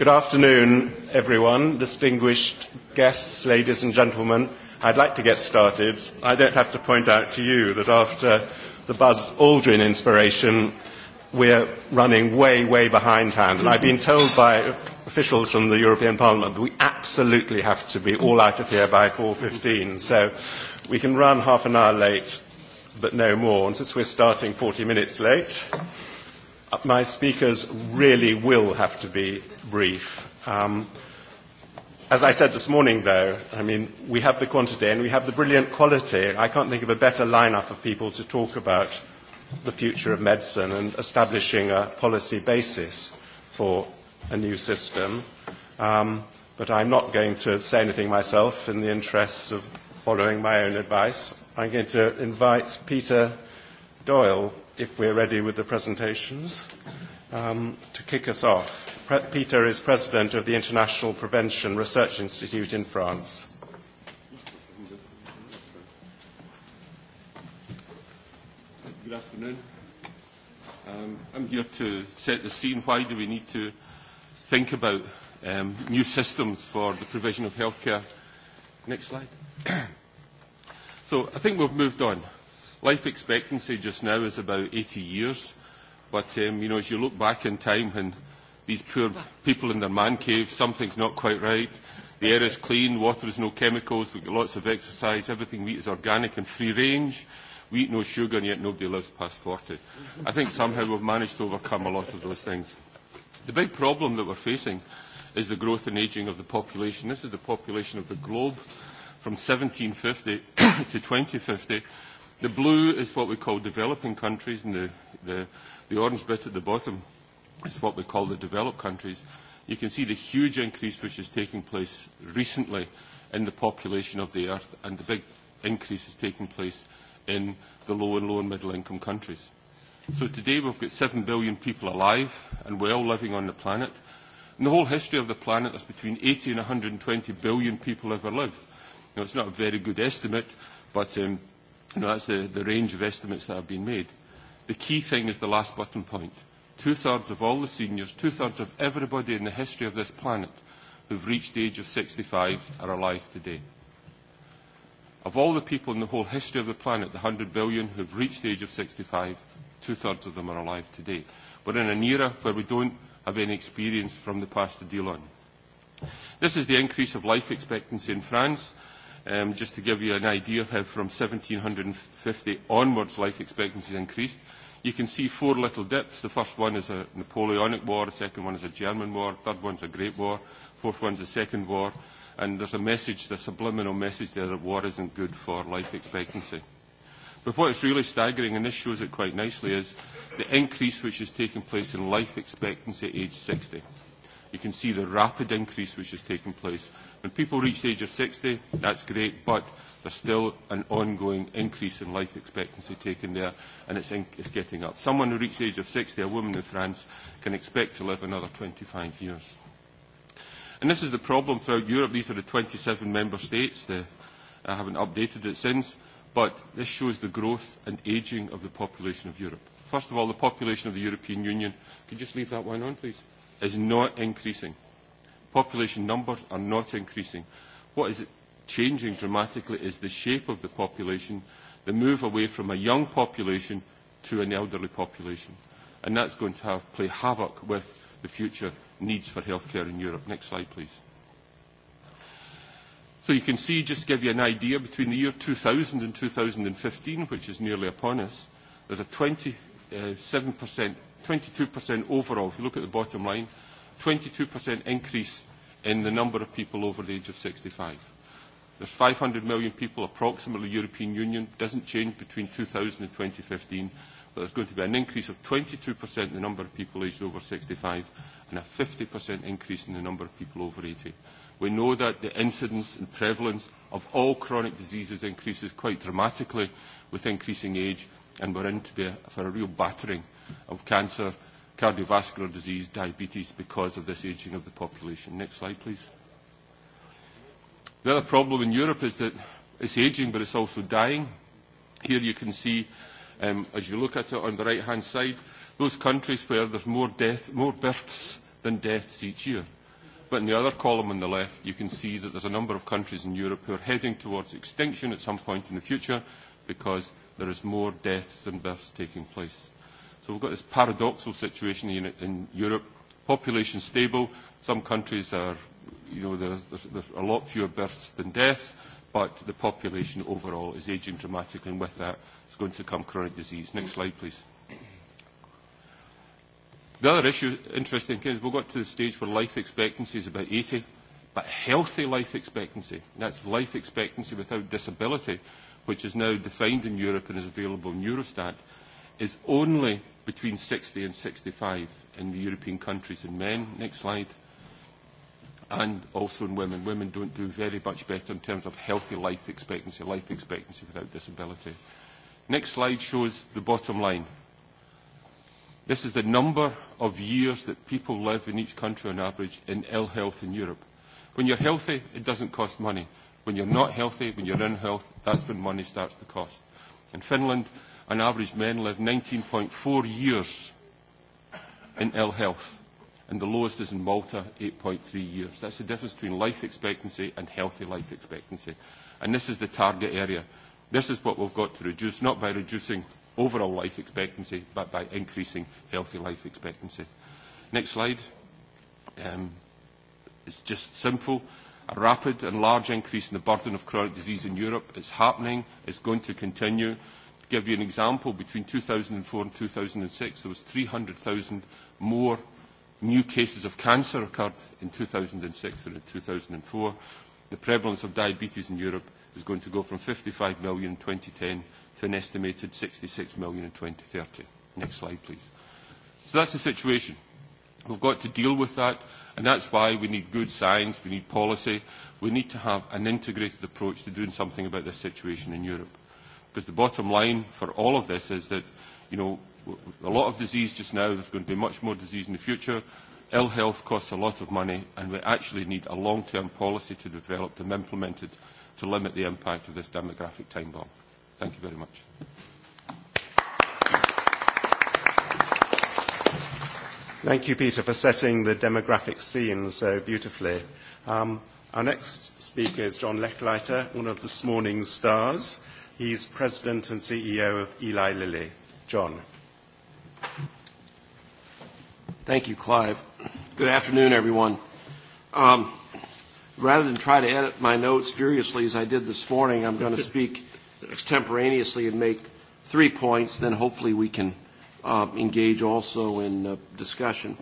Good afternoon, everyone, distinguished guests, ladies and gentlemen. I'd like to get started. I don't have to point out to you that after the Buzz Aldrin inspiration, we're running way, way behindhand. And I've been told by officials from the European Parliament that we absolutely have to be all out of here by 4.15. So we can run half an hour late, but no more. And since we're starting 40 minutes late, my speakers really will have to be brief. Um, as I said this morning, though, I mean, we have the quantity and we have the brilliant quality. I can't think of a better lineup of people to talk about the future of medicine and establishing a policy basis for a new system. Um, but I'm not going to say anything myself in the interests of following my own advice. I'm going to invite Peter Doyle if we're ready with the presentations. Um, to kick us off, Pre- Peter is president of the International Prevention Research Institute in France. Good afternoon. Um, I'm here to set the scene. Why do we need to think about um, new systems for the provision of healthcare? Next slide. so I think we've moved on Life expectancy just now is about 80 years, but um, you know, as you look back in time when these poor people in their man cave, something's not quite right, the air is clean, water is no chemicals, we get lots of exercise, everything we eat is organic and free range, we eat no sugar and yet nobody lives past 40. I think somehow we've managed to overcome a lot of those things. The big problem that we're facing is the growth and ageing of the population. This is the population of the globe. From 1750 to 2050, The blue is what we call developing countries, and the, the, the orange bit at the bottom is what we call the developed countries. You can see the huge increase which is taking place recently in the population of the Earth, and the big increase is taking place in the low and low and middle income countries. So today we've got 7 billion people alive and well living on the planet. In the whole history of the planet, there's between 80 and 120 billion people ever lived. Now, it's not a very good estimate, but um, You know, that's the, the range of estimates that have been made. The key thing is the last button point. Two-thirds of all the seniors, two-thirds of everybody in the history of this planet who've reached the age of 65 are alive today. Of all the people in the whole history of the planet, the 100 billion who've reached the age of 65, two-thirds of them are alive today. We're in an era where we don't have any experience from the past to deal on. This is the increase of life expectancy in France Um, just to give you an idea of how from 1750 onwards life expectancy has increased, you can see four little dips. The first one is a Napoleonic War, the second one is a German War, third one's a Great War, fourth one's a Second War, and there's a message, the subliminal message there that war isn't good for life expectancy. But what is really staggering, and this shows it quite nicely, is the increase which is taking place in life expectancy at age 60. You can see the rapid increase which is taking place When people reach the age of 60, that's great, but there's still an ongoing increase in life expectancy taken there, and it's, in, it's getting up. Someone who reaches the age of 60, a woman in France, can expect to live another 25 years. And this is the problem throughout Europe. These are the 27 member states. The, I haven't updated it since, but this shows the growth and ageing of the population of Europe. First of all, the population of the European Union, could you just leave that one on, please, is not increasing population numbers are not increasing. What is changing dramatically is the shape of the population, the move away from a young population to an elderly population. And that's going to have, play havoc with the future needs for healthcare in Europe. Next slide, please. So you can see, just to give you an idea, between the year 2000 and 2015, which is nearly upon us, there's a 27%, 22% uh, overall, if you look at the bottom line, 22% increase in the number of people over the age of 65. There's 500 million people approximately European Union. doesn't change between 2000 and 2015, but there's going to be an increase of 22% in the number of people aged over 65 and a 50% increase in the number of people over 80. We know that the incidence and prevalence of all chronic diseases increases quite dramatically with increasing age, and we're in to be, for a real battering of cancer cardiovascular disease, diabetes, because of this aging of the population. Next slide, please. The other problem in Europe is that it's aging, but it's also dying. Here you can see, um, as you look at it on the right-hand side, those countries where there's more, death, more births than deaths each year. But in the other column on the left, you can see that there's a number of countries in Europe who are heading towards extinction at some point in the future because there is more deaths than births taking place. So we've got this paradoxical situation in, in Europe, population stable. Some countries are, you know, there's, there's, there's a lot fewer births than deaths, but the population overall is aging dramatically, and with that is going to come chronic disease. Next slide, please. The other issue, interesting thing, is we've got to the stage where life expectancy is about 80, but healthy life expectancy, that's life expectancy without disability, which is now defined in Europe and is available in Eurostat, is only between 60 and 65 in the European countries in men. Next slide. And also in women. Women don't do very much better in terms of healthy life expectancy, life expectancy without disability. Next slide shows the bottom line. This is the number of years that people live in each country on average in ill health in Europe. When you're healthy, it doesn't cost money. When you're not healthy, when you're in health, that's when money starts to cost. In Finland, on average men live 19.4 years in ill health, and the lowest is in Malta, 8.3 years. That's the difference between life expectancy and healthy life expectancy. And this is the target area. This is what we've got to reduce, not by reducing overall life expectancy, but by increasing healthy life expectancy. Next slide. Um, it's just simple. A rapid and large increase in the burden of chronic disease in Europe is happening. It's going to continue give you an example, between 2004 and 2006, there was 300,000 more new cases of cancer occurred in 2006 than in 2004. The prevalence of diabetes in Europe is going to go from 55 million in 2010 to an estimated 66 million in 2030. Next slide, please. So that's the situation. We've got to deal with that, and that's why we need good science, we need policy, we need to have an integrated approach to doing something about this situation in Europe. Because the bottom line for all of this is that, you know, a lot of disease just now, there's going to be much more disease in the future. Ill health costs a lot of money, and we actually need a long-term policy to be developed and implemented to limit the impact of this demographic time bomb. Thank you very much. Thank you, Peter, for setting the demographic scene so beautifully. Um, our next speaker is John Lechleiter, one of this morning's stars. He's President and CEO of Eli Lilly. John. Thank you, Clive. Good afternoon, everyone. Um, rather than try to edit my notes furiously as I did this morning, I'm going to speak extemporaneously and make three points, then hopefully we can uh, engage also in uh, discussion.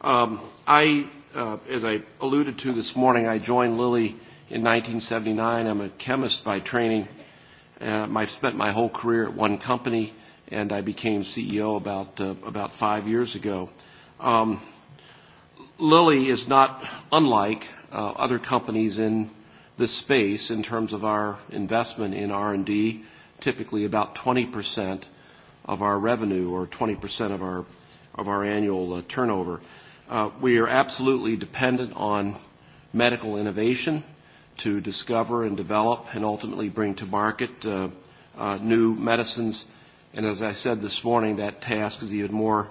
Um, I, uh, as I alluded to this morning, I joined Lilly in 1979. I'm a chemist by training. Um, I've spent my whole career at one company, and I became CEO about uh, about five years ago. Um, Lilly is not unlike uh, other companies in this space in terms of our investment in R&D. Typically, about 20% of our revenue or 20% of our of our annual uh, turnover. Uh, we are absolutely dependent on medical innovation to discover and develop and ultimately bring to market uh, uh, new medicines. And as I said this morning, that task is even more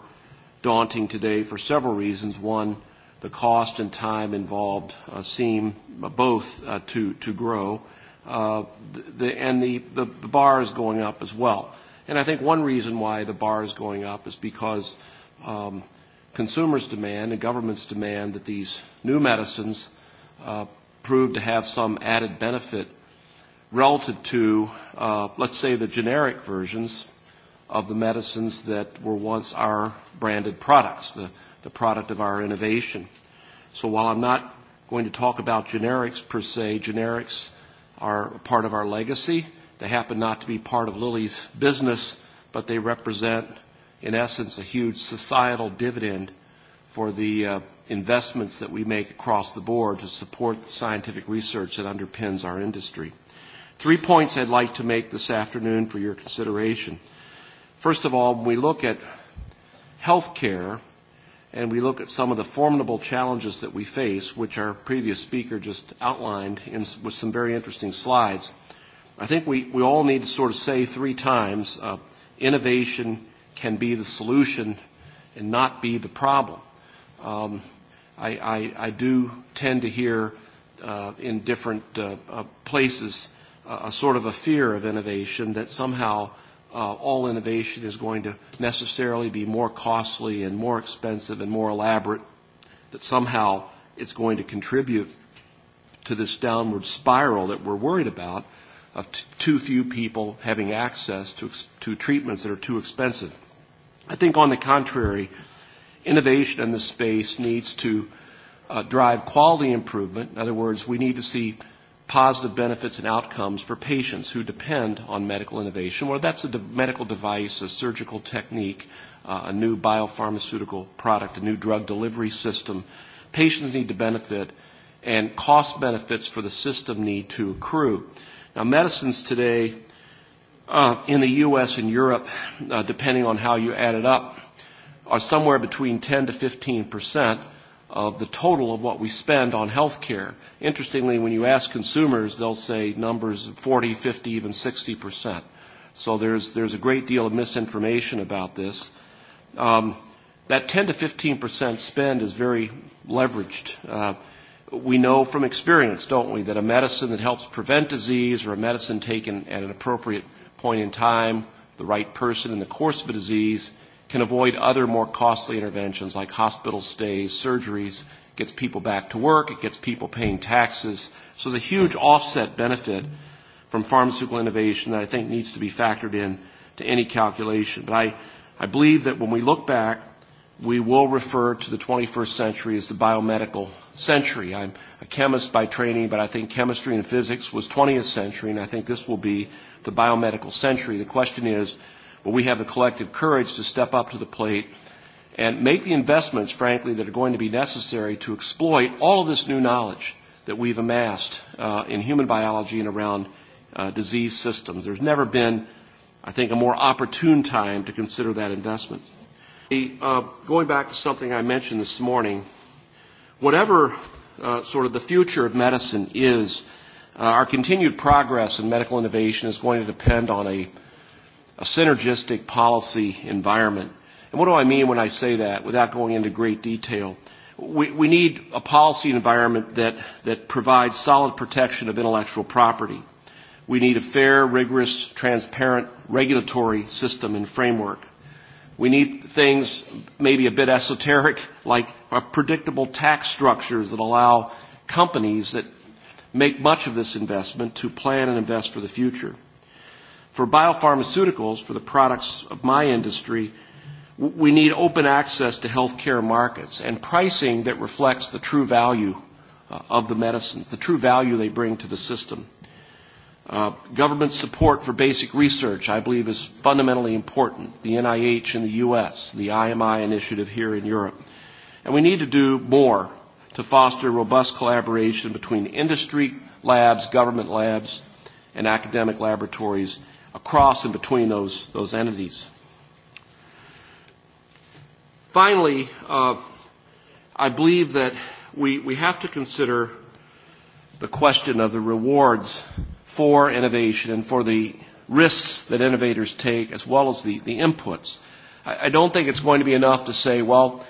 daunting today for several reasons. One, the cost and time involved uh, seem both uh, to, to grow, uh, the, and the, the, the bar is going up as well. And I think one reason why the bar is going up is because um, consumers demand and governments demand that these new medicines uh, prove to have some added benefit relative to, uh, let's say, the generic versions of the medicines that were once our branded products, the, the product of our innovation. So while I'm not going to talk about generics per se, generics are part of our legacy. They happen not to be part of Lilly's business, but they represent, in essence, a huge societal dividend for the uh, investments that we make across the board to support the scientific research that underpins our industry. Three points I'd like to make this afternoon for your consideration. First of all, when we look at healthcare and we look at some of the formidable challenges that we face, which our previous speaker just outlined in, with some very interesting slides, I think we, we all need to sort of say three times uh, innovation can be the solution and not be the problem. Um, I, I, I do tend to hear uh, in different uh, uh, places uh, a sort of a fear of innovation that somehow uh, all innovation is going to necessarily be more costly and more expensive and more elaborate, that somehow it's going to contribute to this downward spiral that we're worried about of t- too few people having access to, ex- to treatments that are too expensive. I think, on the contrary, uh, innovation in this space needs to uh, drive quality improvement. In other words, we need to see positive benefits and outcomes for patients who depend on medical innovation, whether that's a de- medical device, a surgical technique, uh, a new biopharmaceutical product, a new drug delivery system. Patients need to benefit, and cost benefits for the system need to accrue. Now, medicines today uh, in the U.S. and Europe, uh, depending on how you add it up, are somewhere between 10 to 15 percent of the total of what we spend on health care. Interestingly, when you ask consumers, they'll say numbers 40, 50, even 60 percent. So there's, there's a great deal of misinformation about this. Um, that 10 to 15 percent spend is very leveraged. Uh, we know from experience, don't we, that a medicine that helps prevent disease or a medicine taken at an appropriate point in time, the right person in the course of a disease, can avoid other more costly interventions like hospital stays, surgeries, gets people back to work, it gets people paying taxes. So there's a huge offset benefit from pharmaceutical innovation that I think needs to be factored in to any calculation. But I, I believe that when we look back, we will refer to the 21st century as the biomedical century. I'm a chemist by training, but I think chemistry and physics was 20th century, and I think this will be the biomedical century. The question is, but we have the collective courage to step up to the plate and make the investments, frankly, that are going to be necessary to exploit all of this new knowledge that we've amassed uh, in human biology and around uh, disease systems. There's never been, I think, a more opportune time to consider that investment. The, uh, going back to something I mentioned this morning, whatever uh, sort of the future of medicine is, uh, our continued progress in medical innovation is going to depend on a a synergistic policy environment. And what do I mean when I say that without going into great detail? We, we need a policy environment that, that provides solid protection of intellectual property. We need a fair, rigorous, transparent regulatory system and framework. We need things maybe a bit esoteric, like predictable tax structures that allow companies that make much of this investment to plan and invest for the future. For biopharmaceuticals, for the products of my industry, we need open access to healthcare markets and pricing that reflects the true value uh, of the medicines, the true value they bring to the system. Uh, government support for basic research, I believe, is fundamentally important. The NIH in the U.S., the IMI initiative here in Europe. And we need to do more to foster robust collaboration between industry labs, government labs, and academic laboratories across and between those, those entities. Finally, uh, I believe that we, we have to consider the question of the rewards for innovation and for the risks that innovators take as well as the, the inputs. I, I don't think it's going to be enough to say, well,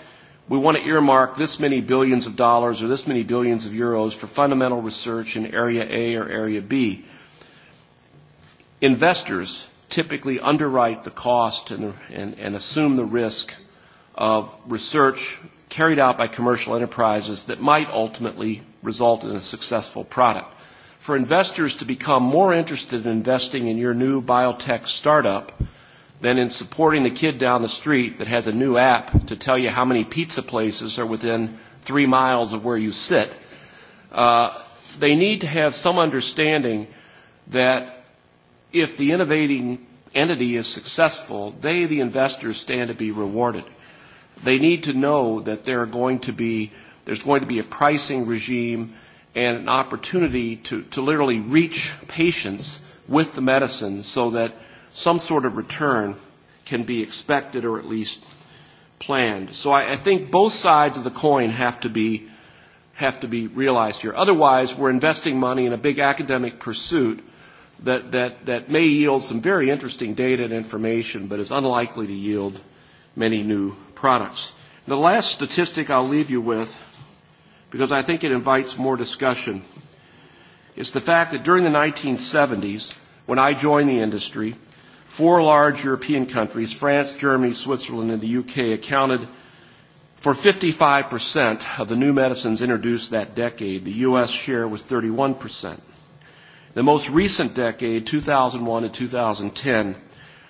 we want to earmark this many billions of dollars or this many billions of euros for fundamental research in area A or area B investors typically underwrite the cost and, the, and, and assume the risk of research carried out by commercial enterprises that might ultimately result in a successful product. For investors to become more interested in investing in your new biotech startup than in supporting the kid down the street that has a new app to tell you how many pizza places are within three miles of where you sit, uh, they need to have some understanding that if the innovating entity is successful, they, the investors, stand to be rewarded. They need to know that there are going to be, there's going to be a pricing regime and an opportunity to, to literally reach patients with the medicine so that some sort of return can be expected or at least planned. So I, I think both sides of the coin have to be have to be realized here. Otherwise, we're investing money in a big academic pursuit that, that, that may yield some very interesting data and information, but is unlikely to yield many new products. The last statistic I'll leave you with, because I think it invites more discussion, is the fact that during the 1970s, when I joined the industry, four large European countries, France, Germany, Switzerland, and the UK, accounted for 55% of the new medicines introduced that decade. The US share was 31%. The most recent decade, 2001 to 2010,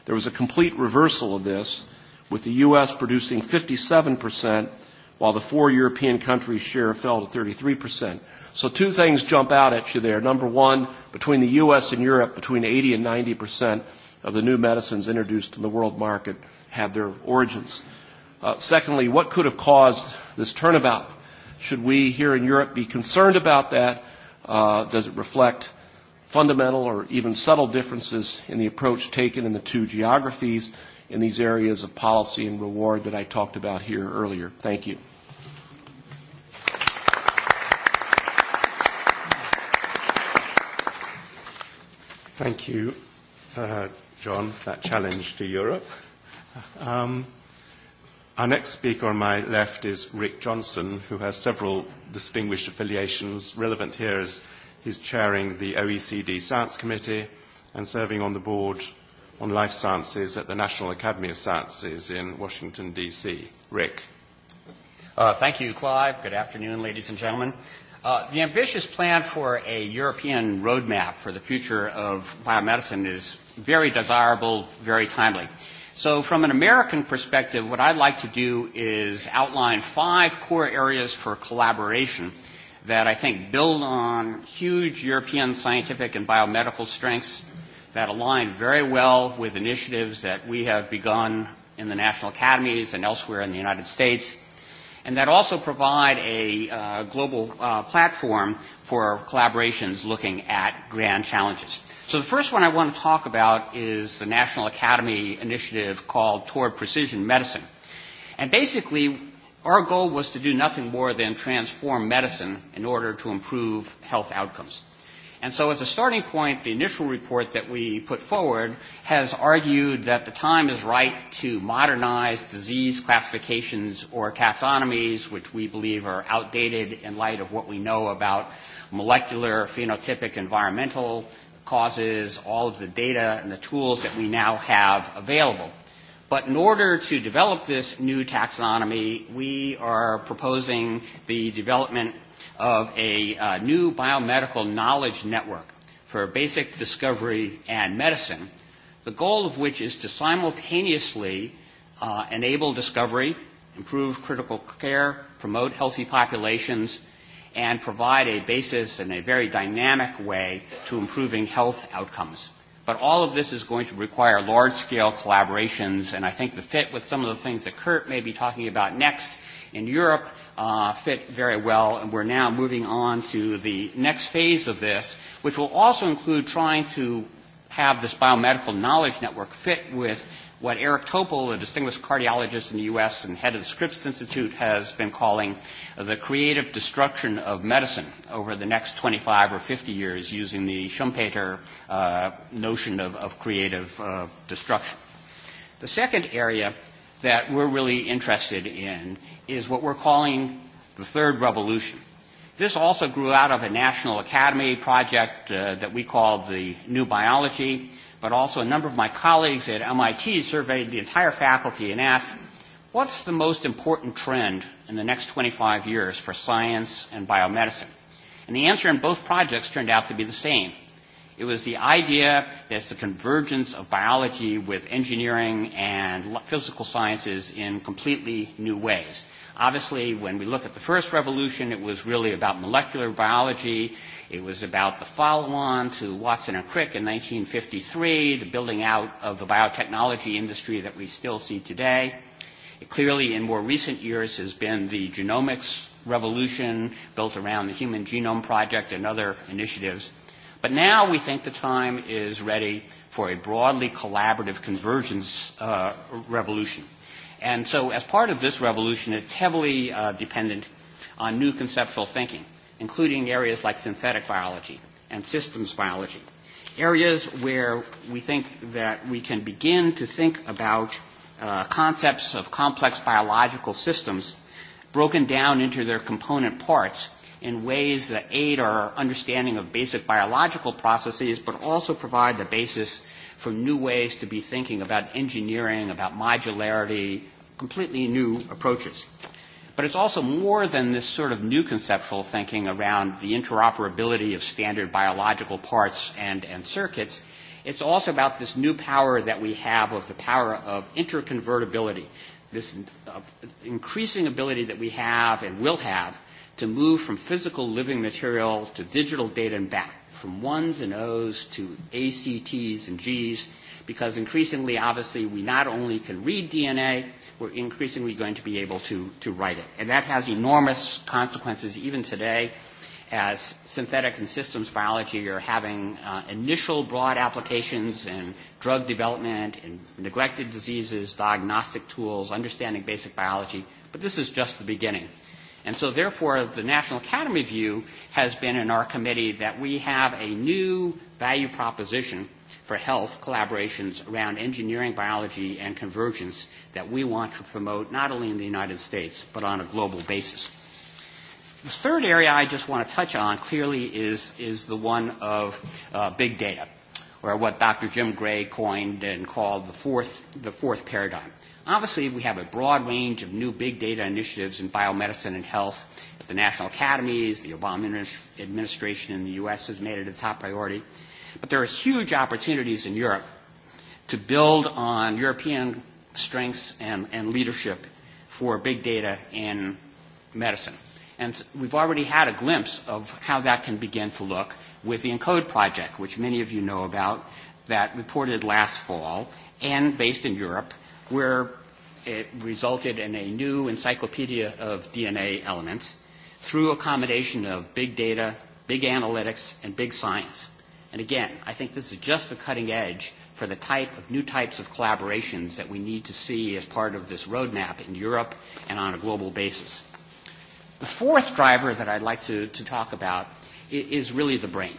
there was a complete reversal of this, with the U.S. producing 57%, while the four European countries' share fell to 33%. So two things jump out at you there. Number one, between the U.S. and Europe, between 80 and 90% of the new medicines introduced in the world market have their origins. Uh, secondly, what could have caused this turnabout? Should we here in Europe be concerned about that? Uh, does it reflect fundamental or even subtle differences in the approach taken in the two geographies in these areas of policy and reward that I talked about here earlier. Thank you. Thank you, uh, John, for that challenge to Europe. Um, our next speaker on my left is Rick Johnson, who has several distinguished affiliations. Relevant here is He's chairing the OECD Science Committee and serving on the board on life sciences at the National Academy of Sciences in Washington, D.C. Rick. Uh, thank you, Clive. Good afternoon, ladies and gentlemen. Uh, the ambitious plan for a European roadmap for the future of biomedicine is very desirable, very timely. So from an American perspective, what I'd like to do is outline five core areas for collaboration – that I think build on huge European scientific and biomedical strengths that align very well with initiatives that we have begun in the national academies and elsewhere in the United States, and that also provide a uh, global uh, platform for collaborations looking at grand challenges. So the first one I want to talk about is the National Academy initiative called Toward Precision Medicine. And basically, Our goal was to do nothing more than transform medicine in order to improve health outcomes. And so as a starting point, the initial report that we put forward has argued that the time is right to modernize disease classifications or taxonomies, which we believe are outdated in light of what we know about molecular, phenotypic, environmental causes, all of the data and the tools that we now have available. But in order to develop this new taxonomy, we are proposing the development of a uh, new biomedical knowledge network for basic discovery and medicine, the goal of which is to simultaneously uh, enable discovery, improve critical care, promote healthy populations, and provide a basis in a very dynamic way to improving health outcomes. But all of this is going to require large-scale collaborations, and I think the fit with some of the things that Kurt may be talking about next in Europe uh, fit very well, and we're now moving on to the next phase of this, which will also include trying to have this biomedical knowledge network fit with what Eric Topol, a distinguished cardiologist in the U.S. and head of the Scripps Institute, has been calling the creative destruction of medicine over the next 25 or 50 years using the Schumpeter uh, notion of, of creative uh, destruction. The second area that we're really interested in is what we're calling the third revolution. This also grew out of a National Academy project uh, that we called the New Biology but also a number of my colleagues at MIT surveyed the entire faculty and asked, what's the most important trend in the next 25 years for science and biomedicine? And the answer in both projects turned out to be the same. It was the idea that it's the convergence of biology with engineering and physical sciences in completely new ways. Obviously, when we look at the first revolution, it was really about molecular biology It was about the follow-on to Watson and Crick in 1953, the building out of the biotechnology industry that we still see today. It clearly, in more recent years, has been the genomics revolution built around the Human Genome Project and other initiatives. But now we think the time is ready for a broadly collaborative convergence uh, revolution. And so as part of this revolution, it's heavily uh, dependent on new conceptual thinking including areas like synthetic biology and systems biology, areas where we think that we can begin to think about uh, concepts of complex biological systems broken down into their component parts in ways that aid our understanding of basic biological processes, but also provide the basis for new ways to be thinking about engineering, about modularity, completely new approaches. Uh, But it's also more than this sort of new conceptual thinking around the interoperability of standard biological parts and, and circuits. It's also about this new power that we have of the power of interconvertibility, this uh, increasing ability that we have and will have to move from physical living material to digital data and back, from ones and O's to ACTs and G's, because increasingly, obviously, we not only can read DNA, we're increasingly going to be able to, to write it. And that has enormous consequences even today as synthetic and systems biology are having uh, initial broad applications in drug development, in neglected diseases, diagnostic tools, understanding basic biology. But this is just the beginning. And so therefore, the National Academy view has been in our committee that we have a new value proposition – for health collaborations around engineering, biology, and convergence that we want to promote not only in the United States, but on a global basis. The third area I just want to touch on clearly is, is the one of uh, big data, or what Dr. Jim Gray coined and called the fourth, the fourth paradigm. Obviously, we have a broad range of new big data initiatives in biomedicine and health. The national academies, the Obama administration in the U.S. has made it a top priority. Uh, But there are huge opportunities in Europe to build on European strengths and, and leadership for big data in medicine. And we've already had a glimpse of how that can begin to look with the ENCODE project, which many of you know about, that reported last fall and based in Europe, where it resulted in a new encyclopedia of DNA elements through a combination of big data, big analytics, and big science. And again, I think this is just the cutting edge for the type of new types of collaborations that we need to see as part of this roadmap in Europe and on a global basis. The fourth driver that I'd like to, to talk about is really the brain.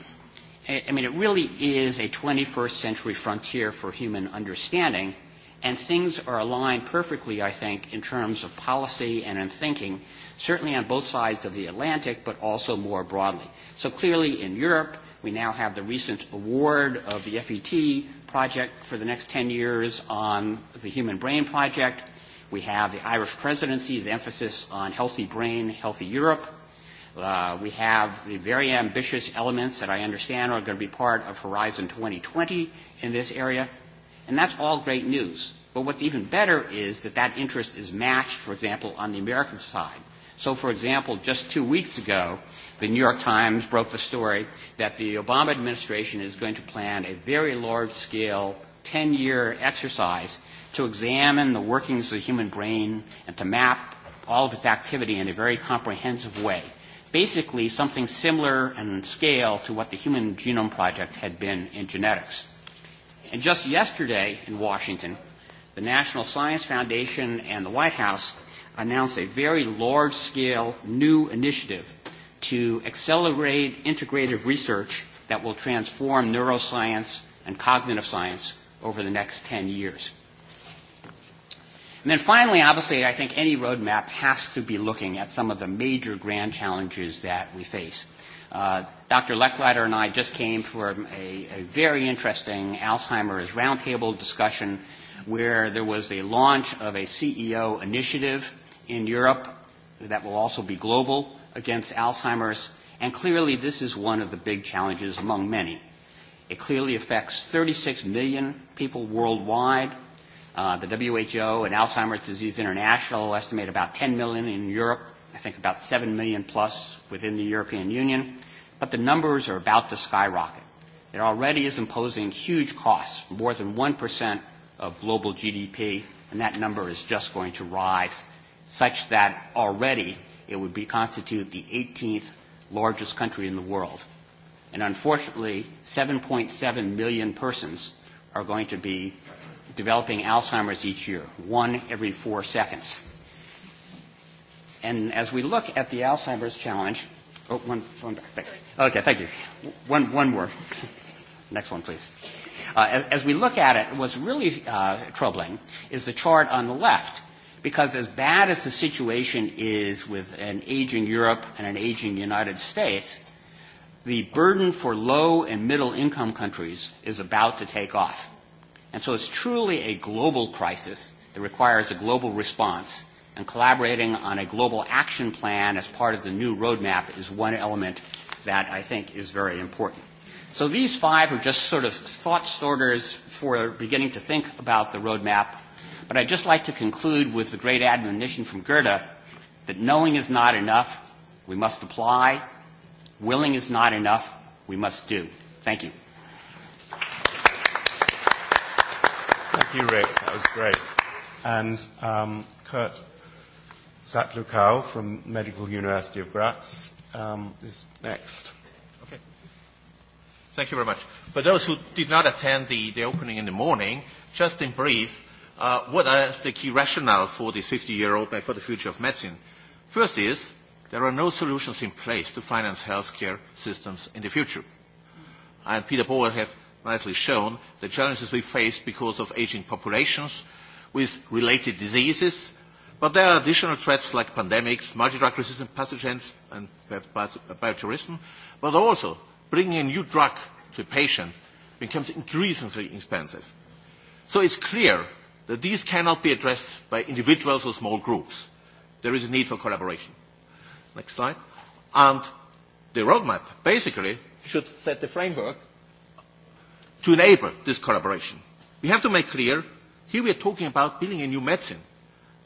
I mean, it really is a 21st century frontier for human understanding, and things are aligned perfectly, I think, in terms of policy and in thinking, certainly on both sides of the Atlantic, but also more broadly. So clearly in Europe, We now have the recent award of the FET project for the next 10 years on the Human Brain Project. We have the Irish presidency's emphasis on healthy brain, healthy Europe. Uh, we have the very ambitious elements that I understand are going to be part of Horizon 2020 in this area. And that's all great news. But what's even better is that that interest is matched, for example, on the American side. So, for example, just two weeks ago, The New York Times broke the story that the Obama administration is going to plan a very large-scale 10-year exercise to examine the workings of the human brain and to map all of its activity in a very comprehensive way. Basically, something similar in scale to what the Human Genome Project had been in genetics. And just yesterday in Washington, the National Science Foundation and the White House announced a very large-scale new initiative to accelerate integrative research that will transform neuroscience and cognitive science over the next 10 years. And then finally, obviously, I think any roadmap has to be looking at some of the major grand challenges that we face. Uh, Dr. Lechleiter and I just came from a, a very interesting Alzheimer's roundtable discussion where there was a launch of a CEO initiative in Europe that will also be global against Alzheimer's, and clearly this is one of the big challenges among many. It clearly affects 36 million people worldwide. Uh, the WHO and Alzheimer's Disease International estimate about 10 million in Europe, I think about 7 million plus within the European Union, but the numbers are about to skyrocket. It already is imposing huge costs, more than 1% of global GDP, and that number is just going to rise, such that already it would be, constitute the 18th largest country in the world. And unfortunately, 7.7 million persons are going to be developing Alzheimer's each year, one every four seconds. And as we look at the Alzheimer's challenge, oh, one, one back, thanks. Okay, thank you. One, one more. Next one, please. Uh, as, as we look at it, what's really uh, troubling is the chart on the left, because as bad as the situation is with an aging Europe and an aging United States, the burden for low and middle income countries is about to take off. And so it's truly a global crisis that requires a global response, and collaborating on a global action plan as part of the new roadmap is one element that I think is very important. So these five are just sort of thought starters for beginning to think about the roadmap But I'd just like to conclude with the great admonition from Goethe that knowing is not enough, we must apply. Willing is not enough, we must do. Thank you. Thank you, Rick. That was great. And um, Kurt Zatlukau from Medical University of Graz um, is next. Okay. Thank you very much. For those who did not attend the, the opening in the morning, just in brief, uh, what is the key rationale for this 50-year roadmap for the future of medicine? First is there are no solutions in place to finance healthcare systems in the future. And Peter Boyle have nicely shown the challenges we face because of aging populations with related diseases, but there are additional threats like pandemics, multi-drug-resistant pathogens, and bioterrorism, but also bringing a new drug to a patient becomes increasingly expensive. So it's clear that these cannot be addressed by individuals or small groups. There is a need for collaboration. Next slide. And the roadmap basically should set the framework to enable this collaboration. We have to make clear, here we are talking about building a new medicine.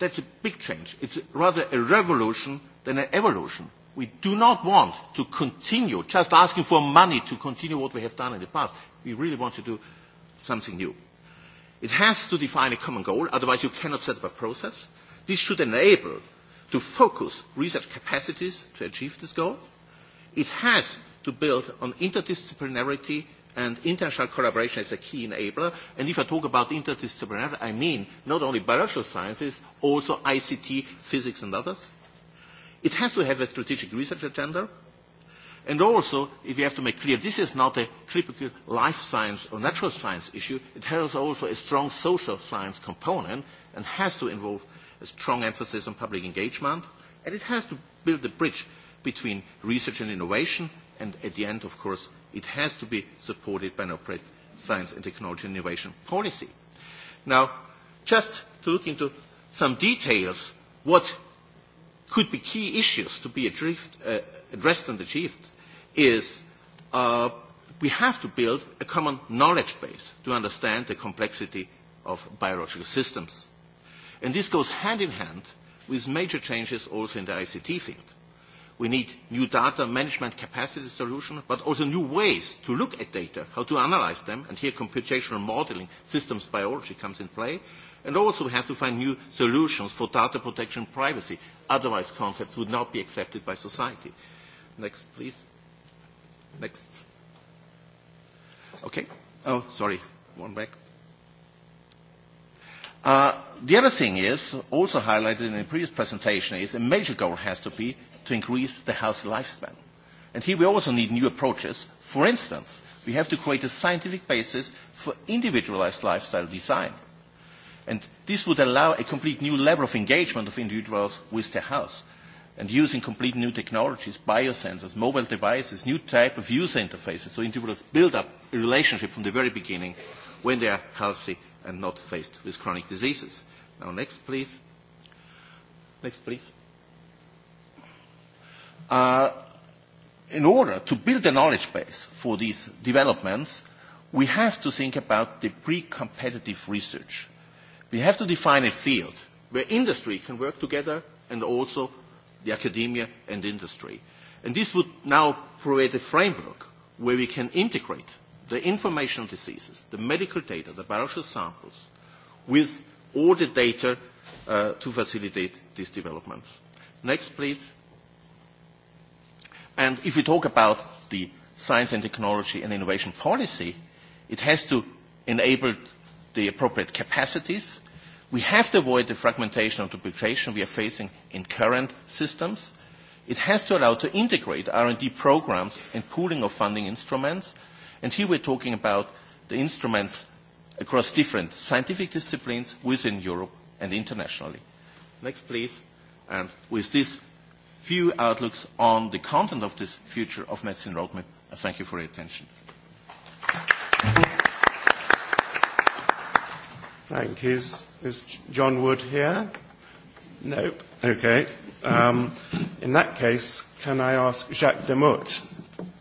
That's a big change. It's rather a revolution than an evolution. We do not want to continue just asking for money to continue what we have done in the past. We really want to do something new. It has to define a common goal, otherwise you cannot set up a process. This should enable to focus research capacities to achieve this goal. It has to build on interdisciplinarity and international collaboration is a key enabler. And if I talk about interdisciplinarity, I mean not only biological sciences, also ICT, physics and others. It has to have a strategic research agenda And also, if you have to make clear, this is not a typical life science or natural science issue. It has also a strong social science component and has to involve a strong emphasis on public engagement. And it has to build a bridge between research and innovation. And at the end, of course, it has to be supported by an appropriate science and technology innovation policy. Now, just to look into some details, what could be key issues to be adrift, uh, addressed and achieved is uh, we have to build a common knowledge base to understand the complexity of biological systems. And this goes hand in hand with major changes also in the ICT field. We need new data management capacity solution, but also new ways to look at data, how to analyze them, and here computational modeling, systems biology comes in play. And also we have to find new solutions for data protection and privacy. Otherwise, concepts would not be accepted by society. Next, please. Next. Okay. Oh, sorry. One back. Uh, the other thing is, also highlighted in the previous presentation, is a major goal has to be to increase the healthy lifespan. And here we also need new approaches. For instance, we have to create a scientific basis for individualized lifestyle design. And this would allow a complete new level of engagement of individuals with their health and using complete new technologies, biosensors, mobile devices, new type of user interfaces, so individuals build up a relationship from the very beginning when they are healthy and not faced with chronic diseases. Now next, please. Next, please. Uh, in order to build a knowledge base for these developments, we have to think about the pre-competitive research. We have to define a field where industry can work together and also the academia and industry. And this would now create a framework where we can integrate the information on diseases, the medical data, the biological samples, with all the data uh, to facilitate these developments. Next, please. And if we talk about the science and technology and innovation policy, it has to enable the appropriate capacities We have to avoid the fragmentation or duplication we are facing in current systems. It has to allow to integrate R&D programs and pooling of funding instruments. And here we're talking about the instruments across different scientific disciplines within Europe and internationally. Next, please. And with these few outlooks on the content of this future of medicine roadmap, I thank you for your attention. Thank you. Thank you. Is, is John Wood here? Nope. Okay. Um, in that case, can I ask Jacques Demotte,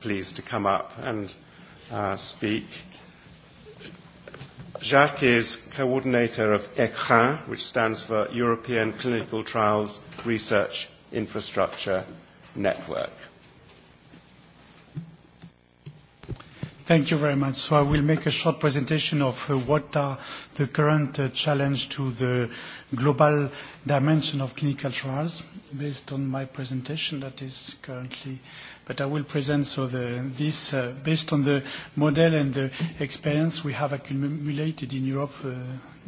please, to come up and uh, speak? Jacques is coordinator of ECRIN, which stands for European Clinical Trials Research Infrastructure Network. Thank you very much. So I will make a short presentation of uh, what are the current uh, challenge to the global dimension of clinical trials based on my presentation that is currently. But I will present so the, this uh, based on the model and the experience we have accumulated in Europe uh,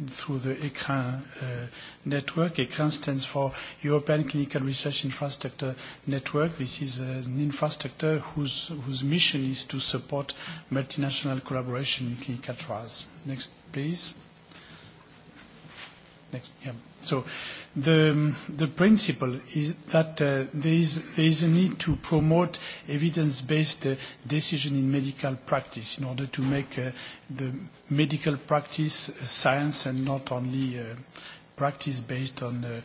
through the ECRIN uh, network. ECRIN stands for European Clinical Research Infrastructure Network. This is uh, an infrastructure whose, whose mission is to support multinational collaboration in clinical trials. Next, please. Next, yeah. So the, the principle is that uh, there, is, there is a need to promote evidence-based uh, decision in medical practice in order to make uh, the medical practice uh, science and not only uh, practice based on uh,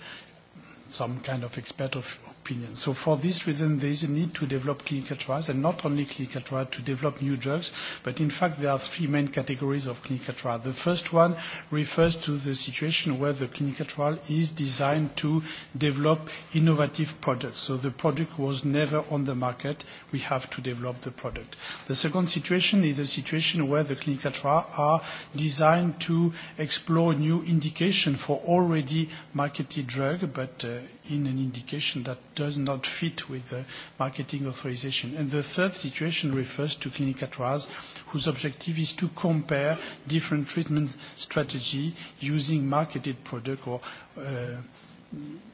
some kind of expert of opinion. So for this reason, there is a need to develop clinical trials, and not only clinical trials to develop new drugs, but in fact, there are three main categories of clinical trial. The first one refers to the situation where the clinical trial is designed to develop innovative products. So the product was never on the market. We have to develop the product. The second situation is a situation where the clinical trial are designed to explore new indication for already marketed drug, but uh, in an indication that does not fit with the marketing authorization. And the third situation refers to clinical trials whose objective is to compare different treatment strategy using marketed product or uh,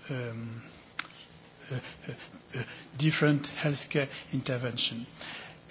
um, uh, uh, different healthcare intervention. Uh,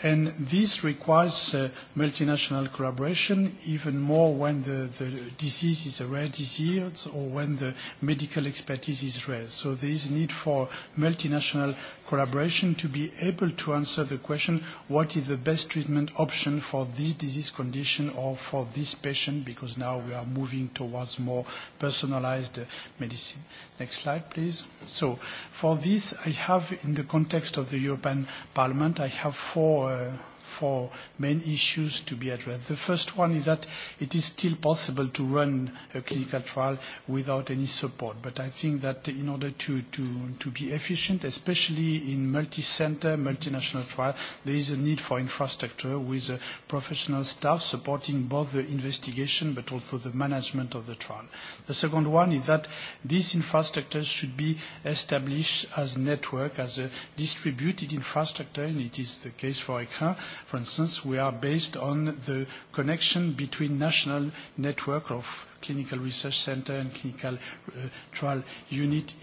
and this requires uh, multinational collaboration, even more when the, the disease is a rare disease or when the medical expertise is rare. So there is a need for multinational collaboration to be able to answer the question, what is the best treatment option for this disease condition or for this patient, because now we are moving towards more personalized uh, medicine. Next slide, please. So for this, I have, in the context of the European Parliament, I have four uh, four main issues to be addressed. The first one is that it is still possible to run a clinical trial without any support. But I think that in order to, to, to be efficient, especially in multi-center, multinational trial, there is a need for infrastructure with uh, professional staff supporting both the investigation but also the management of the trial. The second one is that this infrastructure should be established as network, as a distributed infrastructure, and it is the case for ECRIN, For instance, we are based on the connection between national network of clinical research center and clinical uh, trial unit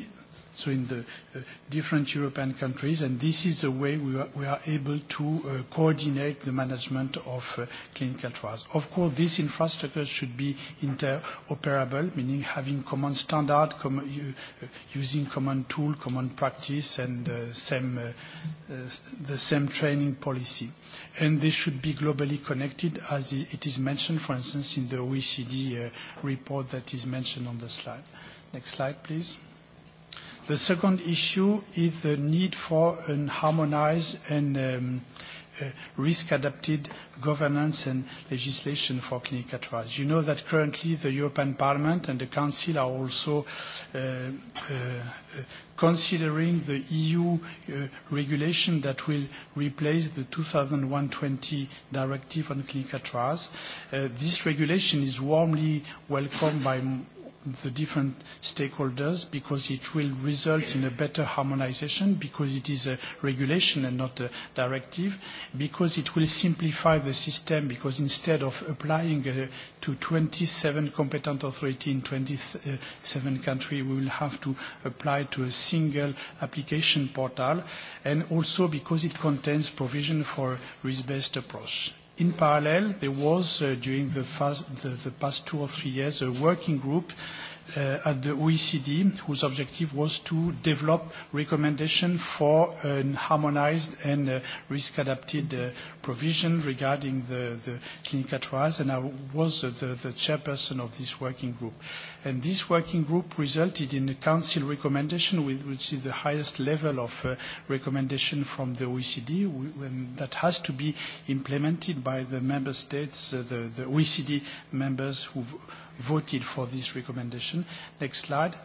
so in the uh, different European countries, and this is the way we are, we are able to uh, coordinate the management of uh, clinical trials. Of course, this infrastructure should be interoperable, meaning having common standard, com uh, using common tool, common practice, and uh, same, uh, uh, the same training policy. Uh, and they should be globally connected as it is mentioned, for instance, in the OECD uh, report that is mentioned on the slide. Next slide, please. The second issue is the need for an harmonized and um, uh, risk-adapted governance and legislation for clinical trials. You know that currently the European Parliament and the Council are also uh, uh, uh considering the EU uh, regulation that will replace the 2001/20 Directive on clinical trials. Uh, this regulation is warmly welcomed by the different stakeholders because it will result in a better harmonization because it is a regulation and not a directive, because it will simplify the system because instead of applying uh, to 27 competent authority in 27 country, we will have to apply to a single application portal and also because it contains provision for risk-based approach. In parallel, there was, uh, during the, fast, the, the past two or three years, a working group uh, at the OECD, whose objective was to develop recommendation for a an harmonized and uh, risk-adapted uh, provision regarding the, the clinical trials, and I was uh, the, the chairperson of this working group. And this working group resulted in a council recommendation, with, which is the highest level of uh, recommendation from the OECD, and that has to be implemented by the member states, uh, the, the OECD members who've voted for this recommendation. Next slide.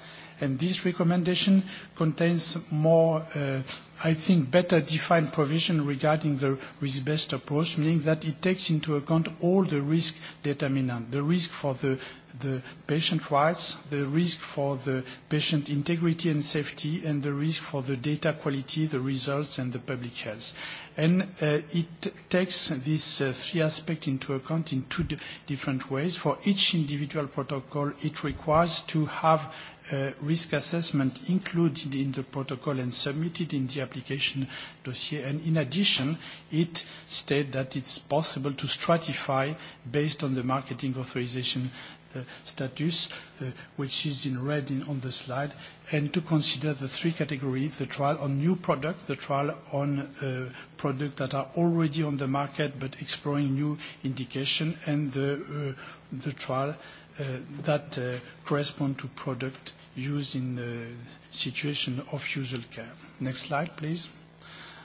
And this recommendation contains more, uh, I think, better defined provision regarding the risk-based approach, meaning that it takes into account all the risk determinant, the risk for the the patient rights, the risk for the patient integrity and safety, and the risk for the data quality, the results, and the public health. And uh, it takes these uh, three aspects into account in two different ways. For each individual protocol, it requires to have Uh, risk assessment included in the protocol and submitted in the application dossier. And in addition, it states that it's possible to stratify based on the marketing authorization uh, status, uh, which is in red in, on the slide, and to consider the three categories, the trial on new product, the trial on uh, product that are already on the market but exploring new indication, and the, uh, the trial uh, that uh, correspond to product used in the uh, situation of usual care. Next slide, please.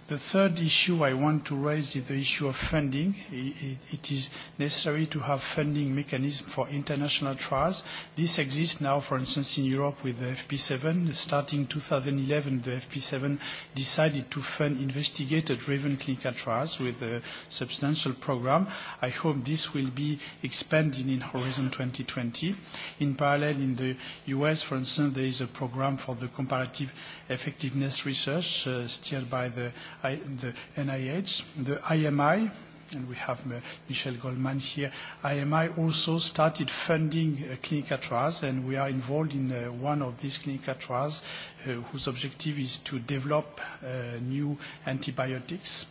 The third issue I want to raise is the issue of funding. It, it is necessary to have funding mechanism for international trials. This exists now, for instance, in Europe with the FP7. Starting 2011, the FP7 decided to fund investigator-driven clinical trials with a substantial program. I hope this will be expanded in Horizon 2020. In parallel, in the US, for instance, there is a program for the comparative effectiveness research uh, still by the, I, the NIH. The IMI, and we have uh, Michel Goldman here. IMI also started funding uh, clinical trials, and we are involved in uh, one of these clinical trials uh, whose objective is to develop uh, new antibiotics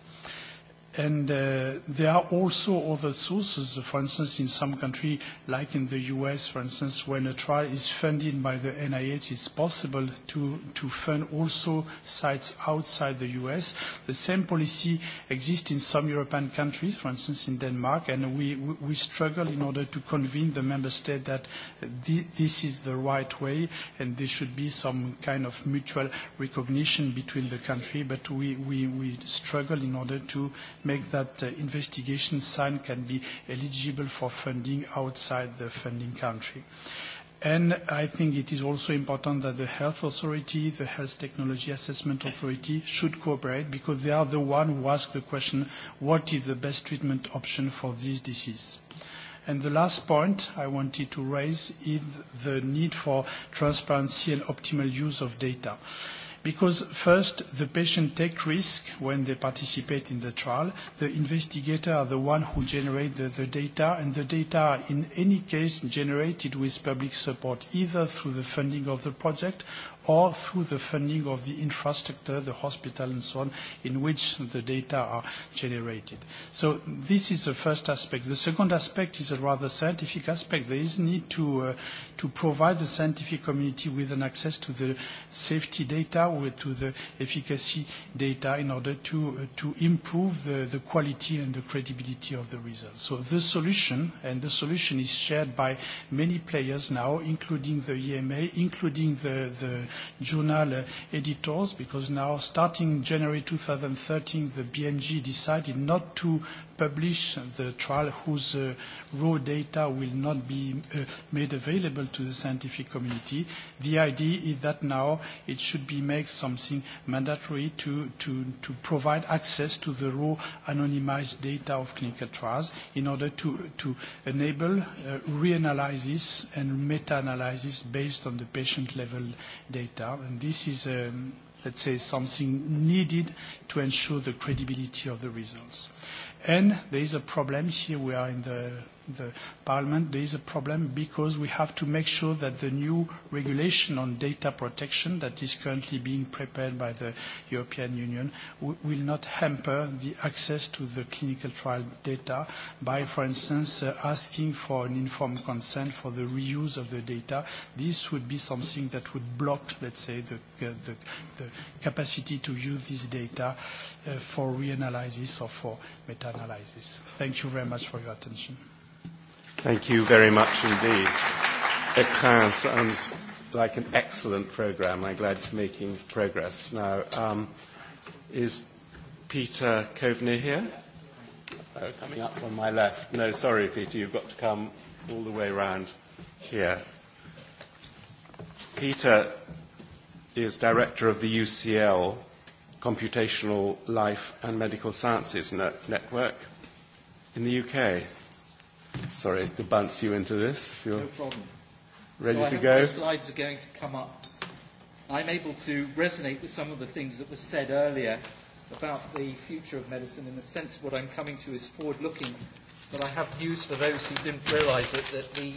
And uh, there are also other sources, for instance, in some country, like in the US, for instance, when a trial is funded by the NIH, it's possible to, to fund also sites outside the US. The same policy exists in some European countries, for instance, in Denmark, and we, we, we struggle in order to convince the member state that th this is the right way and there should be some kind of mutual recognition between the country, but we, we, we struggle in order to make that uh, investigation site can be eligible for funding outside the funding country. And I think it is also important that the health authority, the health technology assessment authority should cooperate because they are the one who ask the question, what is the best treatment option for this disease? And the last point I wanted to raise is the need for transparency and optimal use of data. Uh, because first, the patient take risk when they participate in the trial. The investigator are the one who generate the, the data, and the data are in any case generated with public support, either through the funding of the project or through the funding of the infrastructure, the hospital, and so on, in which the data are generated. So this is the first aspect. The second aspect is a rather scientific aspect. There is need to, uh, to provide the scientific community with an access to the safety data or to the efficacy data in order to, uh, to improve the, the quality and the credibility of the results. So the solution, and the solution is shared by many players now, including the EMA, including the, the journal uh, editors because now starting January 2013 the BMG decided not to publish the trial whose uh, raw data will not be uh, made available to the scientific community. The idea is that now it should be made something mandatory to, to, to provide access to the raw anonymized data of clinical trials in order to, to enable uh, reanalysis and meta-analysis based on the patient-level data. And this is um, let's say, something needed to ensure the credibility of the results. Uh, And there is a problem here. We are in the the Parliament, there is a problem because we have to make sure that the new regulation on data protection that is currently being prepared by the European Union will not hamper the access to the clinical trial data by, for instance, uh, asking for an informed consent for the reuse of the data. This would be something that would block, let's say, the, uh, the, the capacity to use this data uh, for reanalysis or for meta-analysis. Thank you very much for your attention. Thank you very much indeed. Ekran sounds like an excellent program. I'm glad it's making progress. Now, um, is Peter Coveney here? Uh, coming up on my left. No, sorry, Peter, you've got to come all the way around here. Peter is director of the UCL Computational Life and Medical Sciences Net- Network in the UK. Sorry to bounce you into this. If you're no problem. Ready so to I hope go? My slides are going to come up. I'm able to resonate with some of the things that were said earlier about the future of medicine. In a sense, what I'm coming to is forward-looking, but I have news for those who didn't realise it, that the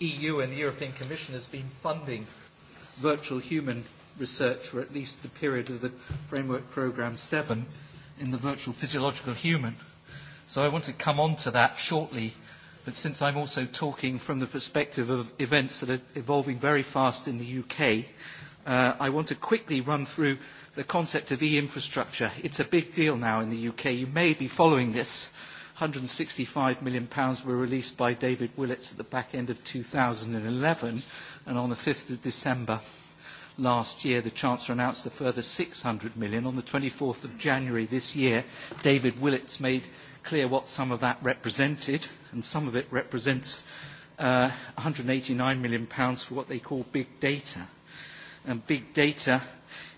EU and the European Commission has been funding virtual human research for at least the period of the Framework Programme 7 in the virtual physiological human. So I want to come on to that shortly but since I'm also talking from the perspective of events that are evolving very fast in the UK, uh, I want to quickly run through the concept of e-infrastructure. It's a big deal now in the UK. You may be following this. £165 million were released by David Willits at the back end of 2011, and on the 5th of December last year, the Chancellor announced a further £600 million. On the 24th of January this year, David Willits made clear what some of that represented and some of it represents uh, 189 million pounds for what they call big data. And big data,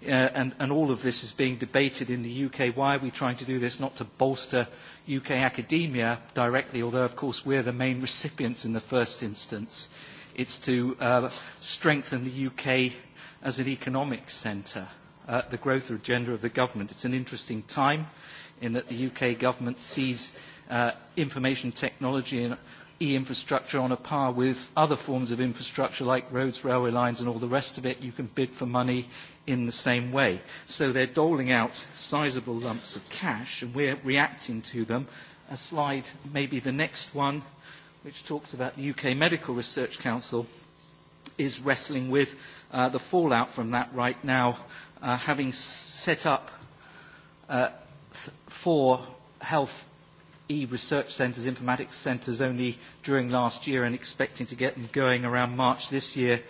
uh, and, and all of this is being debated in the UK. Why are we trying to do this? Not to bolster UK academia directly, although of course we're the main recipients in the first instance. It's to uh, strengthen the UK as an economic centre, uh, the growth agenda of the government. It's an interesting time in that the UK government sees uh, information technology and e-infrastructure on a par with other forms of infrastructure like roads, railway lines and all the rest of it. You can bid for money in the same way. So they're doling out sizable lumps of cash and we're reacting to them. A slide, maybe the next one, which talks about the UK Medical Research Council, is wrestling with uh, the fallout from that right now, uh, having set up uh, th- four health e-research centres, informatics centres, only during last year and expecting to get them going around March this year.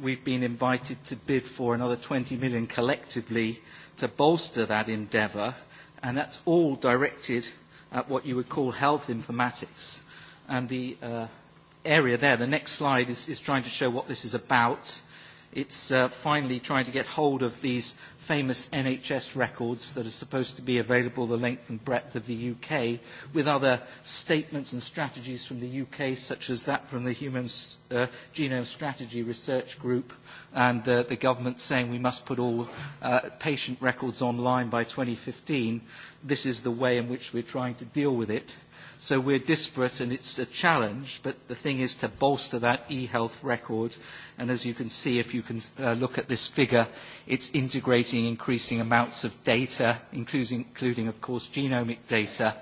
We've been invited to bid for another 20 million collectively to bolster that endeavour, and that's all directed at what you would call health informatics. And the uh, area there, the next slide, is, is trying to show what this is about. It's uh, finally trying to get hold of these famous NHS records that are supposed to be available the length and breadth of the UK, with other statements and strategies from the UK, such as that from the Human uh, Genome Strategy Research Group and uh, the government saying we must put all uh, patient records online by 2015. This is the way in which we're trying to deal with it. So we're disparate and it's a challenge, but the thing is to bolster that e-health record. And as you can see, if you can uh, look at this figure, it's integrating increasing amounts of data, including, including of course, genomic data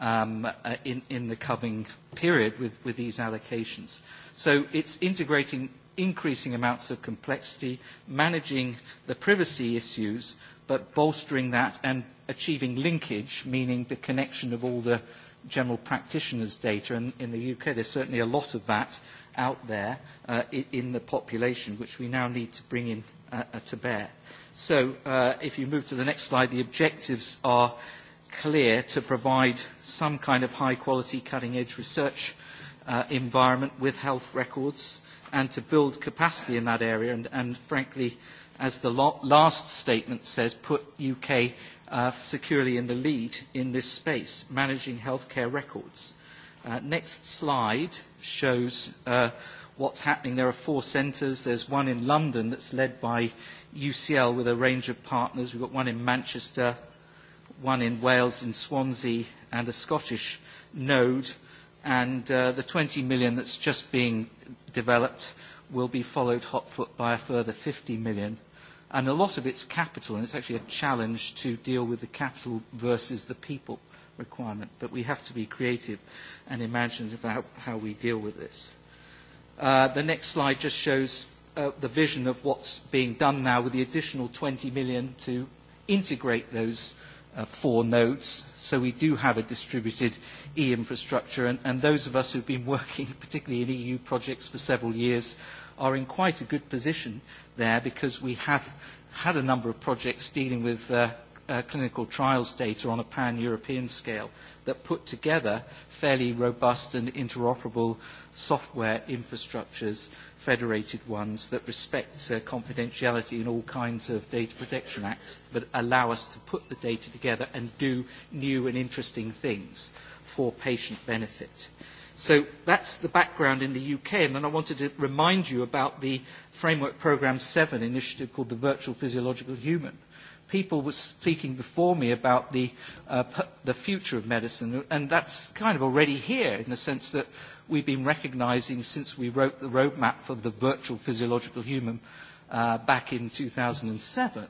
um, uh, in, in the coming period with, with these allocations. So it's integrating increasing amounts of complexity, managing the privacy issues, but bolstering that and achieving linkage, meaning the connection of all the general practitioners' data, and in the UK there's certainly a lot of that out there uh, in the population, which we now need to bring in uh, uh, to bear. So uh, if you move to the next slide, the objectives are clear to provide some kind of high-quality, cutting-edge research uh, environment with health records and to build capacity in that area and, and frankly, as the last statement says, put UK uh, securely in the lead in this space, managing healthcare records. Uh, next slide shows uh, what's happening. There are four centres. There's one in London that's led by UCL with a range of partners. We've got one in Manchester, one in Wales, in Swansea, and a Scottish node. And uh, the 20 million that's just being developed will be followed hotfoot by a further 50 million and a lot of it's capital, and it's actually a challenge to deal with the capital versus the people requirement, but we have to be creative and imaginative about how we deal with this. Uh, the next slide just shows uh, the vision of what's being done now with the additional 20 million to integrate those uh, four nodes. So we do have a distributed e-infrastructure, and, and those of us who've been working, particularly in EU projects for several years, are in quite a good position there because we have had a number of projects dealing with uh, uh, clinical trials data on a pan-European scale that put together fairly robust and interoperable software infrastructures, federated ones that respect uh, confidentiality and all kinds of data protection acts, but allow us to put the data together and do new and interesting things for patient benefit. So that's the background in the UK, and then I wanted to remind you about the Framework Programme 7 initiative called the Virtual Physiological Human. People were speaking before me about the, uh, p- the future of medicine, and that's kind of already here in the sense that we've been recognizing since we wrote the roadmap for the virtual physiological human uh, back in 2007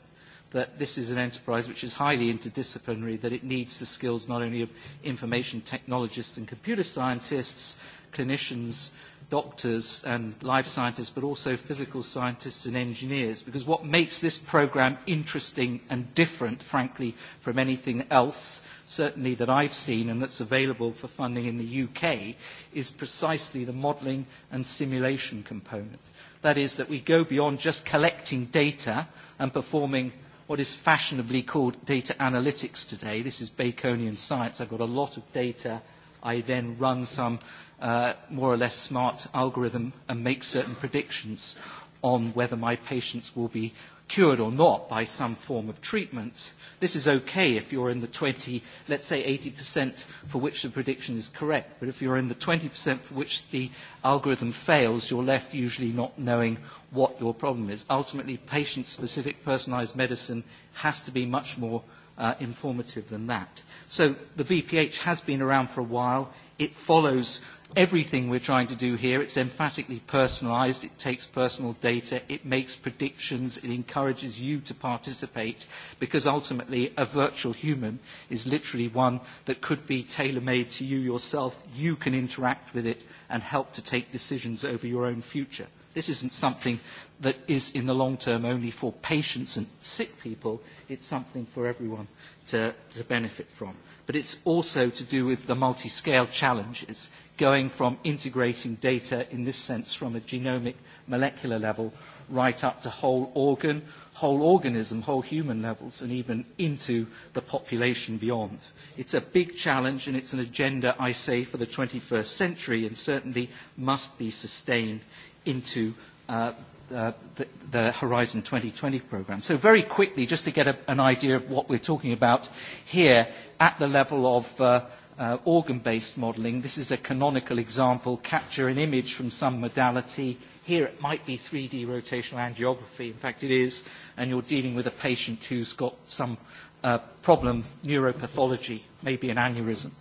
that this is an enterprise which is highly interdisciplinary, that it needs the skills not only of information technologists and computer scientists, clinicians, doctors and life scientists, but also physical scientists and engineers, because what makes this program interesting and different, frankly, from anything else, certainly that I've seen and that's available for funding in the UK, is precisely the modelling and simulation component. That is, that we go beyond just collecting data and performing what is fashionably called data analytics today. This is Baconian science. I've got a lot of data. I then run some uh, more or less smart algorithm and make certain predictions on whether my patients will be cured or not by some form of treatment. This is okay if you're in the 20, let's say 80% for which the prediction is correct, but if you're in the 20% for which the algorithm fails, you're left usually not knowing what your problem is. Ultimately, patient-specific personalized medicine has to be much more uh, informative than that. So the VPH has been around for a while. It follows everything we're trying to do here, it's emphatically personalised, it takes personal data, it makes predictions, it encourages you to participate, because ultimately a virtual human is literally one that could be tailor-made to you yourself. You can interact with it and help to take decisions over your own future. This isn't something that is in the long term only for patients and sick people. It's something for everyone to, to benefit from but it's also to do with the multi-scale challenge. It's going from integrating data, in this sense, from a genomic molecular level right up to whole organ, whole organism, whole human levels, and even into the population beyond. It's a big challenge, and it's an agenda, I say, for the 21st century, and certainly must be sustained into uh, uh, the, the Horizon 2020 program. So very quickly, just to get a, an idea of what we're talking about here at the level of uh, uh, organ-based modeling, this is a canonical example, capture an image from some modality. Here it might be 3D rotational angiography. In fact, it is. And you're dealing with a patient who's got some uh, problem, neuropathology, maybe an aneurysm.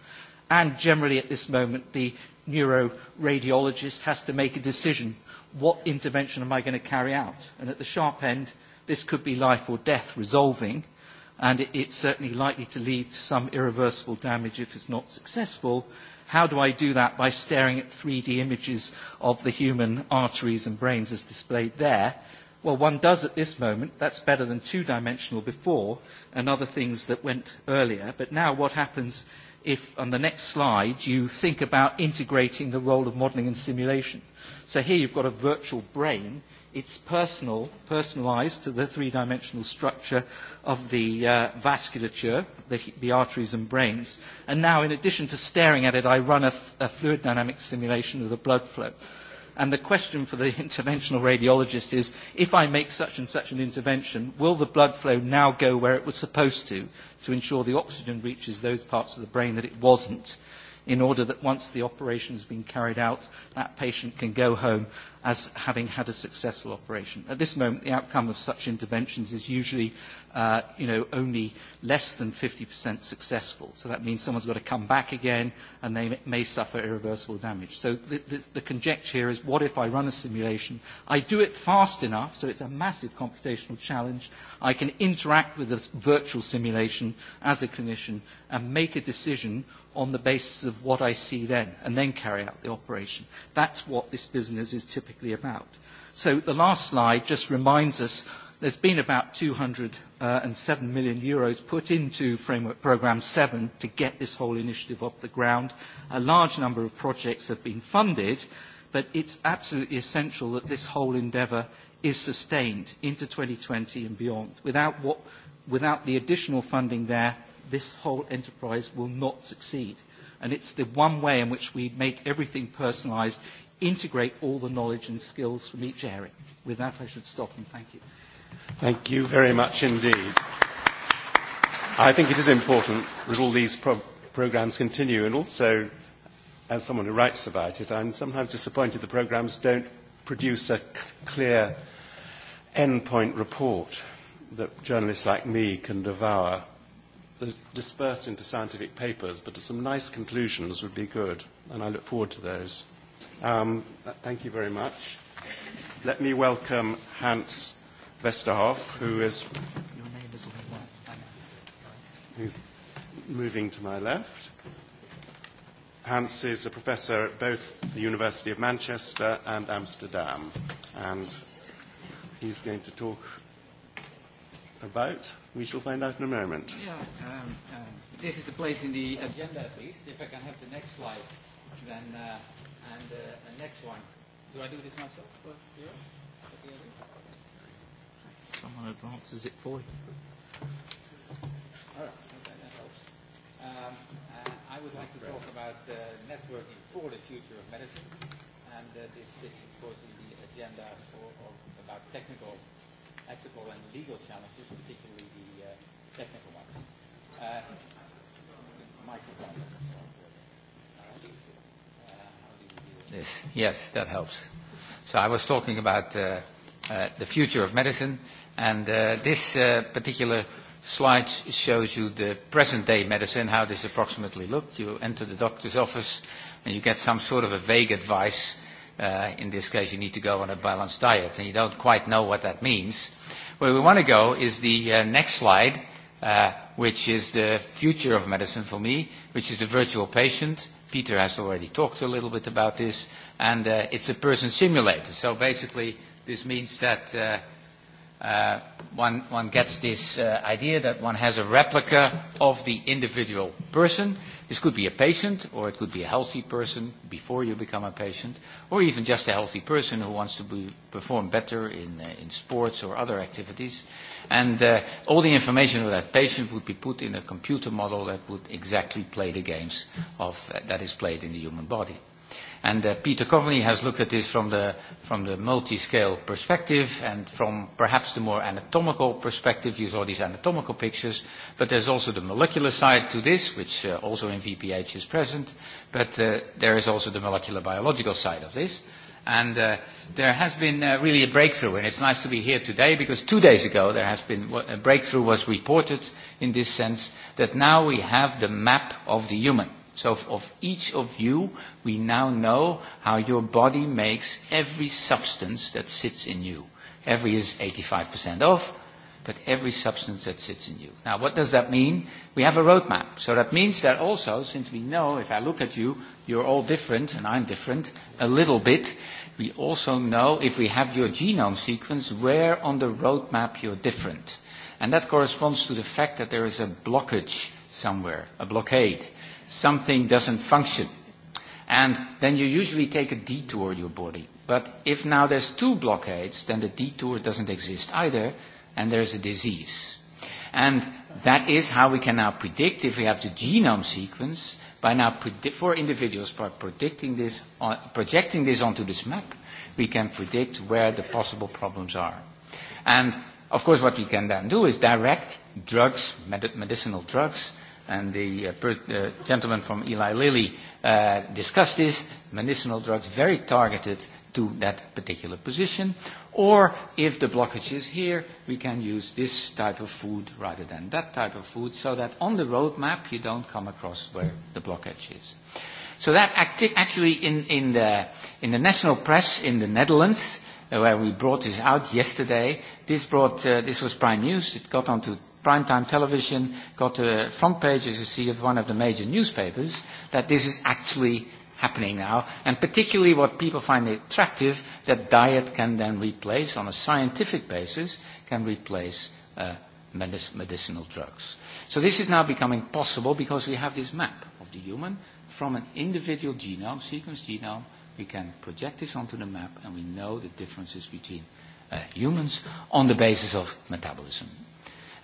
And generally at this moment, the neuroradiologist has to make a decision – what intervention am I going to carry out? And at the sharp end, this could be life or death resolving, and it, it's certainly likely to lead to some irreversible damage if it's not successful. How do I do that? By staring at 3D images of the human arteries and brains as displayed there. Well, one does at this moment. That's better than two-dimensional before and other things that went earlier. But now what happens if on the next slide you think about integrating the role of modelling and simulation. So here you've got a virtual brain. It's personal, personalised to the three-dimensional structure of the uh, vasculature, the, the arteries and brains. And now, in addition to staring at it, I run a, a fluid dynamic simulation of the blood flow. And the question for the interventional radiologist is, if I make such and such an intervention, will the blood flow now go where it was supposed to? to ensure the oxygen reaches those parts of the brain that it wasn't, in order that once the operation has been carried out, that patient can go home as having had a successful operation. At this moment, the outcome of such interventions is usually uh, you know, only less than 50% successful. So that means someone's got to come back again and they may suffer irreversible damage. So the, the, the conjecture here is what if I run a simulation? I do it fast enough, so it's a massive computational challenge. I can interact with this virtual simulation as a clinician and make a decision on the basis of what I see then and then carry out the operation. That's what this business is typically about. So the last slide just reminds us There's been about 207 uh, million euros put into Framework Programme 7 to get this whole initiative off the ground. A large number of projects have been funded, but it's absolutely essential that this whole endeavour is sustained into 2020 and beyond. Without, what, without the additional funding there, this whole enterprise will not succeed. And it's the one way in which we make everything personalised, integrate all the knowledge and skills from each area. With that, I should stop and thank you. Thank you very much indeed. I think it is important that all these pro- programs continue, and also, as someone who writes about it, I'm sometimes disappointed the programs don't produce a c- clear endpoint report that journalists like me can devour. They're dispersed into scientific papers, but some nice conclusions would be good, and I look forward to those. Um, thank you very much. Let me welcome Hans Vesterhoff, who is who's moving to my left. Hans is a professor at both the University of Manchester and Amsterdam, and he's going to talk about. We shall find out in a moment. Yeah, um, uh, this is the place in the agenda, at least. If I can have the next slide, then uh, and uh, the next one. Do I do this myself? Yeah. Someone advances it for you. All right, okay, that helps. Um, uh, I would like to talk about uh, networking for the future of medicine, and uh, this fits, of course, in the agenda for, of, about technical, ethical, and legal challenges, particularly the uh, technical ones. Uh, microphone. Uh, yes, yes, that helps. So I was talking about uh, uh, the future of medicine And uh, this uh, particular slide shows you the present-day medicine, how this approximately looked. You enter the doctor's office and you get some sort of a vague advice. Uh, in this case, you need to go on a balanced diet, and you don't quite know what that means. Where we want to go is the uh, next slide, uh, which is the future of medicine for me, which is the virtual patient. Peter has already talked a little bit about this, and uh, it's a person simulator. So basically, this means that uh, uh, one, one gets this uh, idea that one has a replica of the individual person. This could be a patient, or it could be a healthy person before you become a patient, or even just a healthy person who wants to be, perform better in, uh, in sports or other activities. And uh, all the information of that patient would be put in a computer model that would exactly play the games of, uh, that is played in the human body. And uh, Peter Coveney has looked at this from the, from the multi-scale perspective and from perhaps the more anatomical perspective. You saw these anatomical pictures. But there's also the molecular side to this, which uh, also in VPH is present. But uh, there is also the molecular biological side of this. And uh, there has been uh, really a breakthrough, and it's nice to be here today because two days ago there has been a breakthrough was reported in this sense that now we have the map of the human So of, of each of you, we now know how your body makes every substance that sits in you. Every is 85% off, but every substance that sits in you. Now, what does that mean? We have a roadmap. So that means that also, since we know, if I look at you, you're all different, and I'm different, a little bit, we also know, if we have your genome sequence, where on the roadmap you're different. And that corresponds to the fact that there is a blockage somewhere, a blockade something doesn't function. And then you usually take a detour your body. But if now there's two blockades, then the detour doesn't exist either, and there's a disease. And that is how we can now predict if we have the genome sequence by now predict for individuals by predicting this on, projecting this onto this map, we can predict where the possible problems are. And of course, what we can then do is direct drugs, med- medicinal drugs, and the uh, per, uh, gentleman from Eli Lilly uh, discussed this, medicinal drugs very targeted to that particular position. Or if the blockage is here, we can use this type of food rather than that type of food so that on the roadmap you don't come across where the blockage is. So that acti- actually in, in, the, in the national press in the Netherlands, uh, where we brought this out yesterday, this, brought, uh, this was prime news. It got onto primetime television got a front page, as you see, of one of the major newspapers, that this is actually happening now. And particularly what people find attractive, that diet can then replace, on a scientific basis, can replace uh, medic- medicinal drugs. So this is now becoming possible because we have this map of the human from an individual genome, sequence genome, we can project this onto the map and we know the differences between uh, humans on the basis of metabolism.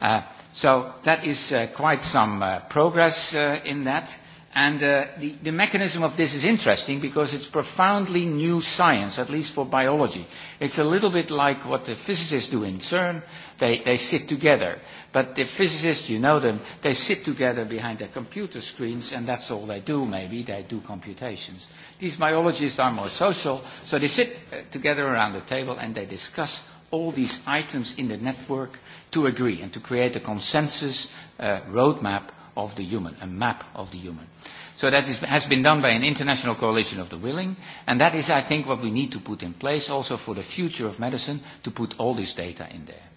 Uh, so that is uh, quite some uh, progress uh, in that. And uh, the, the mechanism of this is interesting because it's profoundly new science, at least for biology. It's a little bit like what the physicists do in CERN. They, they sit together. But the physicists, you know them, they sit together behind their computer screens and that's all they do maybe. They do computations. These biologists are more social, so they sit uh, together around the table and they discuss all these items in the network to agree and to create a consensus uh, roadmap of the human, a map of the human. So that is, has been done by an international coalition of the willing, and that is, I think, what we need to put in place also for the future of medicine, to put all this data in there.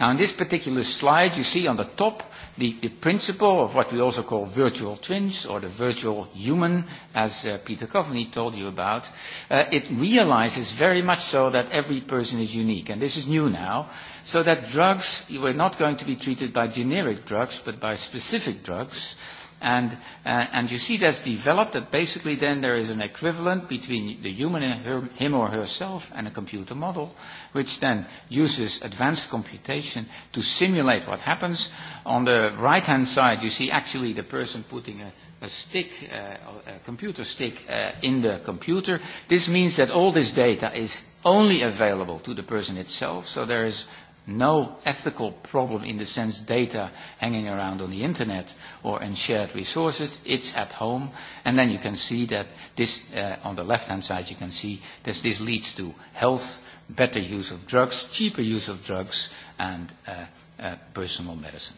Now, in this particular slide, you see on the top the, the principle of what we also call virtual twins or the virtual human, as uh, Peter Coveney told you about. Uh, it realizes very much so that every person is unique, and this is new now, so that drugs, you are not going to be treated by generic drugs, but by specific drugs. Uh, And, uh, and you see that's developed, that basically then there is an equivalent between the human, her, him or herself, and a computer model, which then uses advanced computation to simulate what happens. On the right-hand side, you see actually the person putting a, a stick, uh, a computer stick, uh, in the computer. This means that all this data is only available to the person itself, so there is no ethical problem in the sense data hanging around on the internet or in shared resources. It's at home. And then you can see that this, uh, on the left-hand side, you can see this, this leads to health, better use of drugs, cheaper use of drugs, and uh, uh, personal medicine.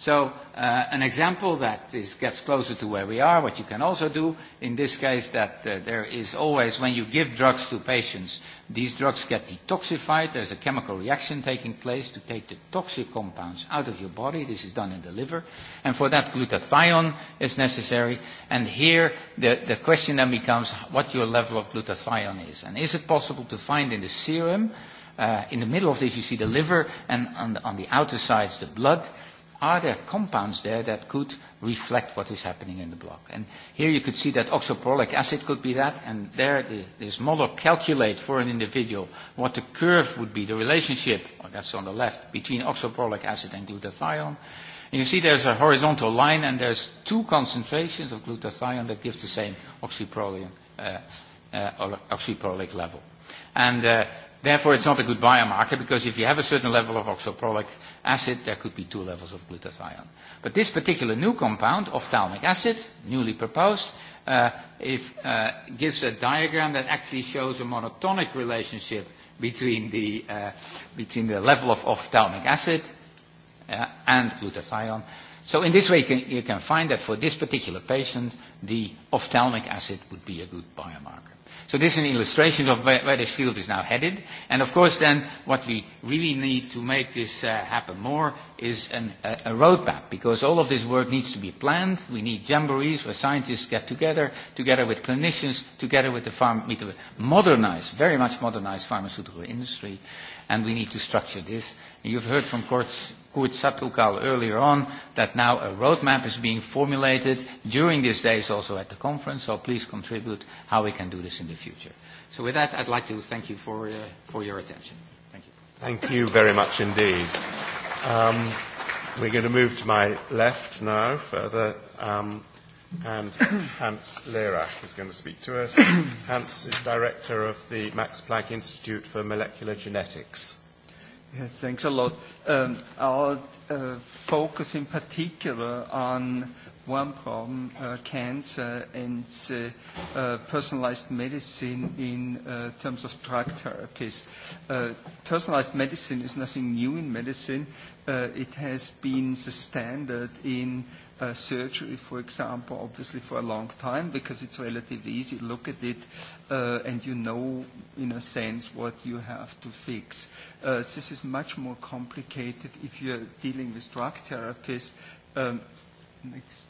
So uh, an example that is, gets closer to where we are, what you can also do in this case that uh, there is always, when you give drugs to patients, these drugs get detoxified. There's a chemical reaction taking place to take the toxic compounds out of your body. This is done in the liver. And for that, glutathione is necessary. And here, the, the question then becomes what your level of glutathione is. And is it possible to find in the serum, uh, in the middle of this, you see the liver, and on the, on the outer sides, the blood, uh, are there compounds there that could reflect what is happening in the block? And here you could see that oxoprolic acid could be that, and there the, this model calculates for an individual what the curve would be, the relationship, oh, that's on the left, between oxoprolic acid and glutathione. And you see there's a horizontal line, and there's two concentrations of glutathione that gives the same oxyprolic, uh, uh, oxyprolic level. And uh, therefore, it's not a good biomarker because if you have a certain level of oxoprolic acid, there could be two levels of glutathione. But this particular new compound, ophthalmic acid, newly proposed, uh, if, uh, gives a diagram that actually shows a monotonic relationship between the, uh, between the level of ophthalmic acid uh, and glutathione. So in this way, you can, you can find that for this particular patient, the ophthalmic acid would be a good biomarker. So this is an illustration of where, where this field is now headed. And of course then what we really need to make this uh, happen more is an, a, a roadmap because all of this work needs to be planned. We need jamborees where scientists get together, together with clinicians, together with the farm, with the modernized, very much modernized pharmaceutical industry. And we need to structure this You've heard from Kurt Sattukal earlier on that now a roadmap is being formulated during these days also at the conference, so please contribute how we can do this in the future. So with that, I'd like to thank you for, uh, for your attention. Thank you. Thank you very much indeed. Um, we're going to move to my left now further. Um, and Hans Lerach is going to speak to us. Hans is director of the Max Planck Institute for Molecular Genetics. Yes, thanks a lot. Um, I'll uh, focus in particular on one problem, uh, cancer and uh, uh personalized medicine in uh, terms of drug therapies. Uh, personalized medicine is nothing new in medicine. It has been the standard in uh, surgery, for example, obviously for a long time because it's relatively easy. Look at it uh, and you know, in a sense, what you have to fix. Uh, this is much more complicated if you're dealing with drug therapies. Um, next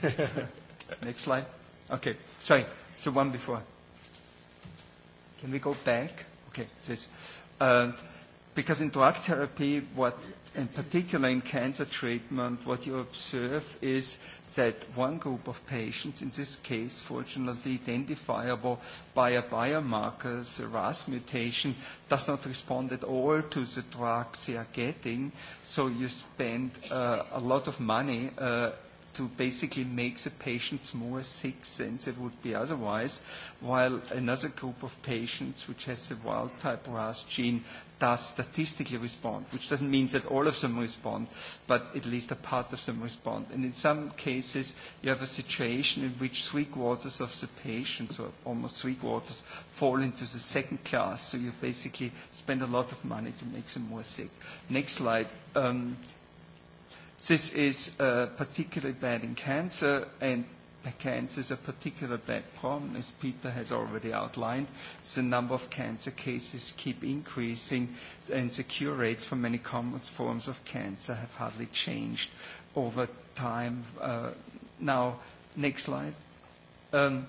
slide. next slide. Okay, sorry. So one before. Can we go back? Okay, this. Uh, um, because in drug therapy, what in particular in cancer treatment, what you observe is that one group of patients, in this case, fortunately identifiable by a biomarker, the RAS mutation, does not respond at all to the drugs they are getting. So you spend uh, a lot of money uh, to basically make the patients more sick than they would be otherwise, while another group of patients, which has the wild-type RAS gene, does statistically respond, which doesn't mean that all of them respond, but at least a part of them respond. And in some cases, you have a situation in which three quarters of the patients, or almost three quarters, fall into the second class. So you basically spend a lot of money to make them more sick. Next slide. Um, this is uh, particularly bad in cancer, and cancers are particularly bad problem, as Peter has already outlined. The number of cancer cases keep increasing, and the cure rates for many common forms of cancer have hardly changed over time. Uh, now, next slide. Um,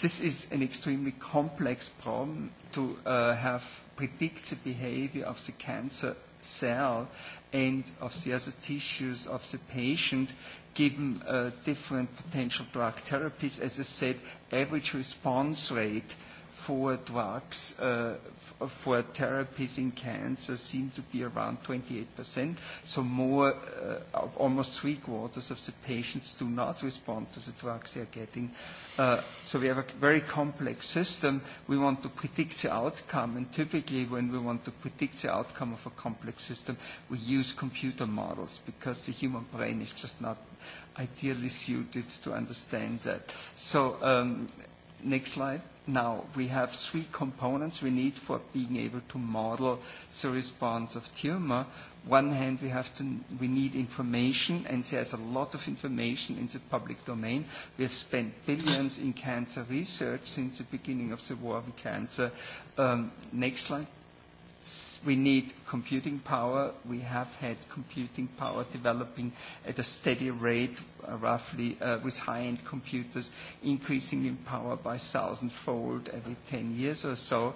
this is an extremely complex problem to uh, have predict the behavior of the cancer cell and of the other tissues of the patient given uh, different potential drug therapies. As I said, average response rate for drugs, uh, for therapies in cancer seem to be around 28%. So more, uh, almost three quarters of the patients do not respond to the drugs they are getting. Uh, so we have a very complex system. We want to predict the outcome, and typically when we want to predict the outcome of a complex system, we use computer models because the human brain is just not ideally suited to understand that. So um, next slide. Now, we have three components we need for being able to model the response of tumor. One hand, we have to, we need information, and there's a lot of information in the public domain. We have spent billions in cancer research since the beginning of the war on cancer. Um, next slide, we need computing power. We have had computing power developing at a steady rate, uh, roughly, uh, with high-end computers increasing in power by thousandfold every 10 years or so.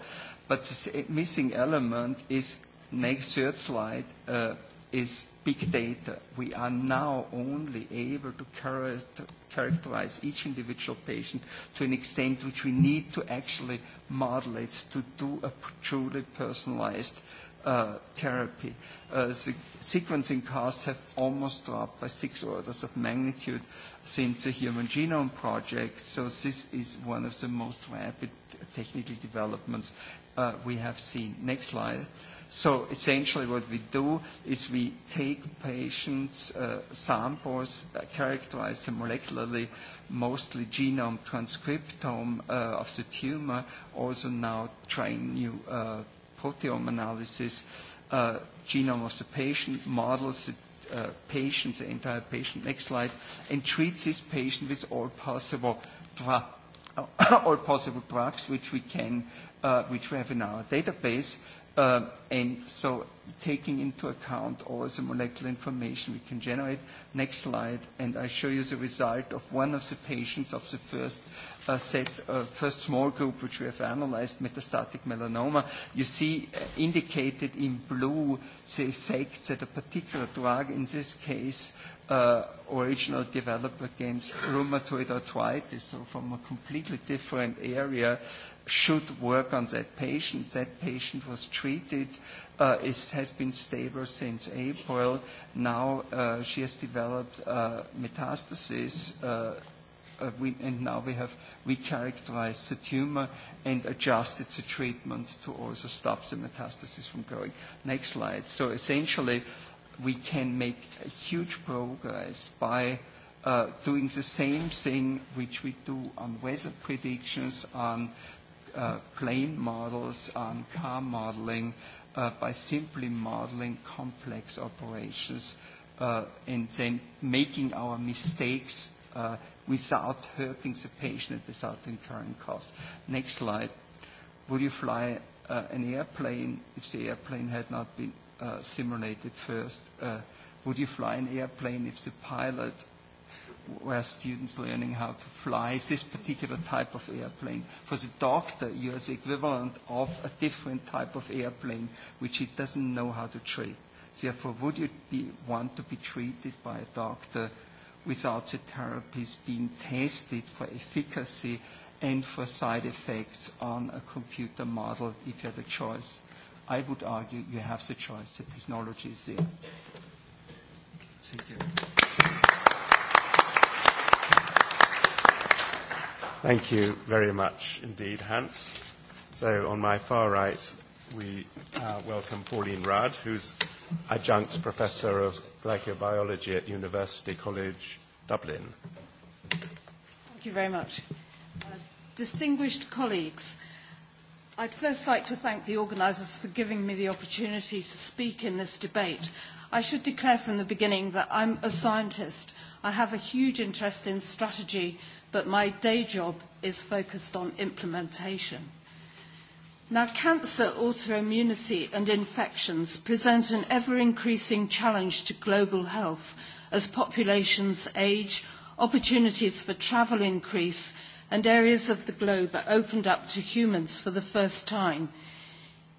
But the eh, missing element is, next third slide, uh, is big data. We are now only able to characterize each individual patient to an extent which we need to actually – model it, to do a truly personalized uh, therapy. Uh, se sequencing costs have almost dropped by six orders of magnitude since the Human Genome Project, so this is one of the most rapid technical developments uh, we have seen. Next slide. Uh, So essentially what we do is we take patients' uh, samples, uh, characterize them molecularly, mostly genome transcriptome uh, of the tumor, also now trying new uh, proteome analysis, uh, genome of the patient, models the uh, patient, the entire patient, next slide, and treats this patient with all possible, dra- all possible drugs which we can, uh, which we have in our database, Uh, and so taking into account all the molecular information we can generate. Next slide, and I show you the result of one of the patients of the first uh, set, uh, first small group which we have analyzed, metastatic melanoma. You see uh, indicated in blue the effects that a particular drug, in this case, uh, original developed against rheumatoid arthritis, so from a completely different area, uh, should work on that patient. That patient was treated, uh, is, has been stable since April. Now uh, she has developed uh, metastasis, uh, uh, we, and now we have recharacterized the tumor and adjusted the treatment to also stop the metastasis from growing. Next slide. So essentially, we can make a huge progress by uh, doing the same thing which we do on weather predictions, on uh, plane models, on car modeling, uh, by simply modeling complex operations uh, and then making our mistakes uh, without hurting the patient and without incurring costs. Next slide. Would you fly uh, an airplane if the airplane had not been uh, simulated first? Uh, would you fly an airplane if the pilot where students learning how to fly this particular type of airplane. For the doctor, you are the equivalent of a different type of airplane, which he doesn't know how to treat. Therefore, would you be, want to be treated by a doctor without the therapies being tested for efficacy and for side effects on a computer model if you had a choice? I would argue you have the choice. The technology is there. Thank you. Thank you very much indeed, Hans. So on my far right, we uh, welcome Pauline Rudd, who's adjunct professor of glycobiology at University College Dublin. Thank you very much. Uh, distinguished colleagues, I'd first like to thank the organisers for giving me the opportunity to speak in this debate. I should declare from the beginning that I'm a scientist. I have a huge interest in strategy but my day job is focused on implementation. Now, cancer, autoimmunity and infections present an ever-increasing challenge to global health as populations age, opportunities for travel increase, and areas of the globe are opened up to humans for the first time.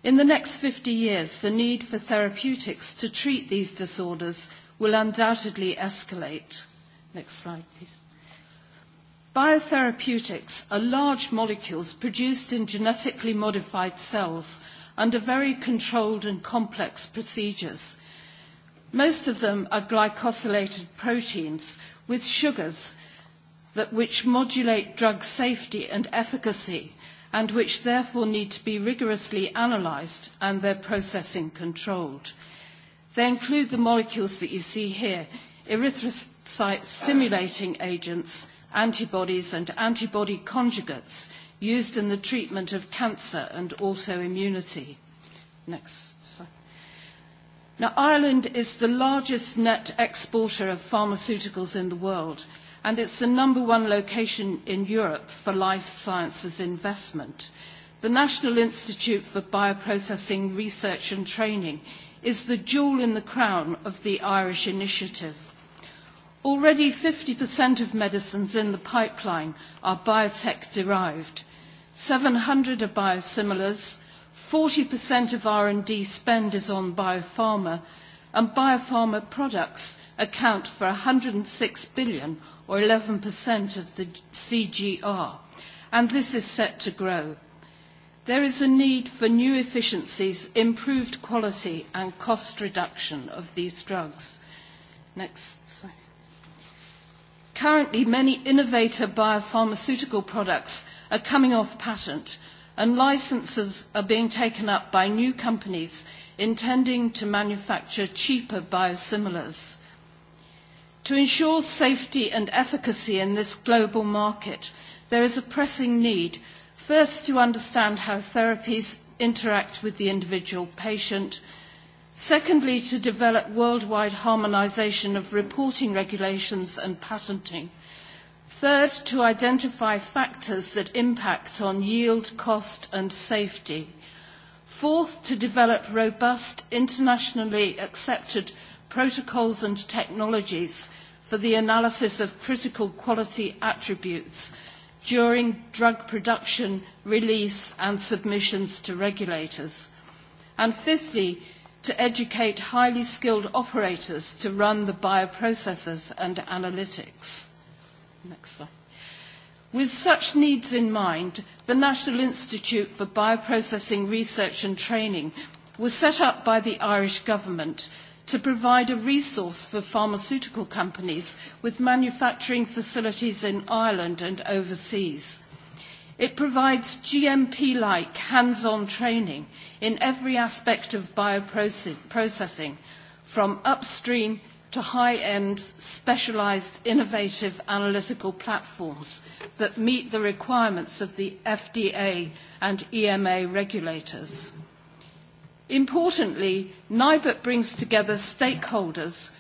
In the next 50 years, the need for therapeutics to treat these disorders will undoubtedly escalate. Next slide, please. Biotherapeutics are large molecules produced in genetically modified cells under very controlled and complex procedures. Most of them are glycosylated proteins with sugars that which modulate drug safety and efficacy and which therefore need to be rigorously analysed and their processing controlled. They include the molecules that you see here, erythrocyte stimulating agents, antibodies and antibody conjugates used in the treatment of cancer and autoimmunity. Next. Sorry. Now, Ireland is the largest net exporter of pharmaceuticals in the world, and it's the number one location in Europe for life sciences investment. The National Institute for Bioprocessing Research and Training is the jewel in the crown of the Irish initiative Already 50% of medicines in the pipeline are biotech-derived. 700 are biosimilars, 40% of R&D spend is on biopharma, and biopharma products account for 106 billion or 11% of the CGR, and this is set to grow. There is a need for new efficiencies, improved quality, and cost reduction of these drugs. Next. Currently, many innovator biopharmaceutical products are coming off patent, and licenses are being taken up by new companies intending to manufacture cheaper biosimilars. To ensure safety and efficacy in this global market, there is a pressing need, first, to understand how therapies interact with the individual patient – Secondly, to develop worldwide harmonisation of reporting regulations and patenting. Third, to identify factors that impact on yield, cost and safety. Fourth, to develop robust, internationally accepted protocols and technologies for the analysis of critical quality attributes during drug production, release and submissions to regulators. And fifthly, to educate highly skilled operators to run the bioprocesses and analytics. Next slide. With such needs in mind, the National Institute for Bioprocessing Research and Training was set up by the Irish government to provide a resource for pharmaceutical companies with manufacturing facilities in Ireland and overseas It provides GMP-like hands-on training in every aspect of bioprocessing, from upstream to high-end, specialized, innovative analytical platforms that meet the requirements of the FDA and EMA regulators. Importantly, NIBUT brings together stakeholders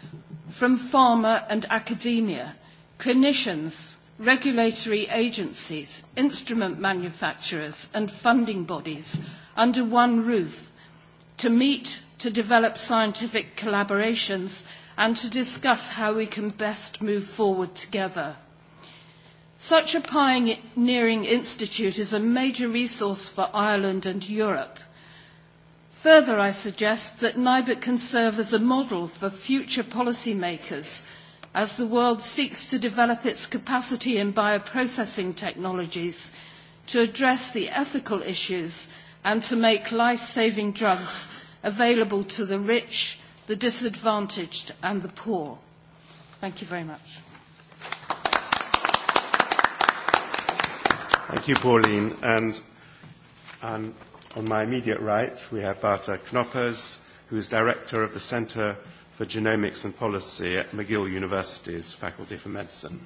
from pharma and academia, clinicians, regulatory agencies, instrument manufacturers and funding bodies under one roof to meet, to develop scientific collaborations and to discuss how we can best move forward together. Such a pioneering institute is a major resource for Ireland and Europe. Further, I suggest that NIBIT can serve as a model for future policymakers as the world seeks to develop its capacity in bioprocessing technologies to address the ethical issues and to make life-saving drugs available to the rich, the disadvantaged and the poor. Thank you very much. Thank you, Pauline. And um, on my immediate right, we have Barta Knoppers, who is Director of the Centre for Genomics and Policy at McGill University's Faculty for Medicine.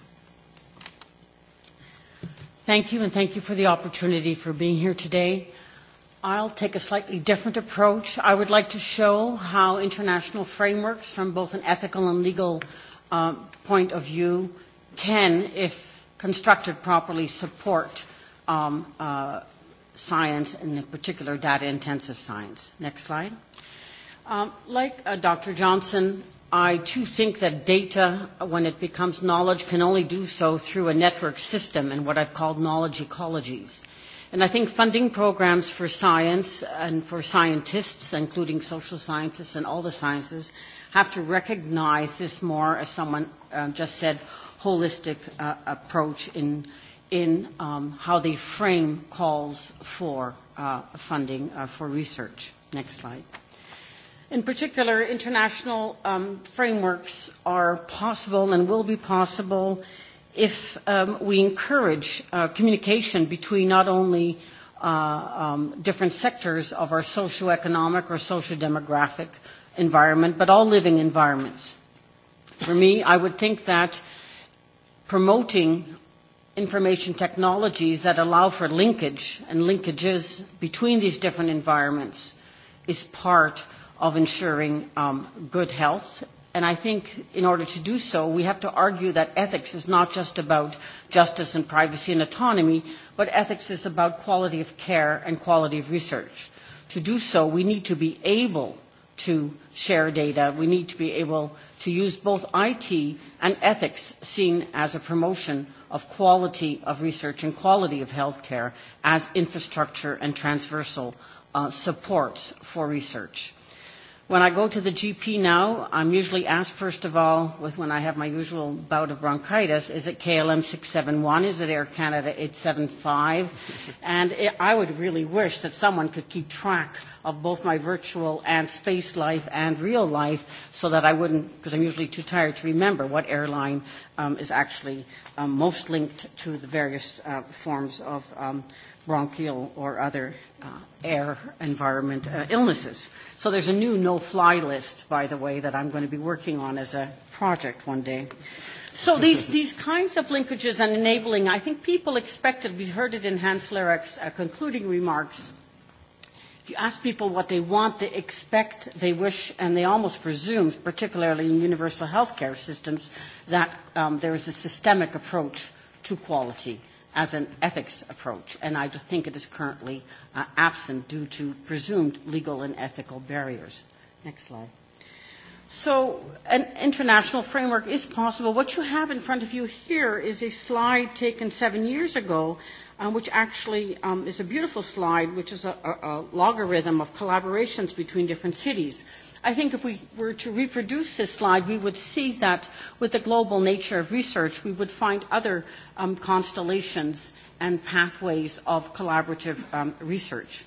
Thank you, and thank you for the opportunity for being here today. I'll take a slightly different approach. I would like to show how international frameworks from both an ethical and legal uh, point of view can, if constructed properly, support um, uh, science, and in particular data-intensive science. Next slide. Um, like uh, Dr. Johnson, I too think that data, when it becomes knowledge, can only do so through a network system and what I've called knowledge ecologies. And I think funding programs for science and for scientists, including social scientists and all the sciences, have to recognize this more, as someone uh, just said, holistic uh, approach in, in um, how they frame calls for uh, funding uh, for research. Next slide. Uh, In particular, international um, frameworks are possible and will be possible if um, we encourage uh, communication between not only uh, um, different sectors of our socioeconomic or socio-demographic environment, but all living environments. For me, I would think that promoting information technologies that allow for linkage and linkages between these different environments is part of of ensuring um, good health. And I think in order to do so, we have to argue that ethics is not just about justice and privacy and autonomy, but ethics is about quality of care and quality of research. To do so, we need to be able to share data. We need to be able to use both IT and ethics seen as a promotion of quality of research and quality of healthcare as infrastructure and transversal uh, supports for research. When I go to the GP now, I'm usually asked first of all, with when I have my usual bout of bronchitis, is it KLM 671? Is it Air Canada 875? and it, I would really wish that someone could keep track of both my virtual and space life and real life so that I wouldn't, because I'm usually too tired to remember what airline um, is actually um, most linked to the various uh, forms of um, bronchial or other uh, air environment uh, illnesses. So there's a new no-fly list, by the way, that I'm going to be working on as a project one day. So these, these kinds of linkages and enabling, I think people expected, we heard it in Hans Lerek's uh, concluding remarks, you ask people what they want, they expect, they wish, and they almost presume, particularly in universal health care systems, that um, there is a systemic approach to quality as an ethics approach, and I think it is currently uh, absent due to presumed legal and ethical barriers. Next slide. So an international framework is possible. What you have in front of you here is a slide taken seven years ago, um, which actually um, is a beautiful slide, which is a, a, a logarithm of collaborations between different cities. Uh, I think if we were to reproduce this slide, we would see that with the global nature of research, we would find other um, constellations and pathways of collaborative um, research,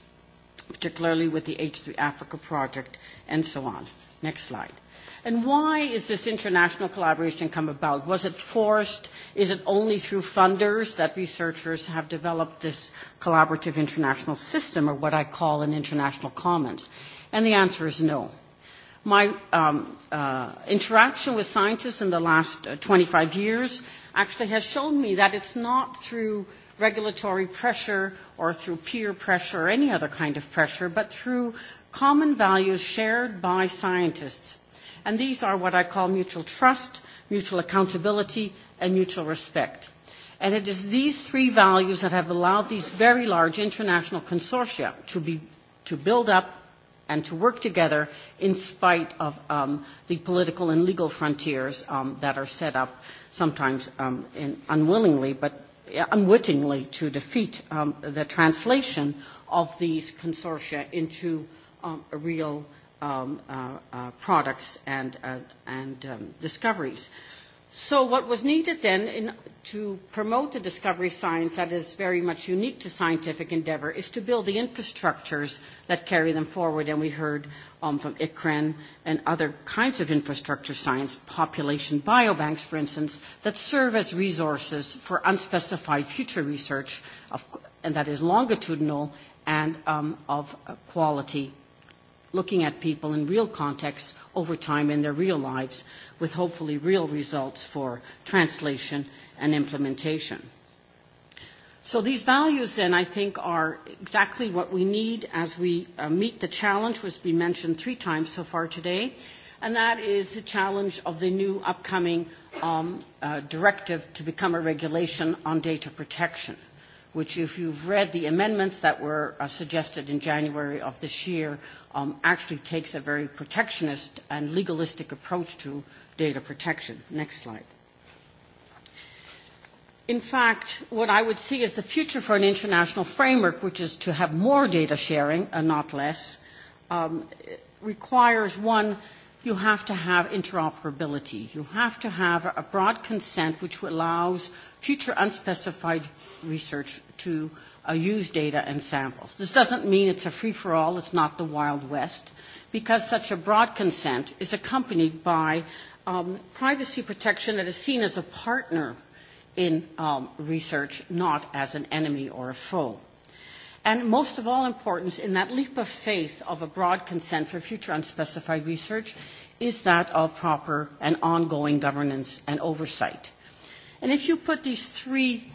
particularly with the H3 Africa project and so on. Next slide. And why is this international collaboration come about? Was it forced? Is it only through funders that researchers have developed this collaborative international system, or what I call an international commons? And the answer is no. My um, uh, interaction with scientists in the last uh, 25 years actually has shown me that it's not through regulatory pressure or through peer pressure or any other kind of pressure, but through common values shared by scientists. And these are what I call mutual trust, mutual accountability, and mutual respect. And it is these three values that have allowed these very large international consortia to, be, to build up and to work together in spite of um, the political and legal frontiers um, that are set up sometimes um, in unwillingly but unwittingly to defeat um, the translation of these consortia into um, real um, uh, uh, products and, uh, and um, discoveries. Uh, So what was needed then in, to promote the discovery science that is very much unique to scientific endeavor is to build the infrastructures that carry them forward. And we heard um, from ICRAN and other kinds of infrastructure science, population biobanks, for instance, that serve as resources for unspecified future research, of, and that is longitudinal and um, of uh, quality, looking at people in real contexts over time in their real lives with hopefully real results for translation and implementation. So these values then I think are exactly what we need as we uh, meet the challenge which has been mentioned three times so far today, and that is the challenge of the new upcoming um, uh, directive to become a regulation on data protection, which if you've read the amendments that were uh, suggested in January of this year, um, actually takes a very protectionist and legalistic approach to data protection. Next slide. In fact, what I would see as the future for an international framework, which is to have more data sharing and not less, um, requires one, you have to have interoperability. You have to have a broad consent which allows future unspecified research to uh, use data and samples. This doesn't mean it's a free-for-all, it's not the Wild West, because such a broad consent is accompanied by um, privacy protection that is seen as a partner in um, research, not as an enemy or a foe. And most of all importance in that leap of faith of a broad consent for future unspecified research is that of proper and ongoing governance and oversight. And if you put these three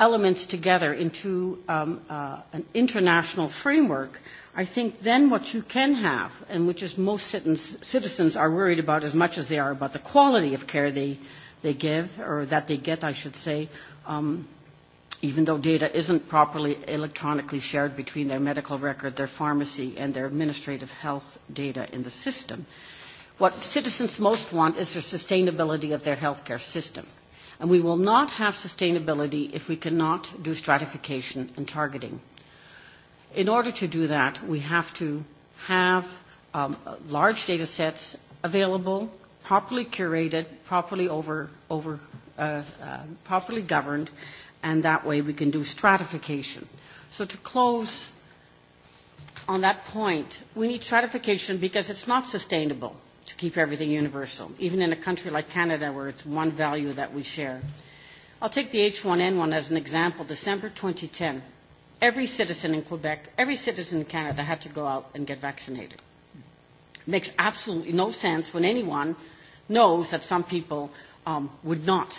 elements together into um, uh, an international framework, I think then what you can have, and which is most citizens are worried about as much as they are about the quality of care they, they give, or that they get, I should say, um, even though data isn't properly electronically shared between their medical record, their pharmacy, and their administrative health data in the system. What citizens most want is the sustainability of their healthcare system. And we will not have sustainability if we cannot do stratification and targeting. In order to do that, we have to have um, large data sets available, properly curated, properly over, over, uh, uh, properly governed, and that way we can do stratification. So to close on that point, we need stratification because it's not sustainable to keep everything universal, even in a country like Canada where it's one value that we share. I'll take the H1N1 as an example. December 2010, every citizen in Quebec, every citizen in Canada had to go out and get vaccinated. It makes absolutely no sense when anyone knows that some people um, would not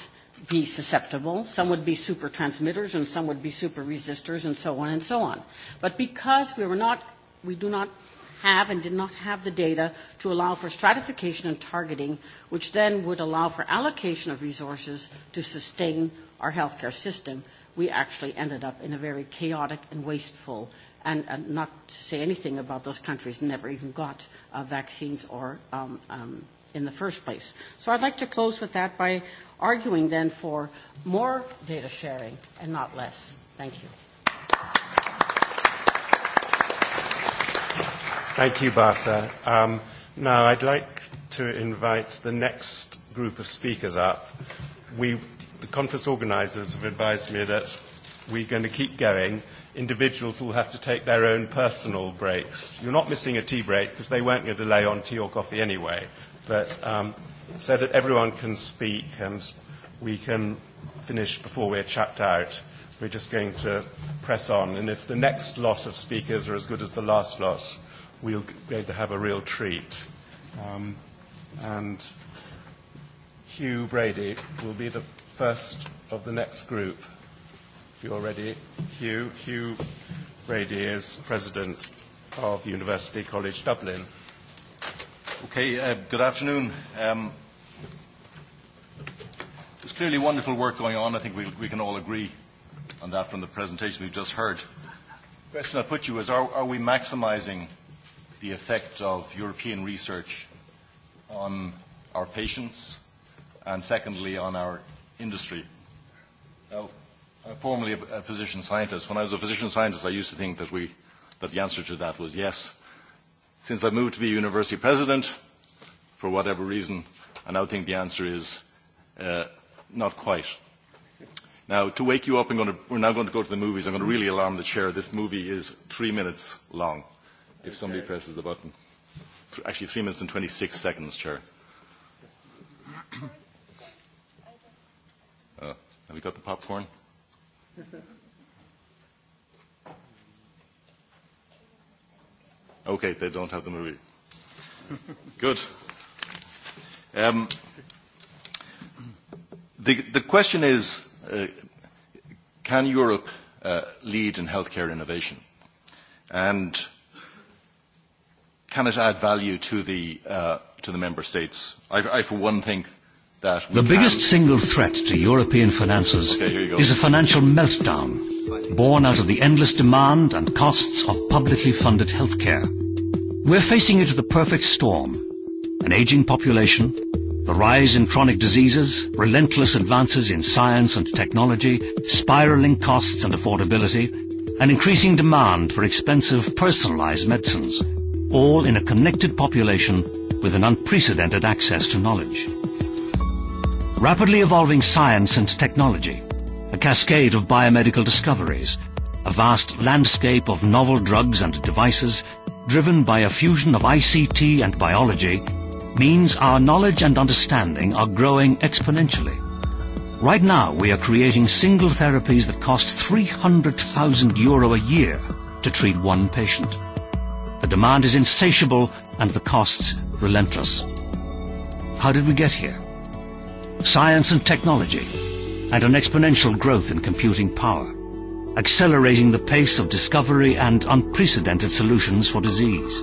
be susceptible. Some would be super transmitters and some would be super resistors and so on and so on. But because we were not, we do not have and did not have the data to allow for stratification and targeting, which then would allow for allocation of resources to sustain our healthcare system, we actually ended up in a very chaotic and wasteful, and, and not to say anything about those countries never even got uh, vaccines or um, um, in the first place. So I'd like to close with that by arguing then for more data sharing and not less. Thank you. Thank you, Basa. Um, now I'd like to invite the next group of speakers up. We the conference organisers have advised me that we're going to keep going. Individuals will have to take their own personal breaks. You're not missing a tea break because they weren't going to lay on tea or coffee anyway, but um, so that everyone can speak and we can finish before we're chapped out. We're just going to press on, and if the next lot of speakers are as good as the last lot, we'll be able to have a real treat. Um, and Hugh Brady will be the first of the next group. If you're ready, Hugh. Hugh Brady is President of University College Dublin. Okay, uh, good afternoon. Um, there's clearly wonderful work going on. I think we, we can all agree on that from the presentation we've just heard. The question I put you is, are, are we maximizing the effect of European research on our patients and secondly on our industry. Now, uh, formerly a physician scientist, when I was a physician scientist, I used to think that, we, that the answer to that was yes. Since I moved to be university president, for whatever reason, I now think the answer is uh, not quite. Now, to wake you up, I'm going to, we're now going to go to the movies. I'm going to really alarm the chair. This movie is three minutes long, if okay. somebody presses the button. Actually, three minutes and 26 seconds, chair. Have we got the popcorn? Okay, they don't have the movie. Good. Um, the, the question is, uh, can Europe uh, lead in healthcare innovation? And can it add value to the, uh, to the member states? I, I, for one, think that we The can... biggest single threat to European finances okay, is a financial meltdown born out of the endless demand and costs of publicly funded healthcare. We're facing into the perfect storm. An aging population, the rise in chronic diseases, relentless advances in science and technology, spiraling costs and affordability, and increasing demand for expensive personalized medicines, all in a connected population with an unprecedented access to knowledge. Rapidly evolving science and technology, a cascade of biomedical discoveries, a vast landscape of novel drugs and devices driven by a fusion of ICT and biology means our knowledge and understanding are growing exponentially. Right now we are creating single therapies that cost 300,000 euro a year to treat one patient. The demand is insatiable and the costs relentless. How did we get here? science and technology, and an exponential growth in computing power, accelerating the pace of discovery and unprecedented solutions for disease.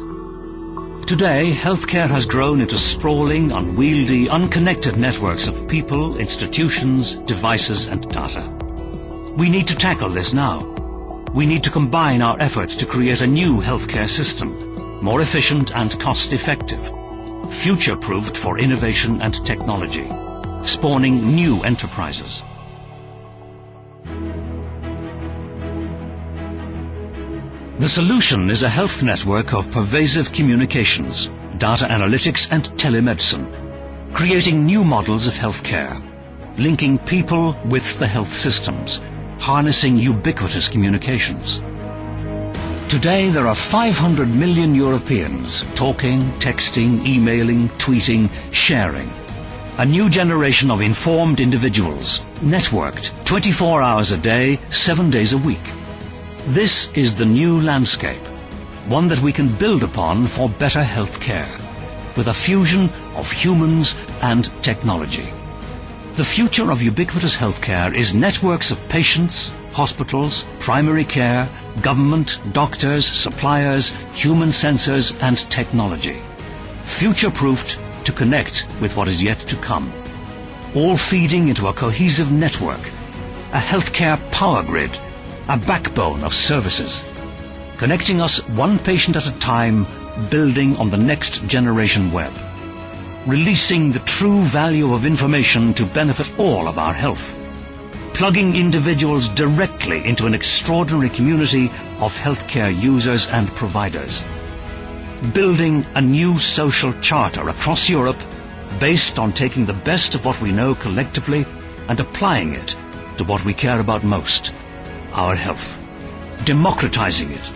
Today, healthcare has grown into sprawling, unwieldy, unconnected networks of people, institutions, devices and data. We need to tackle this now. We need to combine our efforts to create a new healthcare system, more efficient and cost-effective, future-proofed for innovation and technology spawning new enterprises. The solution is a health network of pervasive communications, data analytics and telemedicine, creating new models of healthcare, linking people with the health systems, harnessing ubiquitous communications. Today there are 500 million Europeans talking, texting, emailing, tweeting, sharing – A new generation of informed individuals, networked 24 hours a day, 7 days a week. This is the new landscape, one that we can build upon for better health care, with a fusion of humans and technology. The future of ubiquitous healthcare is networks of patients, hospitals, primary care, government, doctors, suppliers, human sensors and technology. Future-proofed to connect with what is yet to come, all feeding into a cohesive network, a healthcare power grid, a backbone of services, connecting us one patient at a time, building on the next generation web, releasing the true value of information to benefit all of our health, plugging individuals directly into an extraordinary community of healthcare users and providers building a new social charter across Europe based on taking the best of what we know collectively and applying it to what we care about most, our health. Democratizing it,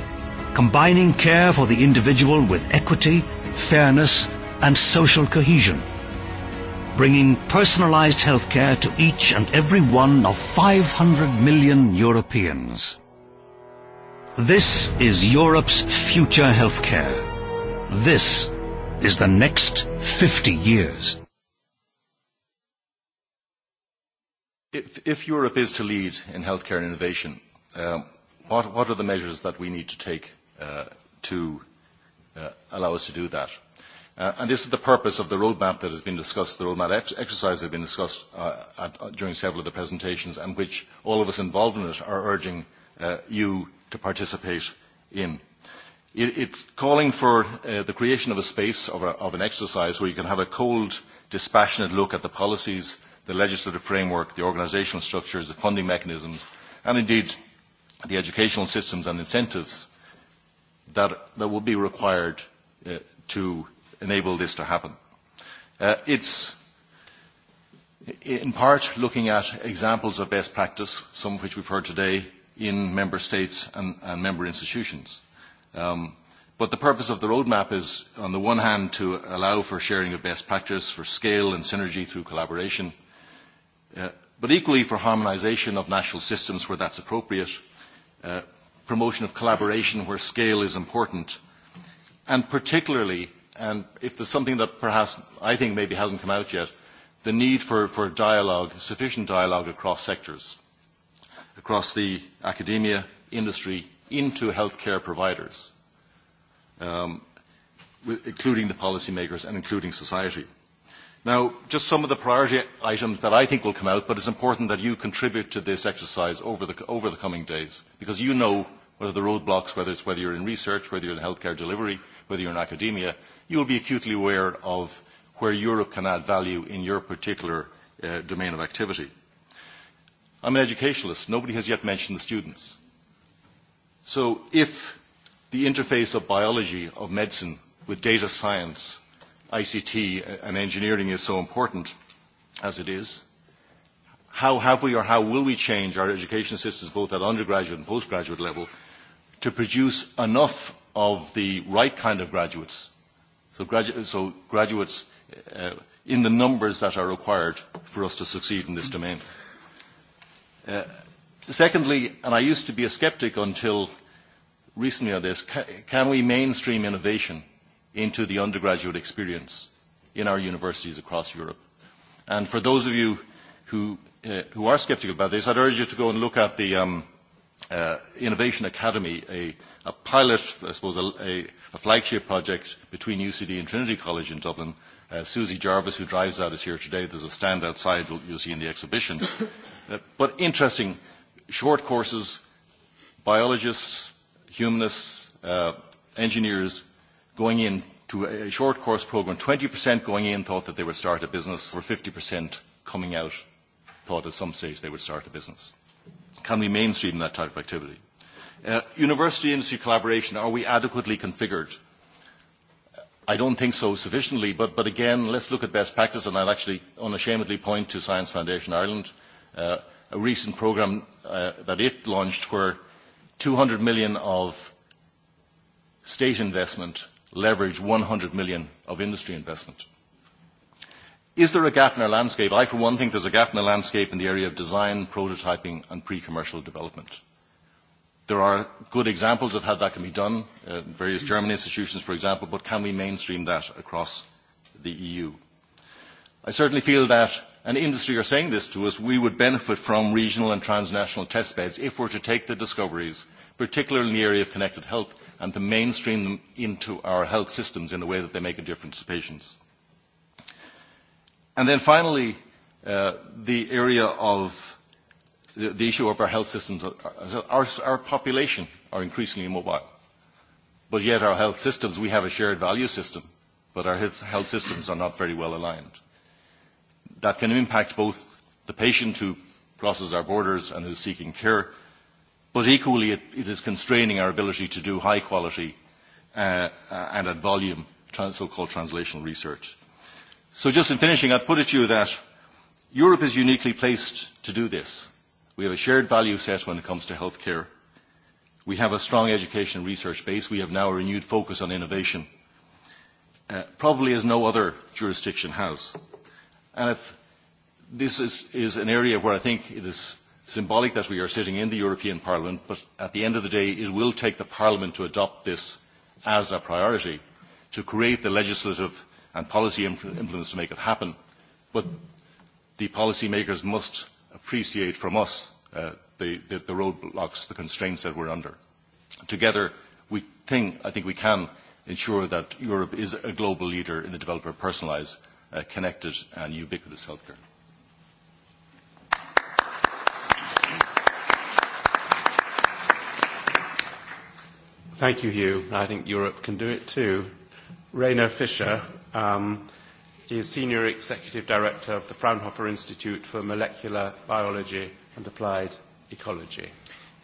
combining care for the individual with equity, fairness and social cohesion. Bringing personalized healthcare to each and every one of 500 million Europeans. This is Europe's future healthcare. This is the next 50 years. If, if Europe is to lead in healthcare innovation, um, what, what are the measures that we need to take uh, to uh, allow us to do that? Uh, and this is the purpose of the roadmap that has been discussed, the roadmap ex- exercise that has been discussed uh, at, uh, during several of the presentations and which all of us involved in it are urging uh, you to participate in. Uh, It, it's calling for uh, the creation of a space of, a, of an exercise where you can have a cold, dispassionate look at the policies, the legislative framework, the organisational structures, the funding mechanisms, and indeed the educational systems and incentives that, that will be required uh, to enable this to happen. Uh, it's in part looking at examples of best practice, some of which we've heard today in member states and, and member institutions. Um, but the purpose of the roadmap is, on the one hand, to allow for sharing of best practice, for scale and synergy through collaboration, uh, but equally for harmonisation of national systems where that's appropriate, uh, promotion of collaboration where scale is important, and particularly, and if there's something that perhaps I think maybe hasn't come out yet, the need for, for dialogue, sufficient dialogue across sectors, across the academia, industry, into healthcare providers, um, with, including the policymakers and including society. Now, just some of the priority items that I think will come out, but it's important that you contribute to this exercise over the, over the coming days, because you know what are the roadblocks, whether it's whether you're in research, whether you're in healthcare delivery, whether you're in academia, you will be acutely aware of where Europe can add value in your particular uh, domain of activity. I'm an educationalist. Nobody has yet mentioned the students. So if the interface of biology, of medicine, with data science, ICT and engineering is so important as it is, how have we or how will we change our education systems both at undergraduate and postgraduate level to produce enough of the right kind of graduates, so, gradu- so graduates uh, in the numbers that are required for us to succeed in this domain. Uh, Secondly, and I used to be a skeptic until recently on this, ca can we mainstream innovation into the undergraduate experience in our universities across Europe? And for those of you who, uh, who are skeptical about this, I'd urge you to go and look at the um, uh, Innovation Academy, a, a pilot, I suppose, a, a, a flagship project between UCD and Trinity College in Dublin. Uh, Susie Jarvis, who drives that, is here today. There's a stand outside you'll see in the exhibition. uh, but interesting short courses, biologists, humanists, uh, engineers going in to a short course program, 20% going in thought that they would start a business, or 50% coming out thought at some stage they would start a business. Can we mainstream that type of activity? Uh, university industry collaboration, are we adequately configured? I don't think so sufficiently, but, but again, let's look at best practice, and I'll actually unashamedly point to Science Foundation Ireland. Uh, a recent programme uh, that it launched where 200 million of state investment leverage 100 million of industry investment. Is there a gap in our landscape? I, for one, think there's a gap in the landscape in the area of design, prototyping, and pre-commercial development. There are good examples of how that can be done, uh, various German institutions, for example, but can we mainstream that across the EU? I certainly feel that and industry are saying this to us, we would benefit from regional and transnational test beds if we're to take the discoveries, particularly in the area of connected health, and to mainstream them into our health systems in a way that they make a difference to patients. And then finally, uh, the area of the, the issue of our health systems. Uh, our, our population are increasingly mobile, but yet our health systems, we have a shared value system, but our health systems are not very well aligned that can impact both the patient who crosses our borders and who's seeking care, but equally it, it is constraining our ability to do high quality uh, uh, and at volume trans, so-called translational research. So just in finishing, I'd put it to you that Europe is uniquely placed to do this. We have a shared value set when it comes to healthcare. We have a strong education research base. We have now a renewed focus on innovation, uh, probably as no other jurisdiction has. Uh, And if this is, is an area where I think it is symbolic that we are sitting in the European Parliament, but at the end of the day, it will take the Parliament to adopt this as a priority, to create the legislative and policy implements to make it happen. But the policymakers must appreciate from us uh, the, the, the roadblocks, the constraints that we're under. Together, we think, I think we can ensure that Europe is a global leader in the development of personalized uh, connected and ubiquitous healthcare. Thank you, Hugh. I think Europe can do it too. Rainer Fischer um, is Senior Executive Director of the Fraunhofer Institute for Molecular Biology and Applied Ecology.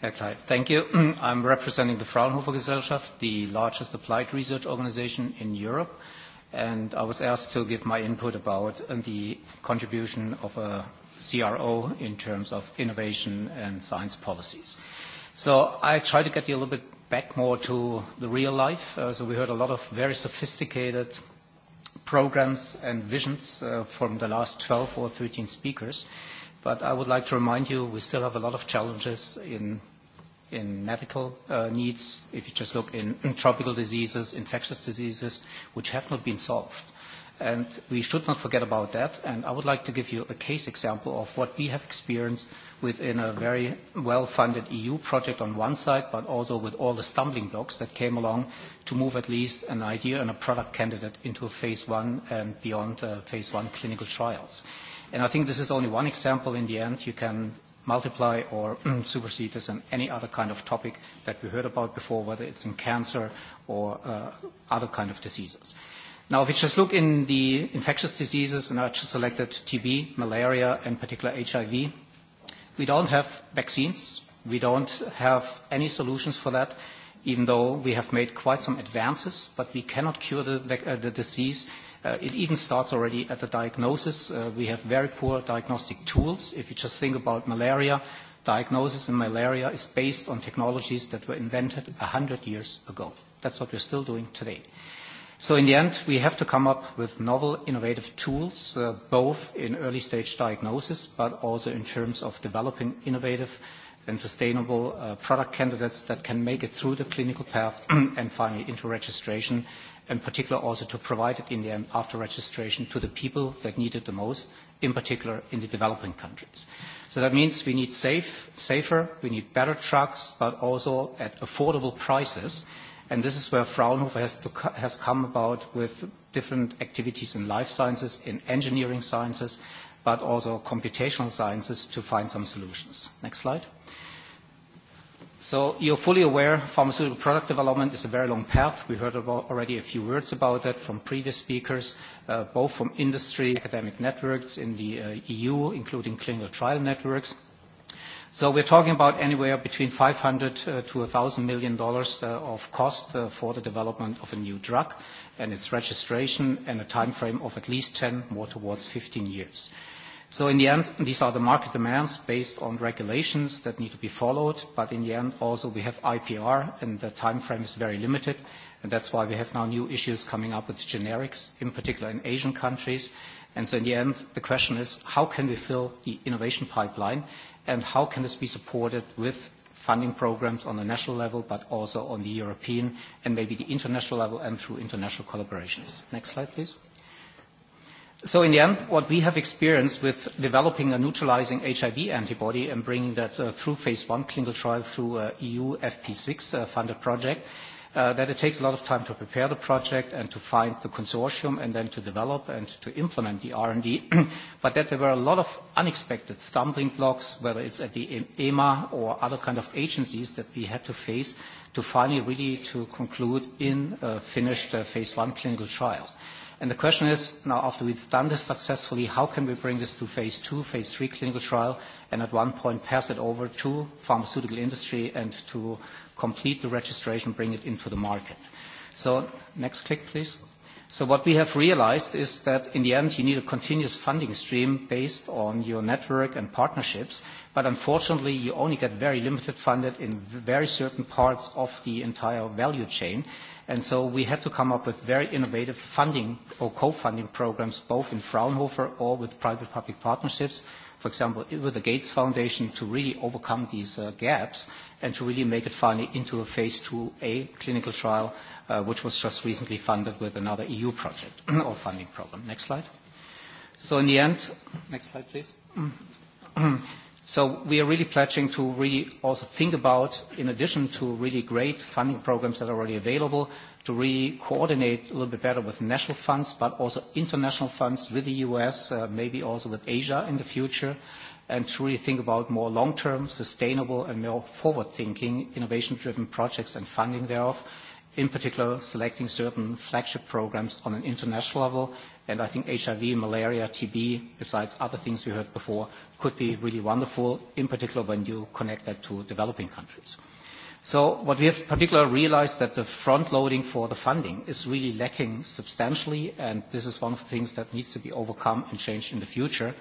Herr Kleif, thank you. I'm representing the Fraunhofer Gesellschaft, the largest applied research organization in Europe. Uh, and I was asked to give my input about uh, the contribution of a CRO in terms of innovation and science policies. So I try to get you a little bit back more to the real life. Uh, so we heard a lot of very sophisticated programs and visions uh, from the last 12 or 13 speakers. But I would like to remind you, we still have a lot of challenges in in medical uh, needs, if you just look in tropical diseases, infectious diseases, which have not been solved. And we should not forget about that. And I would like to give you a case example of what we have experienced within a very well-funded EU project on one side, but also with all the stumbling blocks that came along to move at least an idea and a product candidate into phase one and beyond uh, phase one clinical trials. And I think this is only one example. In the end, you can multiply or supersede this on any other kind of topic that we heard about before, whether it's in cancer or uh, other kind of diseases. Now, if we just look in the infectious diseases, and I just selected TB, malaria, and particular HIV, we don't have vaccines. We don't have any solutions for that, even though we have made quite some advances, but we cannot cure the, the, uh, the disease Uh, it even starts already at the diagnosis. Uh, we have very poor diagnostic tools. If you just think about malaria, diagnosis in malaria is based on technologies that were invented 100 years ago. That's what we're still doing today. So in the end, we have to come up with novel, innovative tools, uh, both in early stage diagnosis, but also in terms of developing innovative and sustainable uh, product candidates that can make it through the clinical path and finally into registration in particular also to provide it in the end um, after registration to the people that need it the most, in particular in the developing countries. So that means we need safe, safer, we need better trucks, but also at affordable prices. And this is where Fraunhofer has, to, has come about with different activities in life sciences, in engineering sciences, but also computational sciences to find some solutions. Next slide. So you're fully aware pharmaceutical product development is a very long path. We heard about already a few words about that from previous speakers, uh, both from industry, academic networks in the uh, EU, including clinical trial networks. So we're talking about anywhere between $500 uh, to $1,000 million dollars, uh, of cost uh, for the development of a new drug and its registration and a time frame of at least 10, more towards 15 years. Uh, So in the end, these are the market demands based on regulations that need to be followed, but in the end also we have IPR and the time frame is very limited, and that's why we have now new issues coming up with generics, in particular in Asian countries. And so in the end, the question is, how can we fill the innovation pipeline, and how can this be supported with funding programs on the national level, but also on the European and maybe the international level and through international collaborations? Next slide, please. So in the end, what we have experienced with developing a neutralizing HIV antibody and bringing that uh, through phase one clinical trial through uh, EU FP6 uh, funded project, uh, that it takes a lot of time to prepare the project and to find the consortium and then to develop and to implement the R&D. but that there were a lot of unexpected stumbling blocks, whether it's at the EMA or other kind of agencies that we had to face to finally really to conclude in a finished uh, phase one clinical trial. Uh, And the question is, now after we've done this successfully, how can we bring this to phase two, phase three clinical trial, and at one point pass it over to pharmaceutical industry and to complete the registration, bring it into the market? So next click, please. So what we have realized is that in the end, you need a continuous funding stream based on your network and partnerships. But unfortunately, you only get very limited funded in very certain parts of the entire value chain. And so we had to come up with very innovative funding or co-funding programs, both in Fraunhofer or with private-public partnerships, for example, with the Gates Foundation to really overcome these uh, gaps and to really make it finally into a phase 2A clinical trial, uh, which was just recently funded with another EU project or funding program. Next slide. So in the end, next slide, please. So we are really pledging to really also think about, in addition to really great funding programs that are already available, to really coordinate a little bit better with national funds, but also international funds with the U.S., uh, maybe also with Asia in the future, and to really think about more long-term, sustainable, and more forward-thinking, innovation-driven projects and funding thereof. In particular, selecting certain flagship programs on an international level And I think HIV, malaria, TB, besides other things we heard before, could be really wonderful, in particular when you connect that to developing countries. So what we have particularly realized that the front loading for the funding is really lacking substantially, and this is one of the things that needs to be overcome and changed in the future.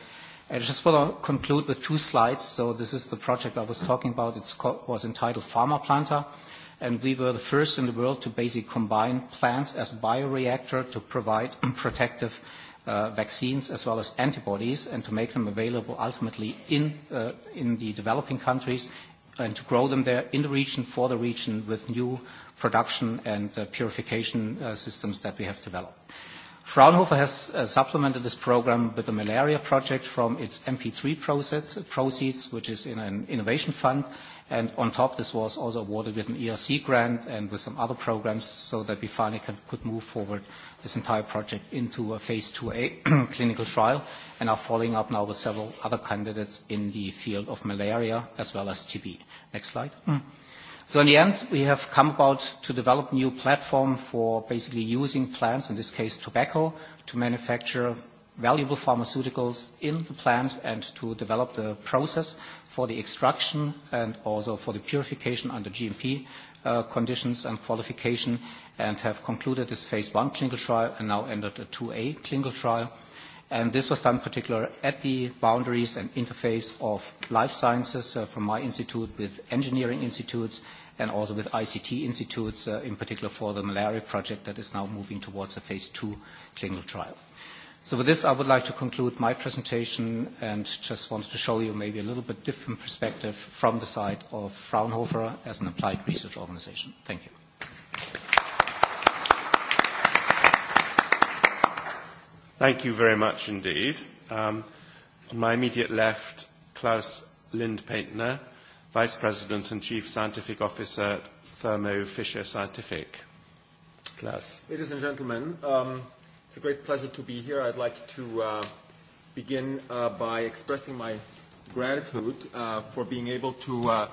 I just want to conclude with two slides. So this is the project I was talking about. It was entitled Pharma Planter. Uh, and we were the first in the world to basically combine plants as bioreactor to provide protective uh, vaccines as well as antibodies and to make them available ultimately in, uh, in the developing countries and to grow them there in the region, for the region, with new production and uh, purification uh, systems that we have developed. Fraunhofer has uh, supplemented this program with a malaria project from its MP3 process, proceeds, which is in an innovation fund, And on top, this was also awarded with an ERC grant and with some other programs so that we finally can, could move forward this entire project into a phase 2A clinical trial and are following up now with several other candidates in the field of malaria as well as TB. Next slide. Mm. So in the end, we have come about to develop a new platform for basically using plants, in this case tobacco, to manufacture valuable pharmaceuticals in the plant and to develop the process for the extraction and also for the purification under GMP uh, conditions and qualification, and have concluded this phase one clinical trial and now entered a 2A clinical trial. And this was done in particular at the boundaries and interface of life sciences uh, from my institute with engineering institutes and also with ICT institutes, uh, in particular for the malaria project that is now moving towards a phase two clinical trial. So with this, I would like to conclude my presentation and just wanted to show you maybe a little bit different perspective from the side of Fraunhofer as an applied research organization. Thank you. Thank you very much indeed. Um, on my immediate left, Klaus Lindpaintner, Vice President and Chief Scientific Officer at Thermo Fisher Scientific. Klaus. Ladies and gentlemen, um, It's a great pleasure to be here. I'd like to uh, begin uh, by expressing my gratitude uh, for being able to uh,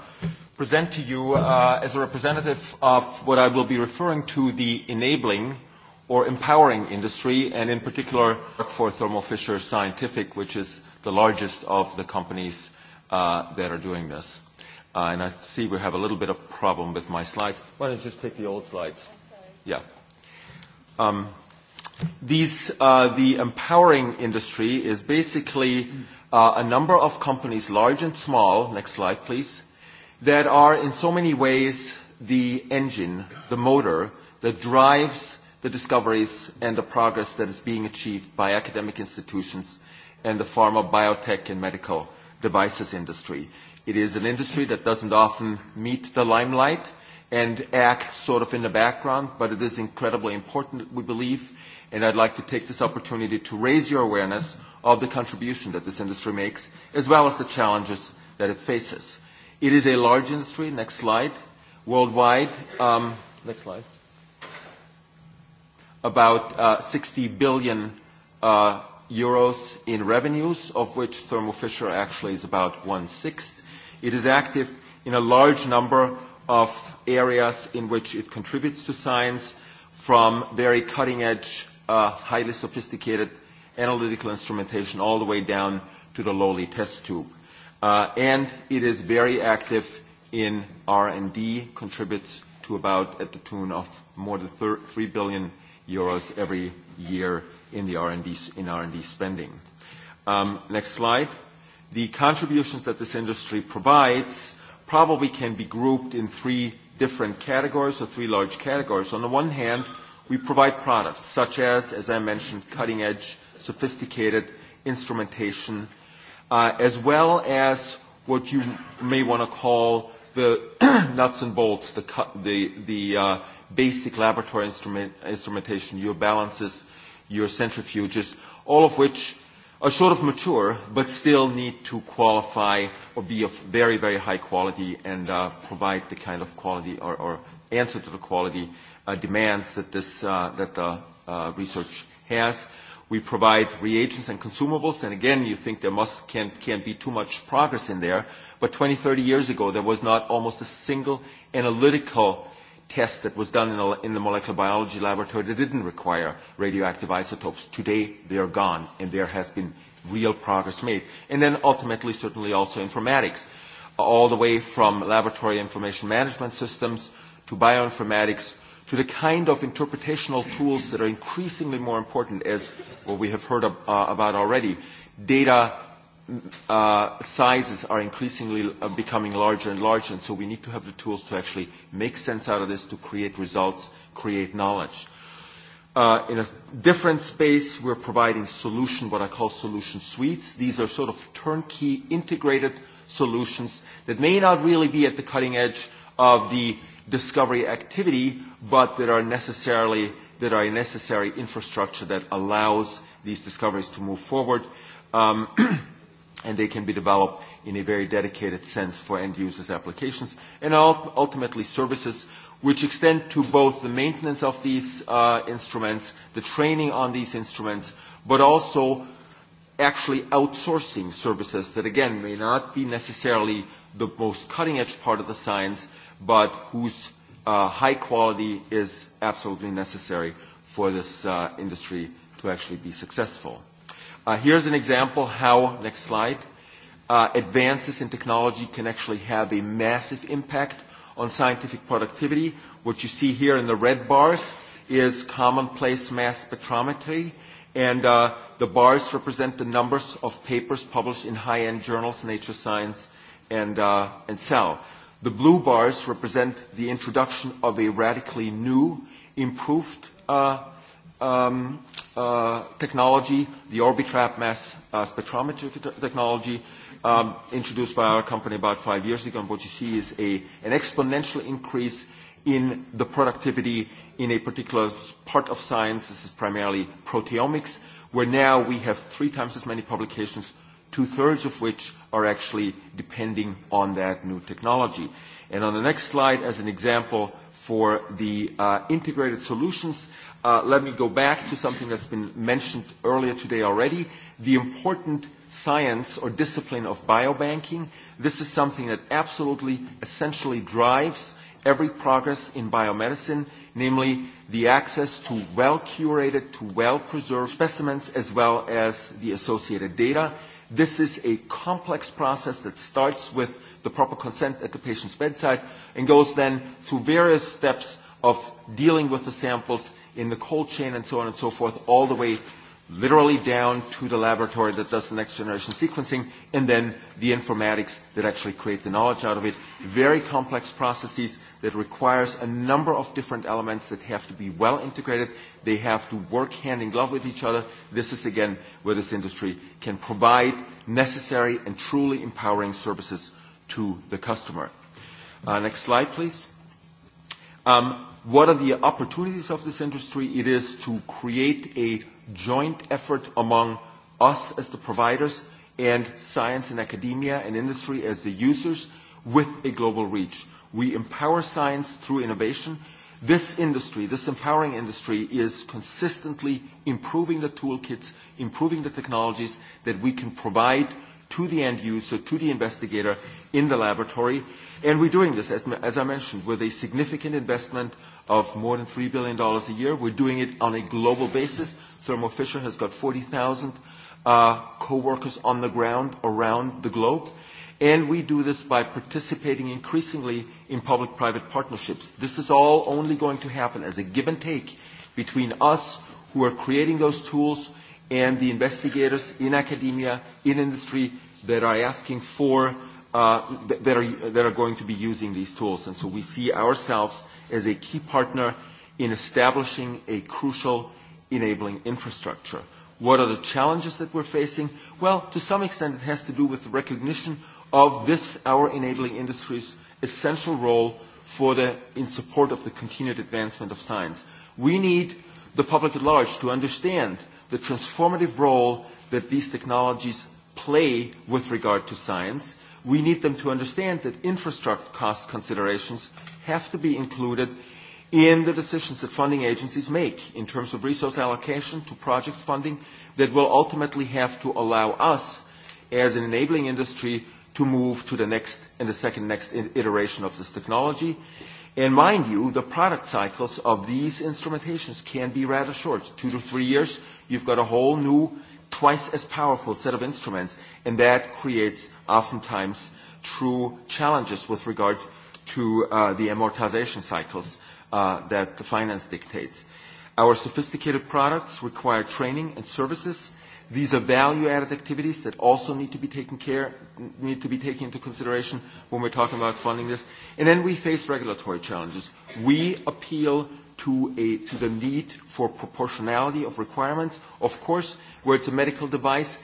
present to you, uh, as a representative of what I will be referring to, the enabling or empowering industry, and in particular for Thermo Fisher Scientific, which is the largest of the companies uh, that are doing this. Uh, and I see we have a little bit of problem with my slides. Why don't you just take the old slides? Yeah. Um, These, uh, the empowering industry is basically uh, a number of companies, large and small, next slide please, that are in so many ways the engine, the motor, that drives the discoveries and the progress that is being achieved by academic institutions and the pharma, biotech, and medical devices industry. It is an industry that doesn't often meet the limelight and acts sort of in the background, but it is incredibly important, we believe, and I'd like to take this opportunity to raise your awareness of the contribution that this industry makes, as well as the challenges that it faces. It is a large industry, next slide, worldwide, um, next slide, about uh, 60 billion uh, euros in revenues, of which Thermo Fisher actually is about one-sixth. It is active in a large number of areas in which it contributes to science, from very cutting-edge uh, highly sophisticated analytical instrumentation all the way down to the lowly test tube. Uh, and it is very active in R&D, contributes to about at the tune of more than 3 billion euros every year in the R&D, in R&D spending. Um, next slide. The contributions that this industry provides probably can be grouped in three different categories or three large categories. On the one hand, uh, We provide products such as, as I mentioned, cutting-edge, sophisticated instrumentation, uh, as well as what you may want to call the nuts and bolts, the, cut, the, the uh, basic laboratory instrument, instrumentation, your balances, your centrifuges, all of which are sort of mature, but still need to qualify or be of very, very high quality and uh, provide the kind of quality or, or answer to the quality uh, demands that, this, uh, that the uh, research has. We provide reagents and consumables, and again, you think there must, can't, can't be too much progress in there, but 20, 30 years ago, there was not almost a single analytical test that was done in the, in the molecular biology laboratory that didn't require radioactive isotopes. Today, they are gone, and there has been real progress made. And then ultimately, certainly also informatics, all the way from laboratory information management systems to bioinformatics to the kind of interpretational tools that are increasingly more important as what we have heard of, uh, about already. Data uh, sizes are increasingly uh, becoming larger and larger, and so we need to have the tools to actually make sense out of this, to create results, create knowledge. Uh, in a different space, we're providing solution, what I call solution suites. These are sort of turnkey integrated solutions that may not really be at the cutting edge of the discovery activity, but that are necessarily that are a necessary infrastructure that allows these discoveries to move forward, um, and they can be developed in a very dedicated sense for end users' applications, and ultimately services which extend to both the maintenance of these uh, instruments, the training on these instruments, but also actually outsourcing services that, again, may not be necessarily the most cutting-edge part of the science, uh, but whose uh, high quality is absolutely necessary for this uh, industry to actually be successful. Uh, here's an example how, next slide, uh, advances in technology can actually have a massive impact on scientific productivity. What you see here in the red bars is commonplace mass spectrometry, and uh, the bars represent the numbers of papers published in high-end journals, Nature Science and, uh, and Cell. The blue bars represent the introduction of a radically new, improved uh, um, uh, technology, the Orbitrap mass uh, spectrometry technology, um, introduced by our company about five years ago. And what you see is a, an exponential increase in the productivity in a particular part of science. This is primarily proteomics, where now we have three times as many publications, two-thirds of which are actually depending on that new technology. And on the next slide, as an example for the uh, integrated solutions, uh, let me go back to something that's been mentioned earlier today already, the important science or discipline of biobanking. This is something that absolutely essentially drives every progress in biomedicine, namely the access to well-curated, to well-preserved specimens as well as the associated data. This is a complex process that starts with the proper consent at the patient's bedside and goes then through various steps of dealing with the samples in the cold chain and so on and so forth, all the way literally down to the laboratory that does the next generation sequencing, and then the informatics that actually create the knowledge out of it. Very complex processes that requires a number of different elements that have to be well integrated. They have to work hand in glove with each other. This is, again, where this industry can provide necessary and truly empowering services to the customer. Uh, next slide, please. Um, what are the opportunities of this industry? It is to create a joint effort among us as the providers and science and academia and industry as the users with a global reach. We empower science through innovation. This industry, this empowering industry, is consistently improving the toolkits, improving the technologies that we can provide to the end user, to the investigator in the laboratory. And we're doing this, as, as I mentioned, with a significant investment of more than $3 billion a year. We're doing it on a global basis. Thermo Fisher has got 40,000 uh, co-workers on the ground around the globe. And we do this by participating increasingly in public-private partnerships. This is all only going to happen as a give and take between us who are creating those tools and the investigators in academia, in industry that are asking for uh, th that, are, that are going to be using these tools. And so we see ourselves as a key partner in establishing a crucial enabling infrastructure. What are the challenges that we're facing? Well, to some extent, it has to do with the recognition of this, our enabling industry's essential role for the, in support of the continued advancement of science. We need the public at large to understand the transformative role that these technologies play with regard to science, we need them to understand that infrastructure cost considerations have to be included in the decisions that funding agencies make in terms of resource allocation to project funding that will ultimately have to allow us as an enabling industry to move to the next and the second next iteration of this technology. And mind you, the product cycles of these instrumentations can be rather short. Two to three years, you've got a whole new, twice as powerful set of instruments and that creates oftentimes true challenges with regard to uh, the amortization cycles uh, that the finance dictates. Our sophisticated products require training and services. These are value-added activities that also need to be taken care, need to be taken into consideration when we're talking about funding this. And then we face regulatory challenges. We appeal to, a, to the need for proportionality of requirements. Of course, where it's a medical device,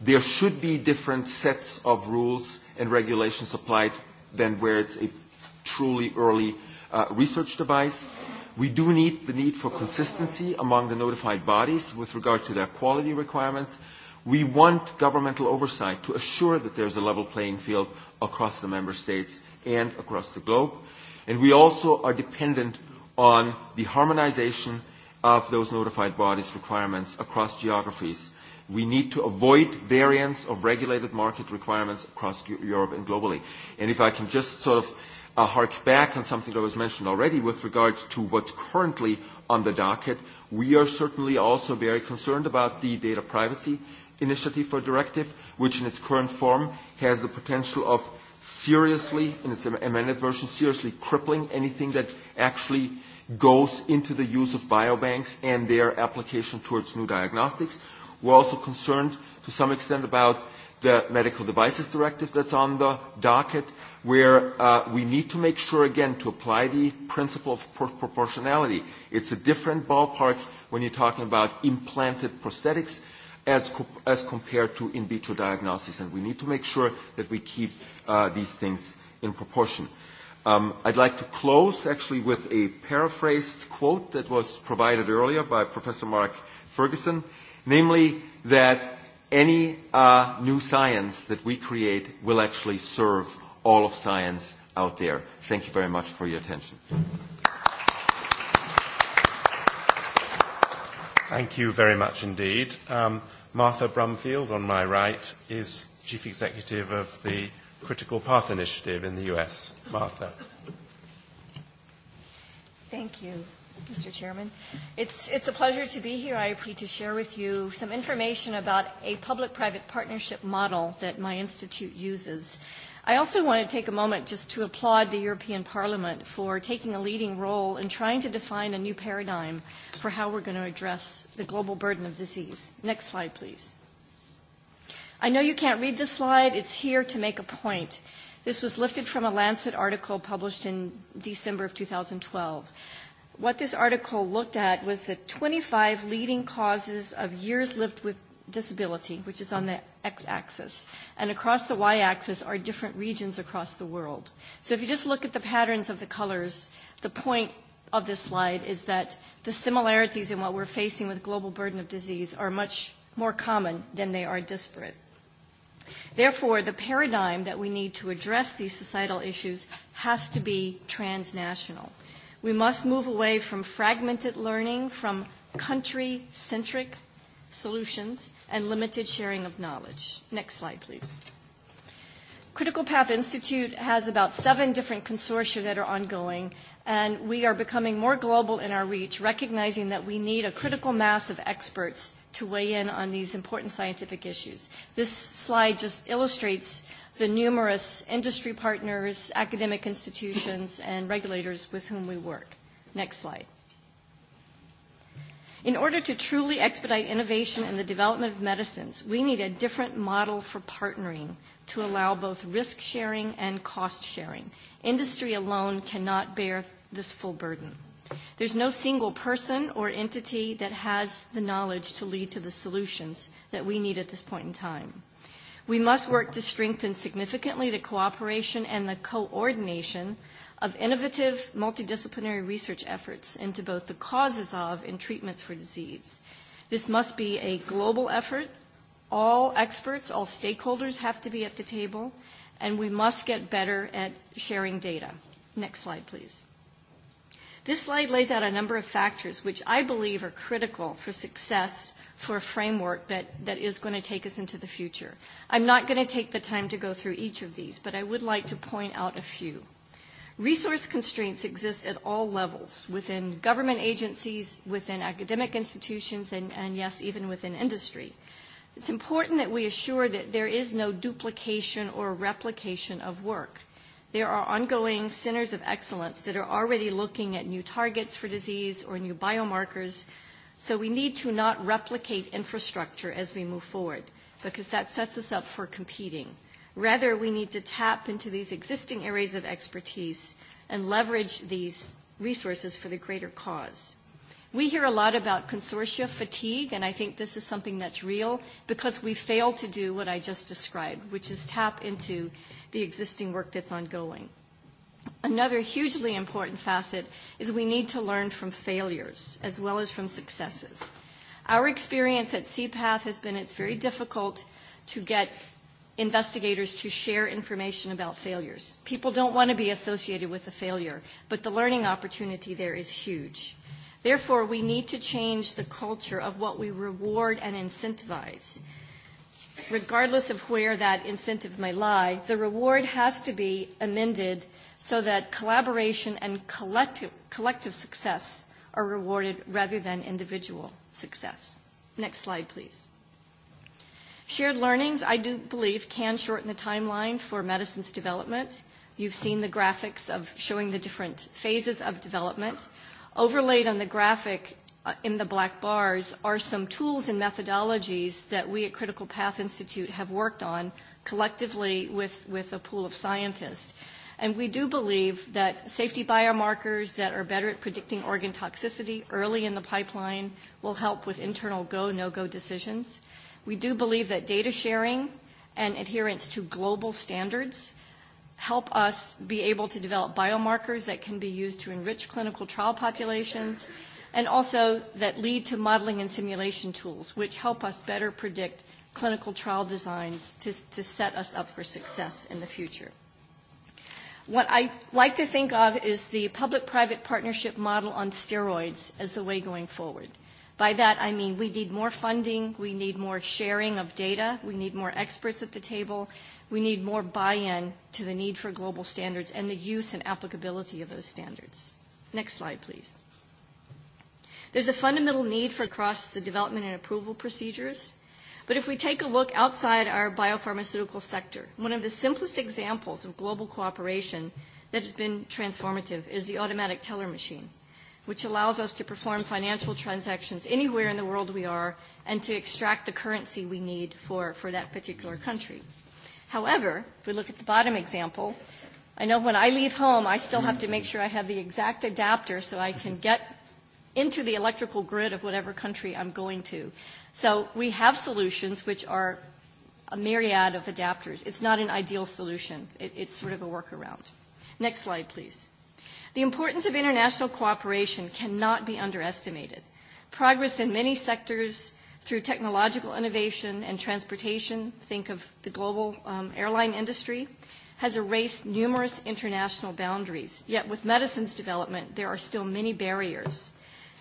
there should be different sets of rules and regulations applied than where it's a truly early uh, research device. We do need the need for consistency among the notified bodies with regard to their quality requirements. We want governmental oversight to assure that there's a level playing field across the member states and across the globe. And we also are dependent on the harmonization of those notified bodies requirements across geographies We need to avoid variance of regulated market requirements across Europe and globally. And if I can just sort of uh, hark back on something that was mentioned already with regards to what's currently on the docket, we are certainly also very concerned about the data privacy initiative for directive, which in its current form has the potential of seriously, in its amended version, seriously crippling anything that actually goes into the use of biobanks and their application towards new diagnostics. We're also concerned to some extent about the medical devices directive that's on the docket, where uh, we need to make sure, again, to apply the principle of pro- proportionality. It's a different ballpark when you're talking about implanted prosthetics as, co- as compared to in vitro diagnosis, and we need to make sure that we keep uh, these things in proportion. Um, I'd like to close actually with a paraphrased quote that was provided earlier by Professor Mark Ferguson. Uh, namely that any uh, new science that we create will actually serve all of science out there. Thank you very much for your attention. Thank you very much indeed. Um, Martha Brumfield, on my right, is Chief Executive of the Critical Path Initiative in the US. Martha. Thank you. Mr. Chairman. It's, it's a pleasure to be here, IOP, to share with you some information about a public-private partnership model that my institute uses. I also want to take a moment just to applaud the European Parliament for taking a leading role in trying to define a new paradigm for how we're going to address the global burden of disease. Next slide, please. I know you can't read this slide. It's here to make a point. This was lifted from a Lancet article published in December of 2012 what this article looked at was the 25 leading causes of years lived with disability, which is on the x-axis. And across the y-axis are different regions across the world. So if you just look at the patterns of the colors, the point of this slide is that the similarities in what we're facing with global burden of disease are much more common than they are disparate. Therefore, the paradigm that we need to address these societal issues has to be transnational. We must move away from fragmented learning, from country-centric solutions, and limited sharing of knowledge. Next slide, please. Critical Path Institute has about seven different consortia that are ongoing, and we are becoming more global in our reach, recognizing that we need a critical mass of experts to weigh in on these important scientific issues. This slide just illustrates the numerous industry partners, academic institutions, and regulators with whom we work. Next slide. In order to truly expedite innovation in the development of medicines, we need a different model for partnering to allow both risk sharing and cost sharing. Industry alone cannot bear this full burden. There's no single person or entity that has the knowledge to lead to the solutions that we need at this point in time. We must work to strengthen significantly the cooperation and the coordination of innovative multidisciplinary research efforts into both the causes of and treatments for disease. This must be a global effort. All experts, all stakeholders have to be at the table, and we must get better at sharing data. Next slide, please. This slide lays out a number of factors which I believe are critical for success for a framework that, that is going to take us into the future. I'm not going to take the time to go through each of these, but I would like to point out a few. Resource constraints exist at all levels, within government agencies, within academic institutions, and, and yes, even within industry. It's important that we assure that there is no duplication or replication of work. There are ongoing centers of excellence that are already looking at new targets for disease or new biomarkers So we need to not replicate infrastructure as we move forward, because that sets us up for competing. Rather, we need to tap into these existing areas of expertise and leverage these resources for the greater cause. We hear a lot about consortia fatigue, and I think this is something that's real because we fail to do what I just described, which is tap into the existing work that's ongoing. Another hugely important facet is we need to learn from failures as well as from successes. Our experience at CPATH has been it's very difficult to get investigators to share information about failures. People don't want to be associated with a failure, but the learning opportunity there is huge. Therefore, we need to change the culture of what we reward and incentivize. Regardless of where that incentive may lie, the reward has to be amended – so that collaboration and collective, collective success are rewarded rather than individual success. Next slide, please. Shared learnings, I do believe, can shorten the timeline for medicine's development. You've seen the graphics of showing the different phases of development. Overlaid on the graphic uh, in the black bars are some tools and methodologies that we at Critical Path Institute have worked on collectively with, with a pool of scientists And we do believe that safety biomarkers that are better at predicting organ toxicity early in the pipeline will help with internal go, no-go decisions. We do believe that data sharing and adherence to global standards help us be able to develop biomarkers that can be used to enrich clinical trial populations and also that lead to modeling and simulation tools, which help us better predict clinical trial designs to, to set us up for success in the future. What I like to think of is the public-private partnership model on steroids as the way going forward. By that, I mean we need more funding, we need more sharing of data, we need more experts at the table, we need more buy-in to the need for global standards and the use and applicability of those standards. Next slide, please. There's a fundamental need for across the development and approval procedures. But if we take a look outside our biopharmaceutical sector, one of the simplest examples of global cooperation that has been transformative is the automatic teller machine, which allows us to perform financial transactions anywhere in the world we are and to extract the currency we need for, for that particular country. However, if we look at the bottom example, I know when I leave home, I still have to make sure I have the exact adapter so I can get into the electrical grid of whatever country I'm going to. So we have solutions which are a myriad of adapters. It's not an ideal solution. It, it's sort of a workaround. Next slide, please. The importance of international cooperation cannot be underestimated. Progress in many sectors through technological innovation and transportation, think of the global um, airline industry, has erased numerous international boundaries. Yet with medicine's development, there are still many barriers,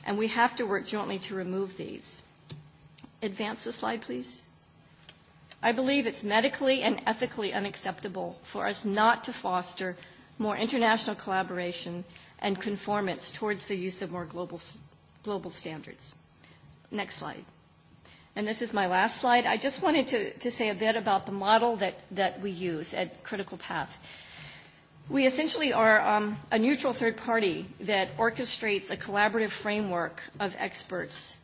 and we have to work jointly to remove these advance the slide, please? I believe it's medically and ethically unacceptable for us not to foster more international collaboration and conformance towards the use of more global, global standards. Next slide. And this is my last slide. I just wanted to, to say a bit about the model that, that we use at Critical Path. We essentially are um, a neutral third party that orchestrates a collaborative framework of experts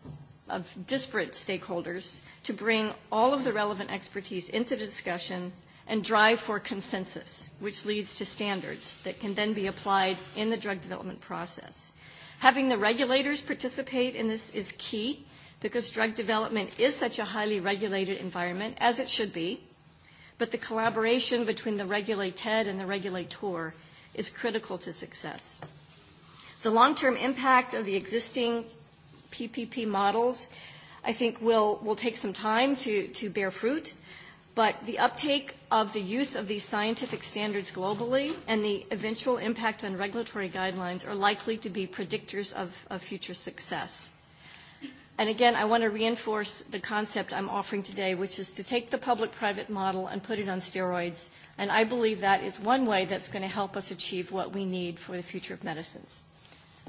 of disparate stakeholders to bring all of the relevant expertise into the discussion and drive for consensus, which leads to standards that can then be applied in the drug development process. Having the regulators participate in this is key because drug development is such a highly regulated environment, as it should be, but the collaboration between the regulated and the regulator is critical to success. The long-term impact of the existing PPP models, I think will, will take some time to, to bear fruit. But the uptake of the use of these scientific standards globally and the eventual impact on regulatory guidelines are likely to be predictors of, of future success. And again, I want to reinforce the concept I'm offering today, which is to take the public-private model and put it on steroids. And I believe that is one way that's going to help us achieve what we need for the future of medicines.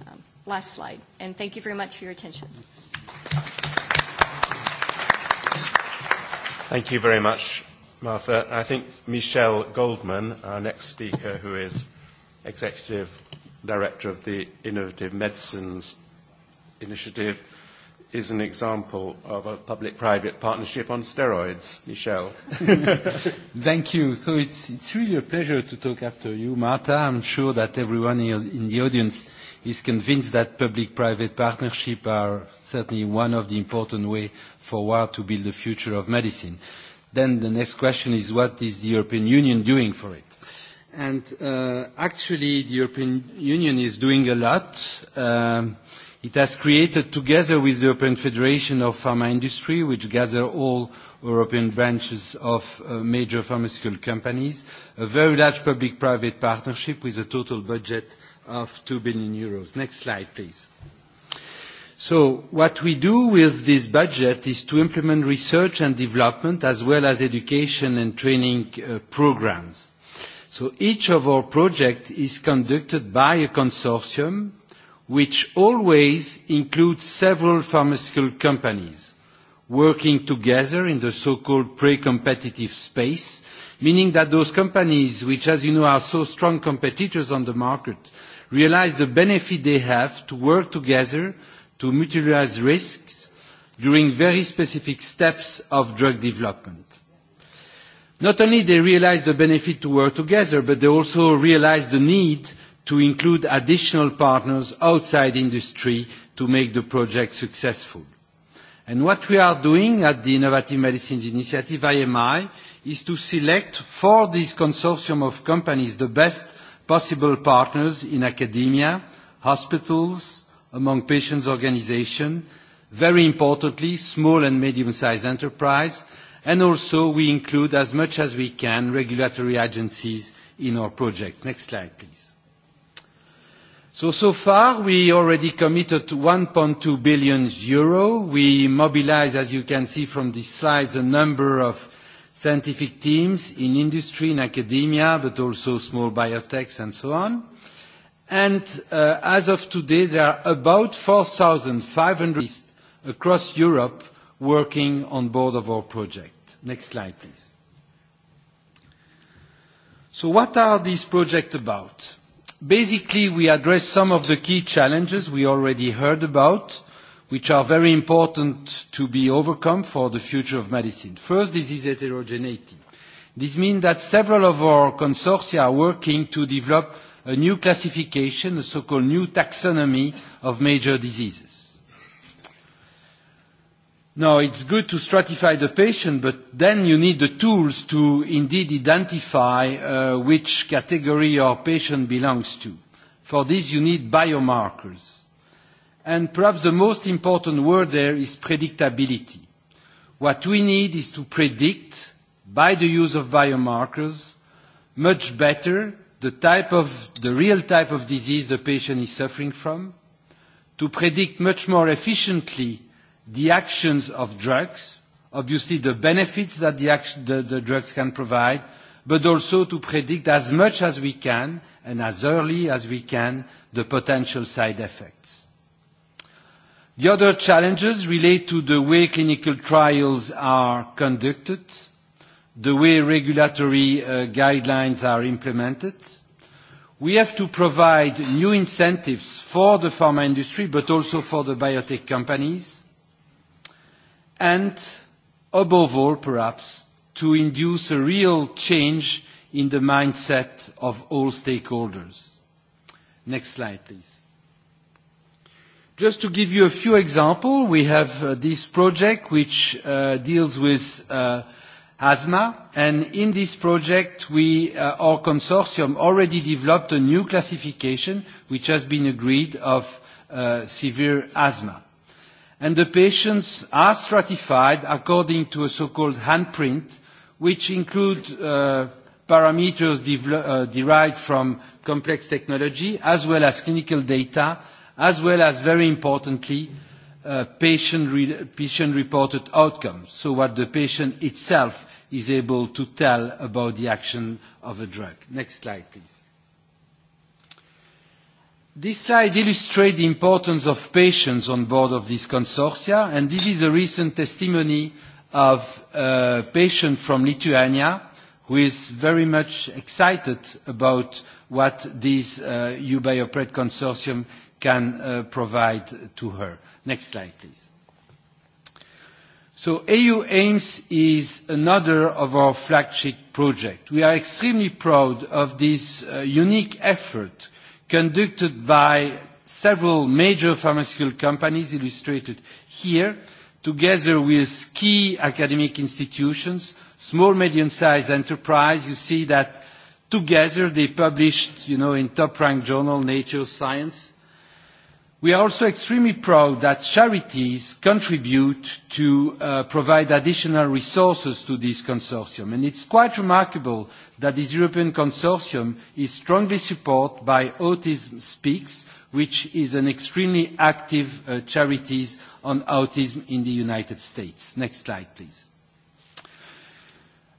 Um, last slide. And thank you very much for your attention. Thank you very much, Martha. I think Michelle Goldman, our next speaker, who is Executive Director of the Innovative Medicines Initiative, is an example of a public-private partnership on steroids. Michel. Thank you. So it's, it's really a pleasure to talk after you, Marta. I'm sure that everyone in the audience is convinced that public-private partnership are certainly one of the important way forward to build the future of medicine. Then the next question is what is the European Union doing for it? And uh, actually the European Union is doing a lot. Um, it has created together with the European Federation of Pharma Industry, which gather all European branches of uh, major pharmaceutical companies, a very large public-private partnership with a total budget of 2 billion euros. Next slide, please. So what we do with this budget is to implement research and development as well as education and training uh, programs. So each of our project is conducted by a consortium, which always includes several pharmaceutical companies working together in the so-called pre-competitive space, meaning that those companies, which as you know are so strong competitors on the market, realize the benefit they have to work together to mutualize risks during very specific steps of drug development. Not only they realize the benefit to work together, but they also realize the need to include additional partners outside industry to make the project successful. And what we are doing at the Innovative Medicines Initiative, IMI, is to select for this consortium of companies the best possible partners in academia, hospitals, among patients' organizations, very importantly, small and medium-sized enterprise, and also we include as much as we can regulatory agencies in our projects. Next slide, please. So, so far, we already committed to 1.2 billion euro. We mobilize, as you can see from these slides, a number of scientific teams in industry, in academia, but also small biotechs and so on. And uh, as of today, there are about 4,500 across Europe working on board of our project. Next slide, please. So what are these projects about? Basically, we address some of the key challenges we already heard about, uh, which are very important to be overcome for the future of medicine. First, disease heterogeneity. This means that several of our consortia are working to develop a new classification, a so-called new taxonomy of major diseases. Now, it's good to stratify the patient, but then you need the tools to indeed identify uh, which category your patient belongs to. For this, you need biomarkers and perhaps the most important word there is predictability. What we need is to predict, by the use of biomarkers, much better the type of, the real type of disease the patient is suffering from, to predict much more efficiently the actions of drugs, obviously the benefits that the, action, the, the drugs can provide, but also to predict as much as we can and as early as we can the potential side effects. The other challenges relate to the way clinical trials are conducted, the way regulatory uh, guidelines are implemented. We have to provide new incentives for the pharma industry, but also for the biotech companies, and above all, perhaps, to induce a real change in the mindset of all stakeholders. Next slide, please. Just to give you a few examples, we have uh, this project which uh, deals with uh, asthma, and in this project, we, uh, our consortium already developed a new classification which has been agreed of uh, severe asthma. And the patients are stratified according to a so-called handprint, which include uh, parameters uh, derived from complex technology as well as clinical data as well as, very importantly, uh, patient-reported patient outcomes, so what the patient itself is able to tell about the action of a drug. Next slide, please. This slide illustrates the importance of patients on board of this consortia, and this is a recent testimony of a patient from Lithuania who is very much excited about what this uh, UBioPret consortium can uh, provide to her. Next slide, please. So EU AIMS is another of our flagship project. We are extremely proud of this uh, unique effort conducted by several major pharmaceutical companies illustrated here, together with key academic institutions, small, medium-sized enterprise. You see that together they published, you know, in top-ranked journal, Nature Science, We are also extremely proud that charities contribute to uh, provide additional resources to this consortium. And it's quite remarkable that this European consortium is strongly supported by Autism Speaks, which is an extremely active uh, charities on autism in the United States. Next slide, please.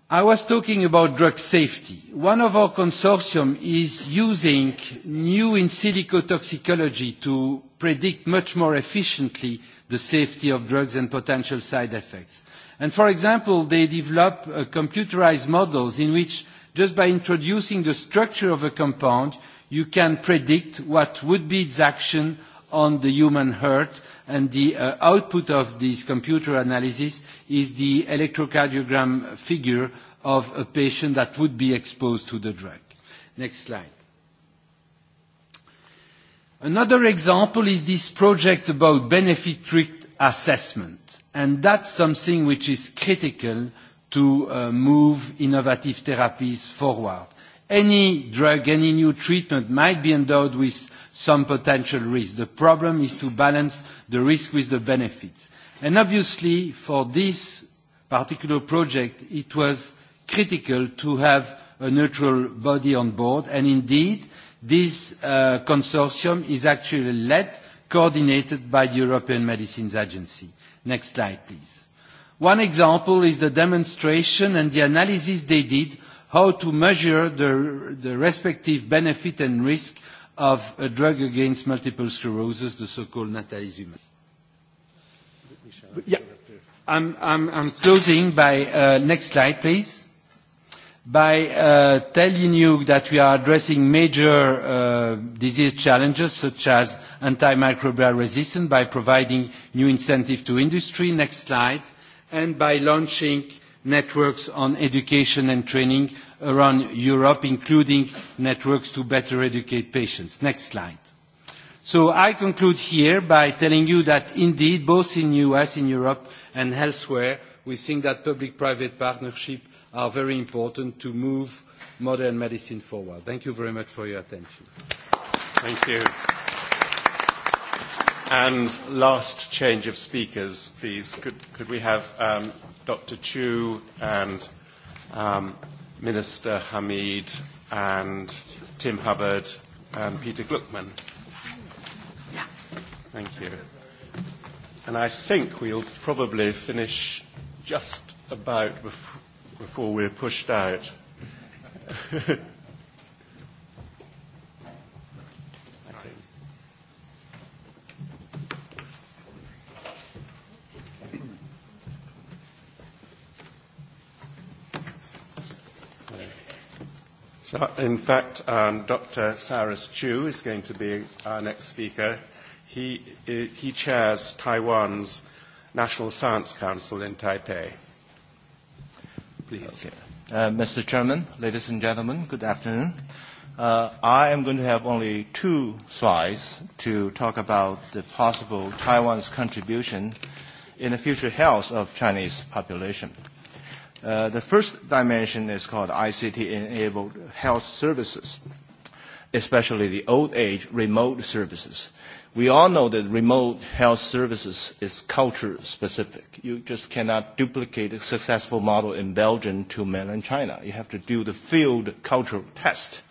I was talking about drug safety. One of our consortium is using new in silico toxicology to predict much more efficiently the safety of drugs and potential side effects. And for example, they develop uh, computerized models in which just by introducing the structure of a compound, you can predict what would be its action on the human heart and the uh, output of this computer analysis is the electrocardiogram figure of a patient that would be exposed to the drug. Next slide. Another example is this project about benefit risk assessment, and that's something which is critical to uh, move innovative therapies forward. Any drug, any new treatment might be endowed with some potential risk. The problem is to balance the risk with the benefits. And obviously, for this particular project, it was critical to have a neutral body on board, and indeed, this uh, consortium is actually led, coordinated by the European Medicines Agency. Next slide, please. One example is the demonstration and the analysis they did how to measure the, the respective benefit and risk of a drug against multiple sclerosis, the so-called natalizumab. Yeah. I'm, I'm, I'm closing by uh, next slide, please. By uh, telling you that we are addressing major uh, disease challenges such as antimicrobial resistance by providing new incentive to industry, next slide, and by launching uh, networks on education and training around Europe, including networks to better educate patients. Next slide. So I conclude here by telling you that indeed, both in U.S., in Europe, and elsewhere, we think that public-private partnership are very important to move modern medicine forward. Thank you very much for your attention. Thank you. And last change of speakers, please. Could, could we have um, Dr. Chu and um, Minister Hamid and Tim Hubbard and Peter Gluckman. Yeah. Thank you. And I think we'll probably finish just about before we're pushed out. So, in fact, um, Dr. Cyrus Chu is going to be our next speaker. He, uh, he chairs Taiwan's National Science Council in Taipei. Please. Okay. Uh, Mr. Chairman, ladies and gentlemen, good afternoon. Uh, I am going to have only two slides to talk about the possible Taiwan's contribution in the future health of Chinese population. Uh, Uh, the first dimension is called ICT-enabled health services, especially the old age remote services. We all know that remote health services is culture specific. You just cannot duplicate a successful model in Belgium to mainland China. You have to do the field cultural test.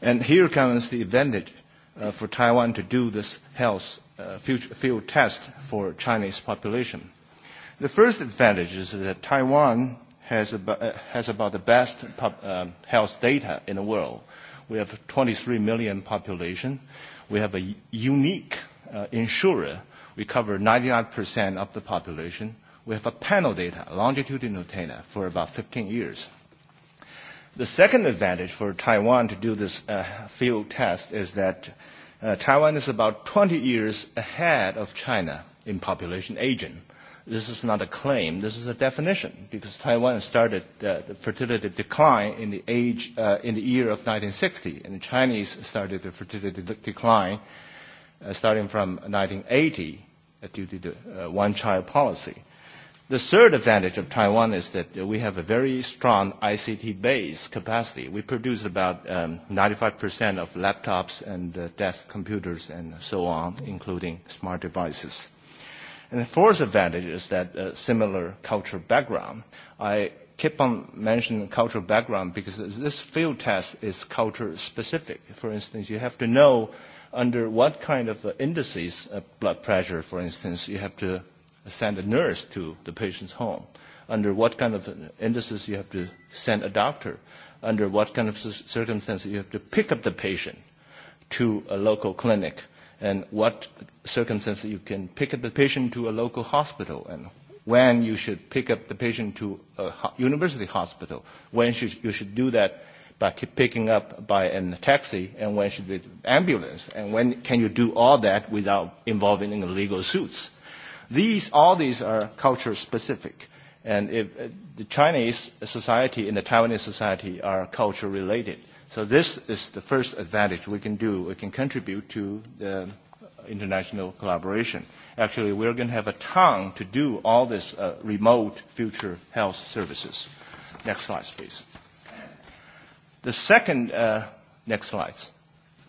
And here comes the advantage uh, for Taiwan to do this health uh, field test for Chinese population The first advantage is that Taiwan has about, uh, has about the best pub, uh, health data in the world. We have 23 million population. We have a unique uh, insurer. We cover 99% of the population. We have a panel data, longitudinal data, for about 15 years. The second advantage for Taiwan to do this uh, field test is that uh, Taiwan is about 20 years ahead of China in population aging. This is not a claim. This is a definition because Taiwan started uh, the fertility decline in the age uh, in the year of 1960, and the Chinese started the fertility de- decline uh, starting from 1980 uh, due to the uh, one-child policy. The third advantage of Taiwan is that we have a very strong ICT-based capacity. We produce about um, 95% of laptops and uh, desk computers and so on, including smart devices. And the fourth advantage is that uh, similar cultural background. I keep on mentioning cultural background because this field test is culture specific. For instance, you have to know under what kind of uh, indices, uh, blood pressure, for instance, you have to send a nurse to the patient's home. Under what kind of indices you have to send a doctor. Under what kind of circumstances you have to pick up the patient to a local clinic. And what circumstances you can pick up the patient to a local hospital and when you should pick up the patient to a university hospital, when should, you should do that by picking up by a taxi, and when should be ambulance, and when can you do all that without involving in legal suits. These, all these are culture specific. And if uh, the Chinese society and the Taiwanese society are culture related. So this is the first advantage we can do. We can contribute to the international collaboration. Actually, we're going to have a tongue to do all this uh, remote future health services. Next slide, please. The second, uh, next slides.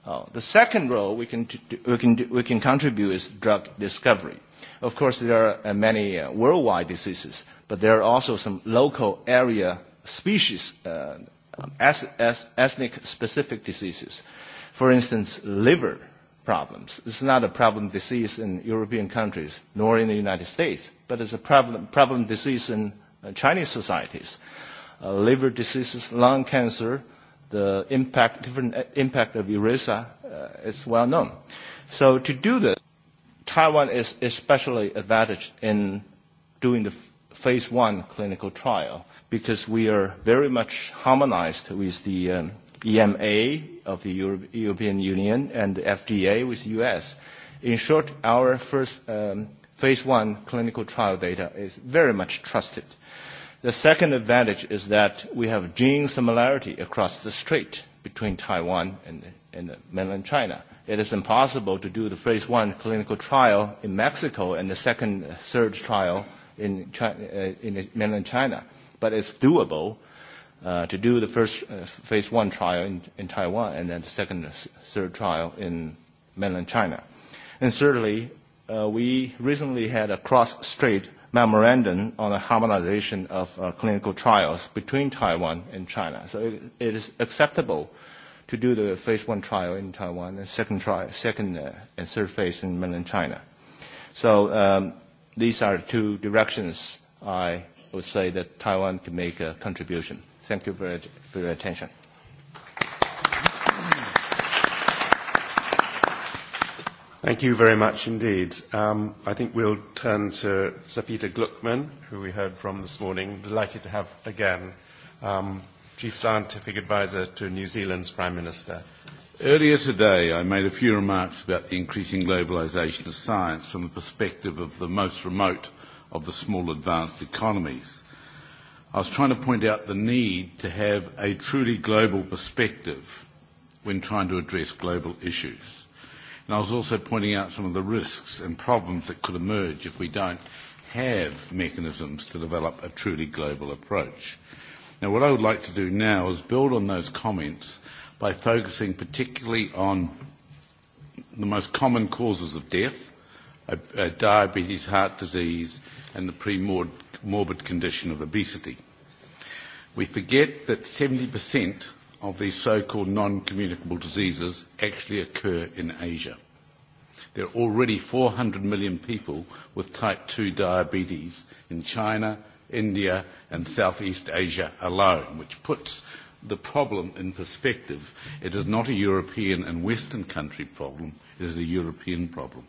Uh, the second role we can, do, we, can do, we can contribute is drug discovery. Of course, there are uh, many uh, worldwide diseases, but there are also some local area species, uh, um, as, as ethnic specific diseases. For instance, liver problems. It's not a problem disease in European countries, nor in the United States, but it's a problem, problem disease in uh, Chinese societies. Uh, liver diseases, lung cancer, the impact, different uh, impact of ERISA uh, is well known. So to do this, Taiwan is especially advantaged in doing the phase one clinical trial because we are very much harmonized with the um, EMA of the Euro European Union and the FDA with the US. In short, our first um, phase one clinical trial data is very much trusted. The second advantage is that we have gene similarity across the strait between Taiwan and, and mainland China. It is impossible to do the phase one clinical trial in Mexico and the second surge uh, trial in, China, uh, in mainland China, but it's doable uh, to do the first uh, phase one trial in, in Taiwan and then the second, uh, third trial in mainland China. And thirdly, uh, we recently had a cross-strait memorandum on the harmonization of uh, clinical trials between Taiwan and China. So it, it is acceptable to do the phase one trial in Taiwan and second, trial, second uh, and third phase in mainland China. So um, these are two directions I would say that Taiwan can make a contribution. Thank you for, for your attention. Thank you very much indeed. Um, I think we'll turn to Sir Peter Gluckman, who we heard from this morning. Delighted to have again, um, Chief Scientific Advisor to New Zealand's Prime Minister. Earlier today, I made a few remarks about the increasing globalisation of science from the perspective of the most remote of the small advanced economies. I was trying to point out the need to have a truly global perspective when trying to address global issues. And I was also pointing out some of the risks and problems that could emerge if we don't have mechanisms to develop a truly global approach. Now, what I would like to do now is build on those comments by focusing particularly on the most common causes of death, uh, uh, diabetes, heart disease, and the pre-mortem morbid condition of obesity. We forget that 70% of these so-called non-communicable diseases actually occur in Asia. There are already 400 million people with type 2 diabetes in China, India, and Southeast Asia alone, which puts the problem in perspective. It is not a European and Western country problem, it is a European problem.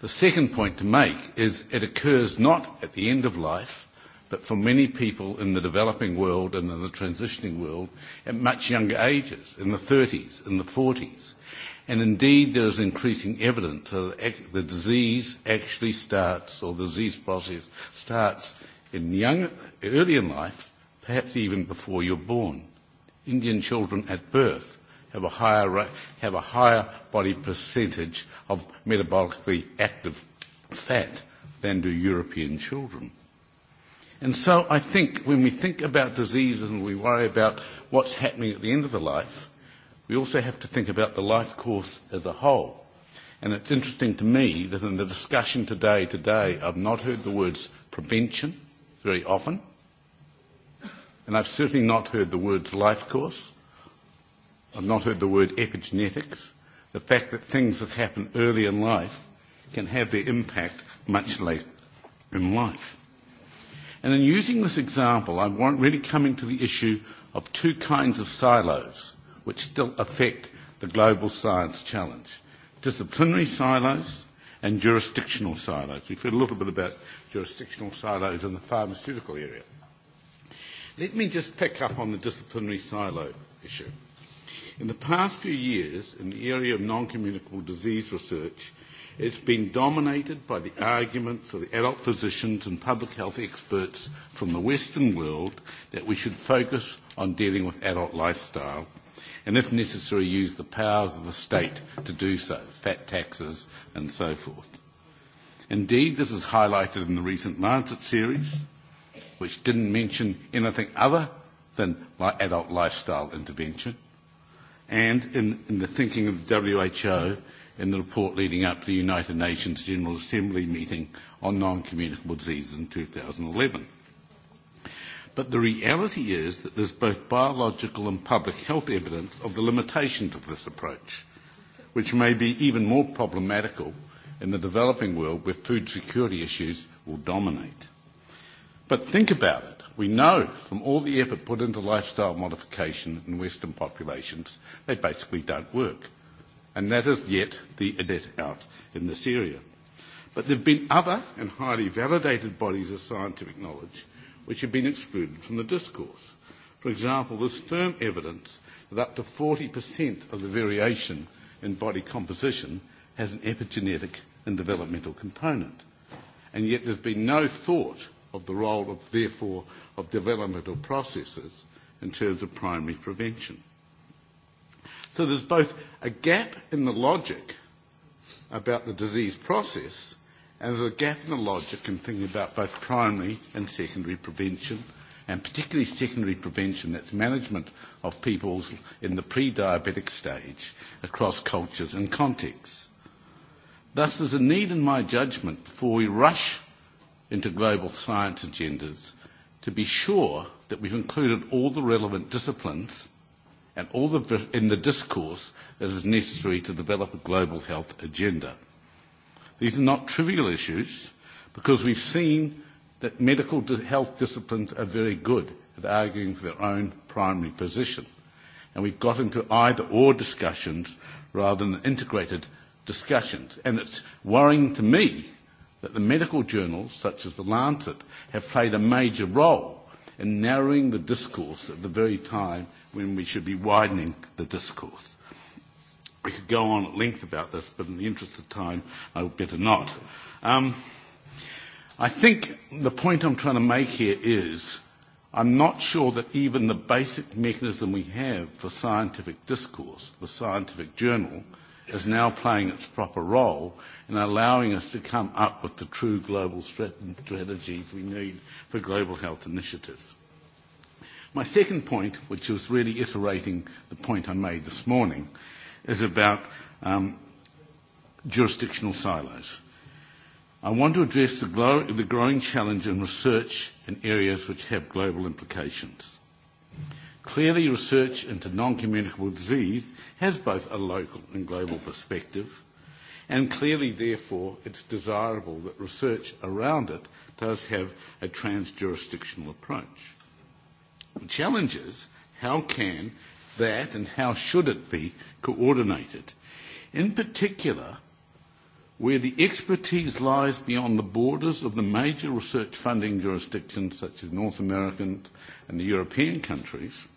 The second point to make is it occurs not at the end of life, but for many people in the developing world and in the transitioning world at much younger ages, in the 30s, in the 40s. And indeed, there is increasing evidence that the disease actually starts, or the disease process starts in young, early in life, perhaps even before you're born. Indian children at birth have a higher, have a higher body percentage of metabolically active fat than do European children. And so I think when we think about disease and we worry about what's happening at the end of the life, we also have to think about the life course as a whole. And it's interesting to me that in the discussion today, today, I've not heard the words prevention very often. And I've certainly not heard the words life course. I've not heard the word epigenetics, the fact that things that happen early in life can have their impact much later in life. And in using this example, I'm really coming to the issue of two kinds of silos which still affect the global science challenge disciplinary silos and jurisdictional silos. We've heard a little bit about jurisdictional silos in the pharmaceutical area. Let me just pick up on the disciplinary silo issue. In the past few years, in the area of non-communicable disease research, it's been dominated by the arguments of the adult physicians and public health experts from the Western world that we should focus on dealing with adult lifestyle and, if necessary, use the powers of the state to do so, fat taxes and so forth. Indeed, this is highlighted in the recent Lancet series, which didn't mention anything other than adult lifestyle intervention and in, in the thinking of the WHO in the report leading up to the United Nations General Assembly meeting on non-communicable diseases in 2011. But the reality is that there's both biological and public health evidence of the limitations of this approach, which may be even more problematical in the developing world where food security issues will dominate. But think about it. We know from all the effort put into lifestyle modification in Western populations, they basically don't work. And that is yet the adet out in this area. But there have been other and highly validated bodies of scientific knowledge which have been excluded from the discourse. For example, there's firm evidence that up to 40% of the variation in body composition has an epigenetic and developmental component. And yet there's been no thought of the role of, therefore, of developmental processes in terms of primary prevention. So there's both a gap in the logic about the disease process and there's a gap in the logic in thinking about both primary and secondary prevention and particularly secondary prevention, that's management of people in the pre-diabetic stage across cultures and contexts. Thus, there's a need, in my judgment, before we rush into global science agendas to be sure that we've included all the relevant disciplines and all the, in the discourse that is necessary to develop a global health agenda. These are not trivial issues because we've seen that medical health disciplines are very good at arguing for their own primary position. And we've got into either or discussions rather than integrated discussions. And it's worrying to me that the medical journals, such as The Lancet, have played a major role in narrowing the discourse at the very time when we should be widening the discourse. We could go on at length about this, but in the interest of time, I would better not. Um, I think the point I'm trying to make here is I'm not sure that even the basic mechanism we have for scientific discourse, the scientific journal, is now playing its proper role and allowing us to come up with the true global strategies we need for global health initiatives. My second point, which is really iterating the point I made this morning, is about um, jurisdictional silos. I want to address the, glow, the growing challenge in research in areas which have global implications. Clearly, research into non-communicable disease has both a local and global perspective, And clearly, therefore, it's desirable that research around it does have a trans-jurisdictional approach. The challenge is how can that and how should it be coordinated? In particular, where the expertise lies beyond the borders of the major research funding jurisdictions such as North American and the European countries,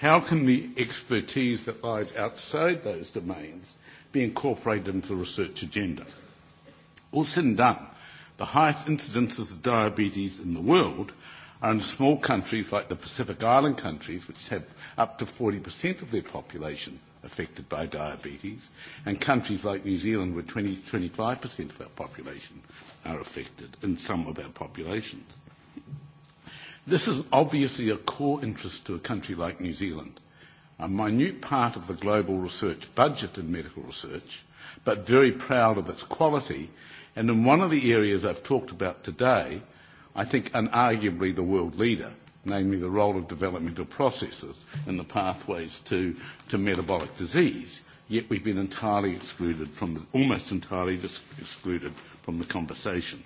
how can the expertise that lies outside those domains be incorporated into the research agenda. All said and done, the highest incidences of diabetes in the world are in small countries like the Pacific Island countries, which have up to 40% of their population affected by diabetes, and countries like New Zealand, where 20, 25% of our population are affected in some of our populations. This is obviously a core interest to a country like New Zealand – a minute part of the global research budget in medical research, but very proud of its quality. And in one of the areas I've talked about today, I think unarguably the world leader, namely the role of developmental processes in the pathways to, to metabolic disease. Yet we've been entirely excluded from the, almost entirely excluded from the conversation.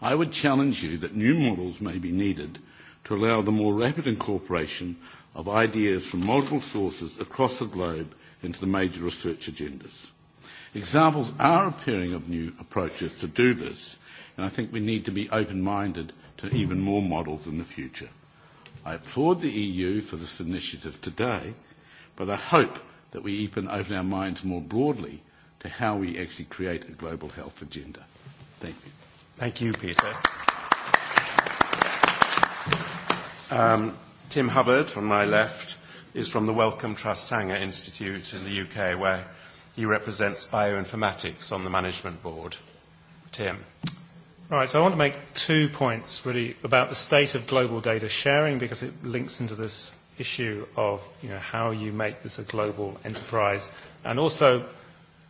I would challenge you that new models may be needed to allow the more rapid incorporation of ideas from multiple sources across the globe into the major research agendas. Examples are appearing of new approaches to do this, and I think we need to be open-minded to even more models in the future. I applaud the EU for this initiative today, but I hope that we even open our minds more broadly to how we actually create a global health agenda. Thank you. Thank you, Peter. Um, Tim Hubbard, from my left, is from the Wellcome Trust Sanger Institute in the UK, where he represents bioinformatics on the management board. Tim. Right, so I want to make two points really about the state of global data sharing because it links into this issue of you know, how you make this a global enterprise and also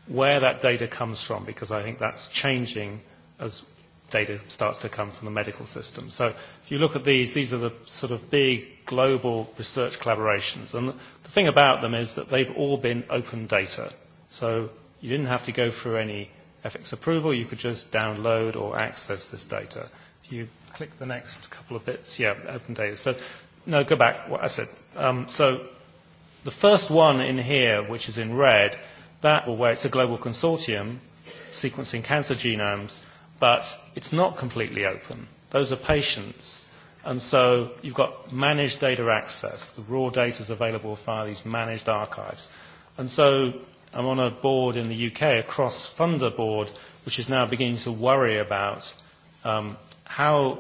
where that data comes from because I think that's changing as data starts to come from the medical system. So if you look at these, these are the sort of big global research collaborations. And the thing about them is that they've all been open data. So you didn't have to go through any ethics approval. You could just download or access this data. If you click the next couple of bits, yeah, open data. So no, go back. What I said. Um, so the first one in here, which is in red, that where it's a global consortium sequencing cancer genomes – but it's not completely open. Those are patients. And so you've got managed data access. The raw data is available via these managed archives. And so I'm on a board in the UK, a cross-funder board, which is now beginning to worry about um, how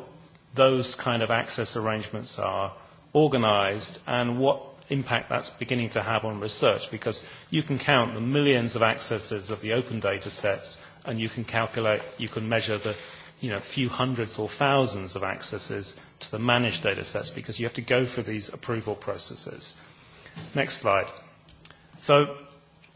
those kind of access arrangements are organized and what impact that's beginning to have on research because you can count the millions of accesses of the open data sets and you can calculate, you can measure the you know, few hundreds or thousands of accesses to the managed data sets because you have to go for these approval processes. Next slide. So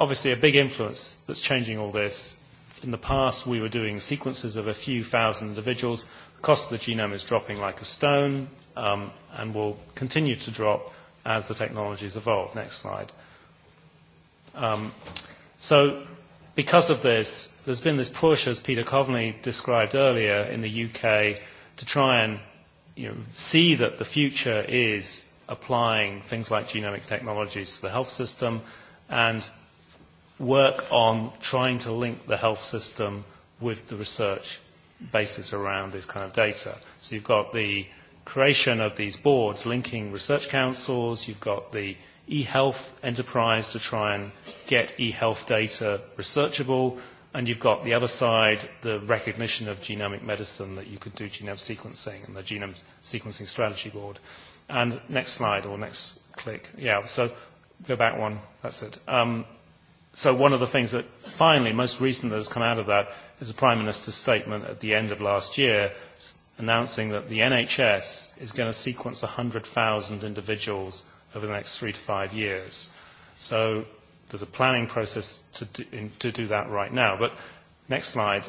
obviously a big influence that's changing all this. In the past, we were doing sequences of a few thousand individuals. The cost of the genome is dropping like a stone um, and will continue to drop as the technologies evolve. Next slide. Um, so because of this, there's been this push, as Peter Coveney described earlier, in the UK to try and you know, see that the future is applying things like genomic technologies to the health system and work on trying to link the health system with the research basis around this kind of data. So you've got the creation of these boards linking research councils, you've got the e-health enterprise to try and get e-health data researchable, and you've got the other side, the recognition of genomic medicine that you could do genome sequencing and the genome sequencing strategy board. And next slide or next click. Yeah, so go back one. That's it. Um, so one of the things that finally, most recent that has come out of that is the Prime Minister's statement at the end of last year announcing that the NHS is going to sequence 100,000 individuals over the next three to five years. So there's a planning process to do, in, to do that right now. But next slide,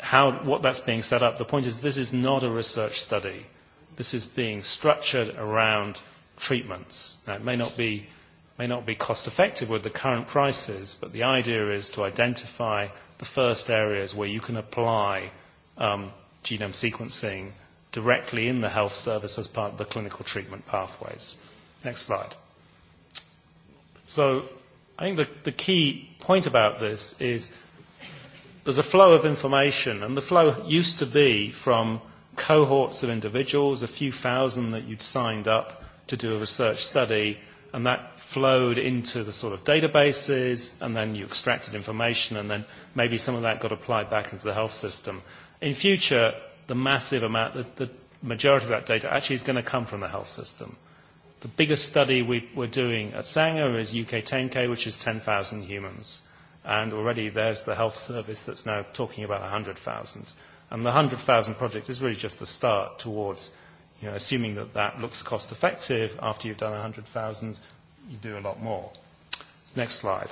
how, what that's being set up. The point is this is not a research study. This is being structured around treatments. Now, it may not be, may not be cost effective with the current prices, but the idea is to identify the first areas where you can apply um, genome sequencing directly in the health service as part of the clinical treatment pathways. Next slide. So I think the, the key point about this is there's a flow of information, and the flow used to be from cohorts of individuals, a few thousand that you'd signed up to do a research study, and that flowed into the sort of databases, and then you extracted information, and then maybe some of that got applied back into the health system. In future, the massive amount, the, the majority of that data actually is going to come from the health system. The biggest study we, we're doing at Sanger is UK 10K, which is 10,000 humans. And already there's the health service that's now talking about 100,000. And the 100,000 project is really just the start towards, you know, assuming that that looks cost effective after you've done 100,000, you do a lot more. Next slide.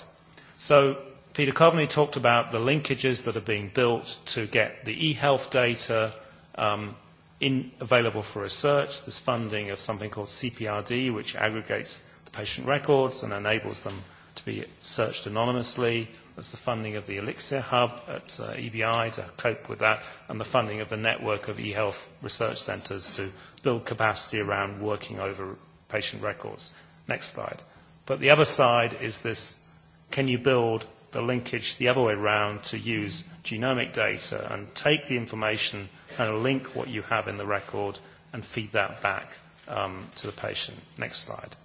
So Peter Coveney talked about the linkages that are being built to get the e-health data um, in, available for research. There's funding of something called CPRD, which aggregates the patient records and enables them to be searched anonymously. There's the funding of the Elixir Hub at uh, EBI to cope with that, and the funding of the network of e-health research centres to build capacity around working over patient records. Next slide. But the other side is this, can you build the linkage the other way around to use genomic data and take the information – and link what you have in the record and feed that back um, to the patient. Next slide.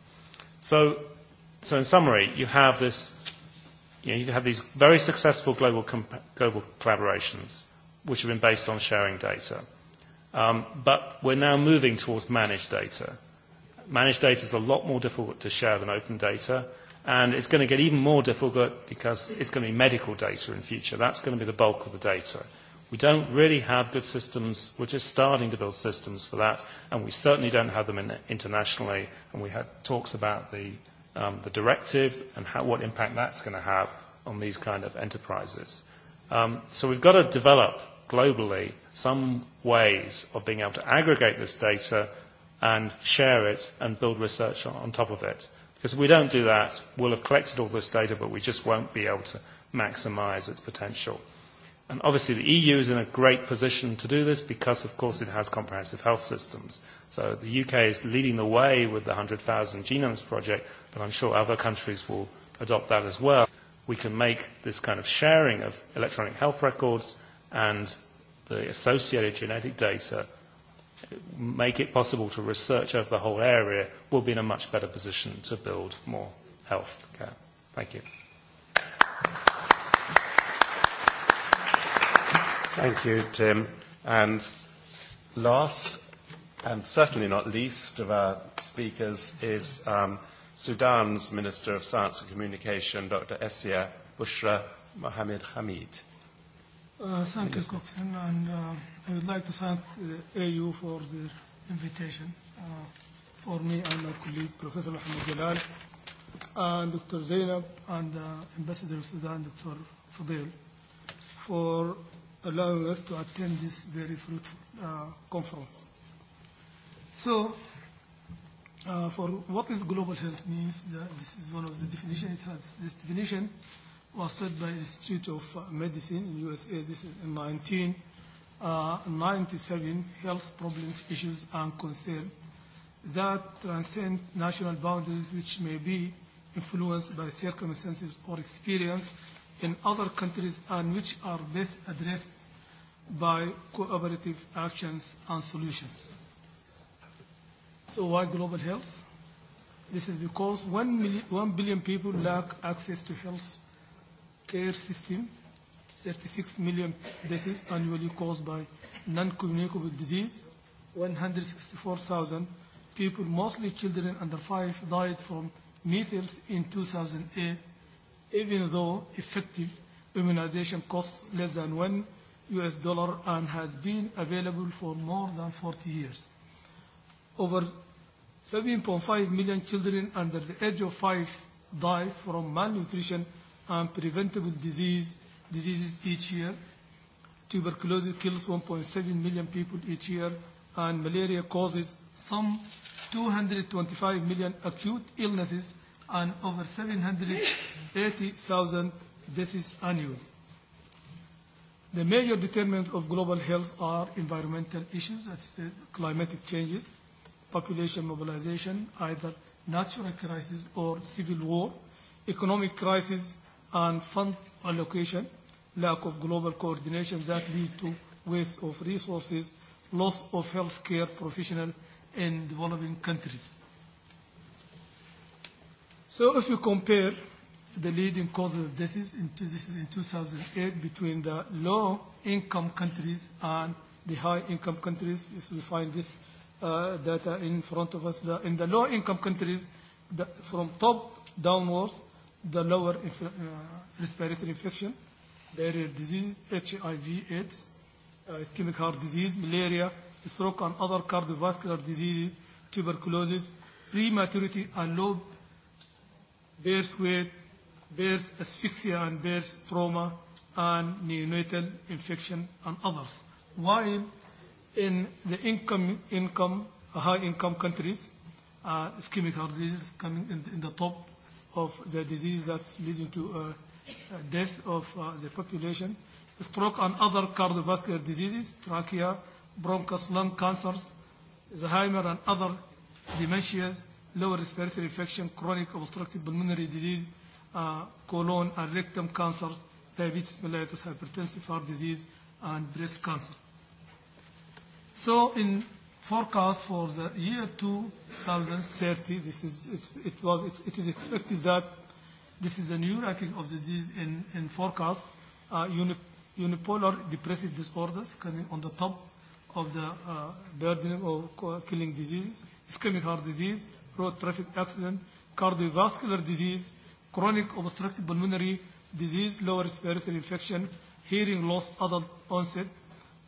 So, so in summary, you have this, you, know, you have these very successful global, comp- global collaborations, which have been based on sharing data. Um, but we're now moving towards managed data. Managed data is a lot more difficult to share than open data, and it's going to get even more difficult because it's going to be medical data in future. That's going to be the bulk of the data. We don't really have good systems. We're just starting to build systems for that, and we certainly don't have them in, internationally. And we had talks about the, um, the directive and how, what impact that's going to have on these kind of enterprises. Um, so we've got to develop globally some ways of being able to aggregate this data and share it and build research on, on top of it. Because if we don't do that, we'll have collected all this data, but we just won't be able to maximize its potential. And obviously the EU is in a great position to do this because, of course, it has comprehensive health systems. So the UK is leading the way with the 100,000 Genomes Project, but I'm sure other countries will adopt that as well. We can make this kind of sharing of electronic health records and the associated genetic data make it possible to research over the whole area, we'll be in a much better position to build more health care. Thank you. Thank you, Tim. And last, and certainly not least of our speakers, is um, Sudan's Minister of Science and Communication, Dr. Essia Bushra Mohamed Hamid. Uh, thank you, Coxon, and uh, I would like to thank the uh, AU for the invitation. Uh, for me and my colleague, Professor Mohamed Jalal, and Dr. Zainab, and uh, Ambassador of Sudan, Dr. Fadil, for allowing us to attend this very fruitful uh, conference. So, uh, for what is global health means, this is one of the definitions. It has this definition was set by the Institute of uh, Medicine in USA. This is in 1997, uh, health problems, issues, and concerns that transcend national boundaries, which may be influenced by circumstances or experience in other countries and which are best addressed by cooperative actions and solutions. So why global health? This is because 1, million, 1 billion people lack access to health care system, 36 million deaths annually caused by non-communicable disease, 164,000 people, mostly children under 5, died from measles in 2008, even though effective immunization costs less than 1 US dollar and has been available for more than 40 years. Over 7.5 million children under the age of 5 die from malnutrition and preventable disease, diseases each year. Tuberculosis kills 1.7 million people each year, and malaria causes some 225 million acute illnesses and over 780,000 deaths annually. The major determinants of global health are environmental issues, that's the climatic changes, population mobilization, either natural crisis or civil war, economic crisis and fund allocation, lack of global coordination that leads to waste of resources, loss of health care professionals in developing countries. So if you compare the leading causes of deaths in, this is in 2008 between the low-income countries and the high-income countries. Yes, we find this uh, data in front of us. The, in the low-income countries, the, from top downwards, the lower inf- uh, respiratory infection, diarrheal disease, HIV, AIDS, uh, ischemic heart disease, malaria, stroke and other cardiovascular diseases, tuberculosis, prematurity and low birth weight, birth asphyxia and birth trauma and neonatal infection and others. While in the income, income high income countries, uh, ischemic heart disease is coming in, in the top of the disease that's leading to uh, uh death of uh, the population. Stroke and other cardiovascular diseases, trachea, bronchus, lung cancers, Alzheimer and other dementias, lower respiratory infection, chronic obstructive pulmonary disease, uh, colon and rectum cancers, diabetes mellitus, hypertensive heart disease, and breast cancer. So in forecast for the year 2030, this is, it, it, was, it, it is expected that this is a new ranking of the disease in, in forecast, uh, unip, unipolar depressive disorders coming on the top of the uh, burden of uh, killing diseases, ischemic heart disease, road traffic accident, cardiovascular disease, chronic obstructive pulmonary disease, lower respiratory infection, hearing loss, adult onset,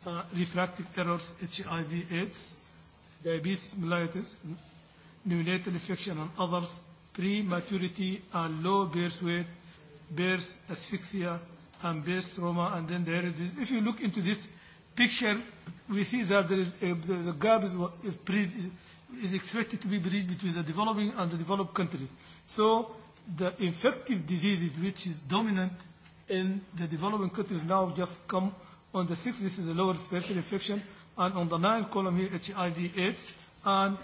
uh, refractive errors, HIV, AIDS, diabetes mellitus, neonatal infection and others, prematurity and low birth weight, birth asphyxia and birth trauma, and then the heart disease. If you look into this picture, we see that there is a, the, the gap is, is, pre, is expected to be bridged between the developing and the developed countries. So the infective diseases which is dominant in the developing countries now just come on the sixth, this is a lower respiratory infection, and on the ninth column here, HIV AIDS, and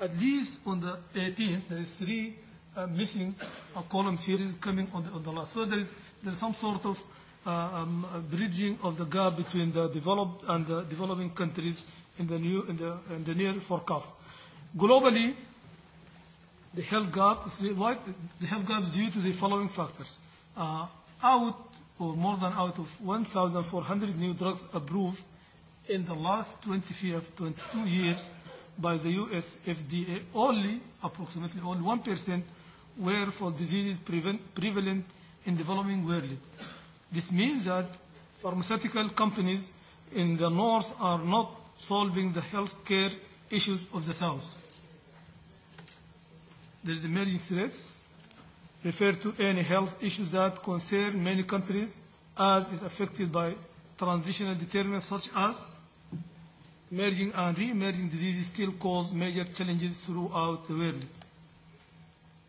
at least on the 18th, there is three uh, missing uh, column series coming on the, on the last. So there is there's some sort of uh, um, uh, bridging of the gap between the developed and the developing countries in the, new, in the, in the near forecast. Globally, The health gap is wide, the health gap is due to the following factors. Uh, out or more than out of 1,400 new drugs approved in the last 25, 22 years by the US FDA, only approximately only 1% were for diseases prevent, prevalent in developing world. This means that pharmaceutical companies in the north are not solving the health care issues of the south there's emerging threats refer to any health issues that concern many countries as is affected by transitional determinants such as emerging and re-emerging diseases still cause major challenges throughout the world.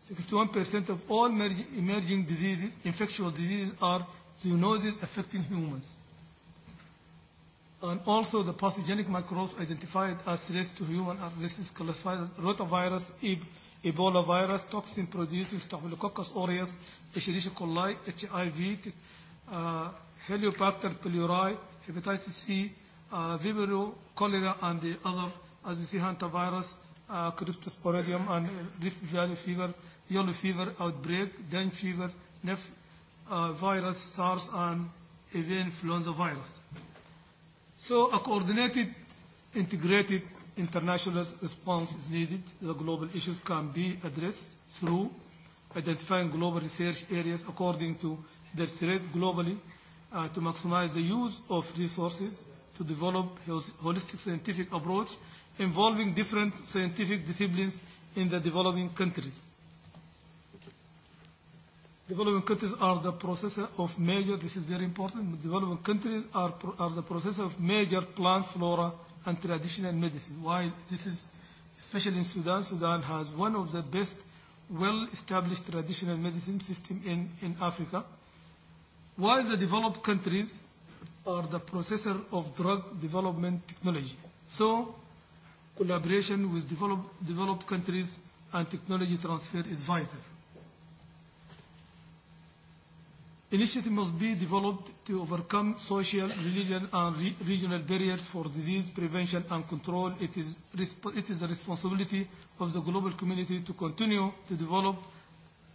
61% of all emerging diseases, infectious diseases are zoonoses affecting humans. And also the pathogenic microbes identified as threats to human are this is classified as rotavirus, e Ebola virus, toxin producing Staphylococcus aureus, Escherichia coli, HIV, uh, Heliobacter pylori, hepatitis C, uh, Vibrio, cholera, and the other, as we see, hantavirus, uh, cryptosporidium, and uh, rift valley fever, yellow fever outbreak, dengue fever, neph uh, virus, SARS, and even influenza virus. So a coordinated, integrated international response is needed. The global issues can be addressed through identifying global research areas according to their threat globally uh, to maximize the use of resources to develop holistic scientific approach involving different scientific disciplines in the developing countries. Developing countries are the processor of major, this is very important, developing countries are, are the processor of major plant flora and traditional medicine. While this is, especially in Sudan, Sudan has one of the best well-established traditional medicine system in, in Africa, while the developed countries are the processor of drug development technology. So collaboration with develop, developed countries and technology transfer is vital. Initiative must be developed to overcome social, religion, and re regional barriers for disease prevention and control. It is, it is the responsibility of the global community to continue to develop,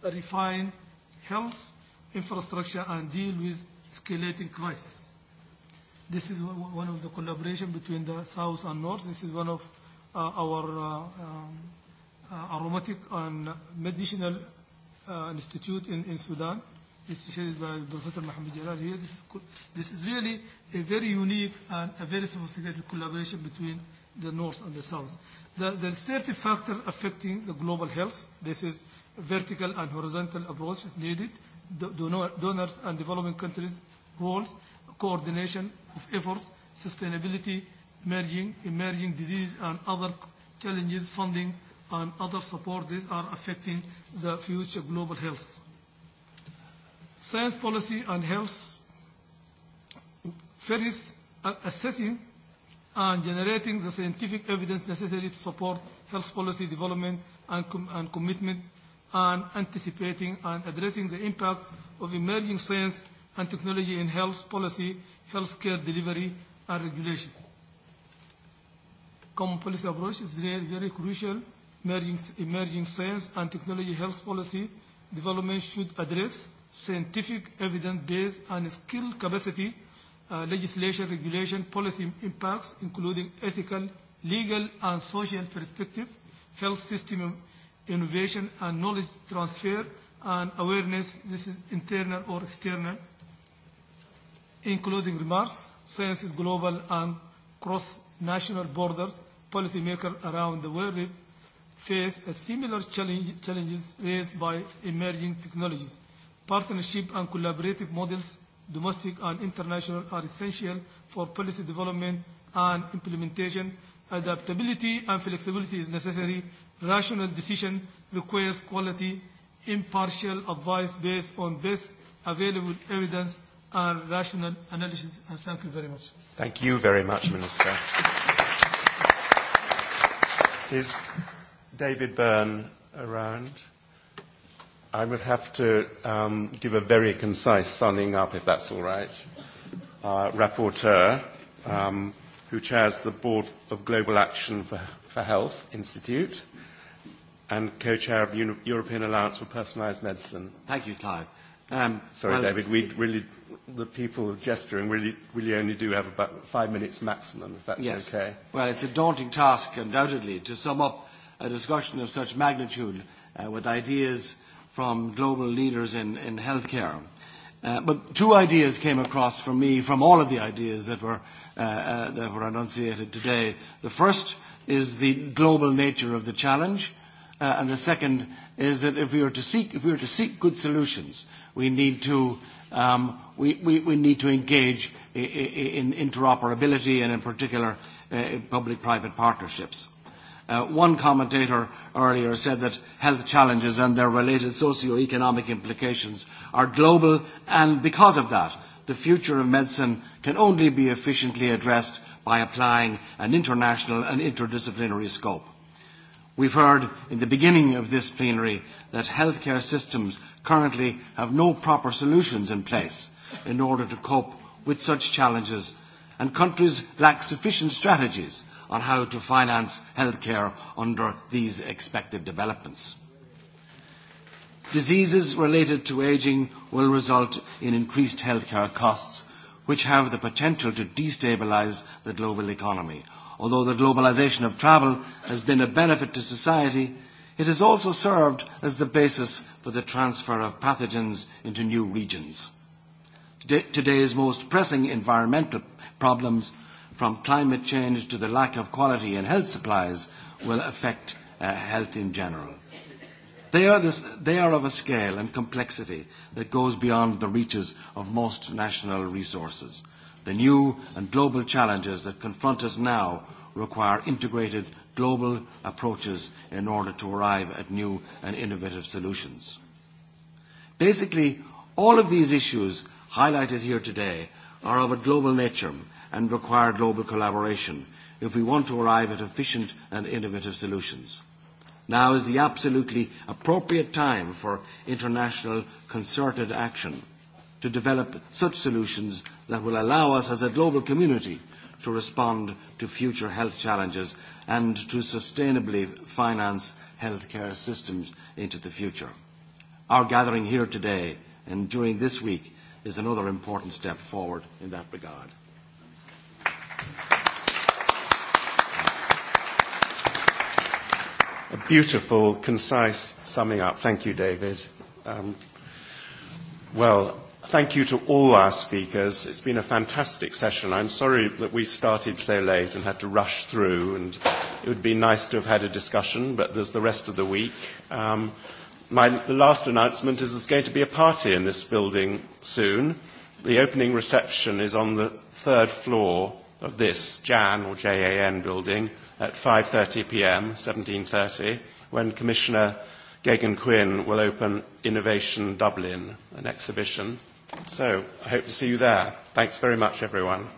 refine health infrastructure, and deal with escalating crisis. This is one of the collaboration between the South and North. This is one of uh, our uh, um, uh, aromatic and medicinal uh, institute in, in Sudan instituted by Professor Mohammed Jalal here. This, this is really a very unique and a very sophisticated collaboration between the North and the South. The, there's 30 factors affecting the global health. This is vertical and horizontal approach is needed. Donor, donors and developing countries' roles, coordination of efforts, sustainability, merging, emerging disease and other challenges, funding and other support. These are affecting the future global health science policy and health ferries assessing and generating the scientific evidence necessary to support health policy development and, com and commitment and anticipating and addressing the impact of emerging science and technology in health policy, healthcare delivery, and regulation. Common policy approach is very, very crucial. Emerging, emerging science and technology health policy development should address scientific evidence based and skill capacity uh, legislation, regulation, policy impacts, including ethical, legal, and social perspective, health system innovation and knowledge transfer and awareness, this is internal or external. In closing remarks, science is global and cross-national borders. Policymakers around the world face a similar challenge, challenges raised by emerging technologies Partnership and collaborative models, domestic and international, are essential for policy development and implementation. Adaptability and flexibility is necessary. Rational decision requires quality, impartial advice based on best available evidence and rational analysis. And thank you very much. Thank you very much, Minister. Is David Byrne around? I would have to um, give a very concise summing up, if that's all right. Our rapporteur, um, who chairs the Board of Global Action for, for Health Institute and co-chair of the European Alliance for Personalised Medicine. Thank you, Clive. Um, Sorry, well, David, we really, the people gesturing really, really only do have about five minutes maximum, if that's yes. okay. Well, it's a daunting task, undoubtedly, to sum up a discussion of such magnitude uh, with ideas from global leaders in, in healthcare. Uh, but two ideas came across for me from all of the ideas that were, uh, uh, that were enunciated today. The first is the global nature of the challenge, uh, and the second is that if we are to seek, if we are to seek good solutions, we need to, um, we, we, we need to engage in, in interoperability and in particular uh, public-private partnerships. Uh, one commentator earlier said that health challenges and their related socio-economic implications are global, and because of that, the future of medicine can only be efficiently addressed by applying an international and interdisciplinary scope. We've heard in the beginning of this plenary that healthcare systems currently have no proper solutions in place in order to cope with such challenges, and countries lack sufficient strategies on how to finance healthcare under these expected developments. Diseases related to ageing will result in increased healthcare costs, which have the potential to destabilise the global economy. Although the globalisation of travel has been a benefit to society, it has also served as the basis for the transfer of pathogens into new regions. Today's most pressing environmental problems from climate change to the lack of quality and health supplies will affect uh, health in general. They are, this, they are of a scale and complexity that goes beyond the reaches of most national resources. The new and global challenges that confront us now require integrated global approaches in order to arrive at new and innovative solutions. Basically, all of these issues highlighted here today are of a global nature and require global collaboration if we want to arrive at efficient and innovative solutions. Now is the absolutely appropriate time for international concerted action to develop such solutions that will allow us as a global community to respond to future health challenges and to sustainably finance healthcare systems into the future. Our gathering here today and during this week is another important step forward in that regard. a beautiful, concise summing up. Thank you, David. Um, well, thank you to all our speakers. It's been a fantastic session. I'm sorry that we started so late and had to rush through, and it would be nice to have had a discussion, but there's the rest of the week. Um, my, the last announcement is there's going to be a party in this building soon. The opening reception is on the third floor of this JAN or JAN building at 5.30pm, 17.30, when Commissioner Gagan Quinn will open Innovation Dublin, an exhibition. So I hope to see you there. Thanks very much, everyone.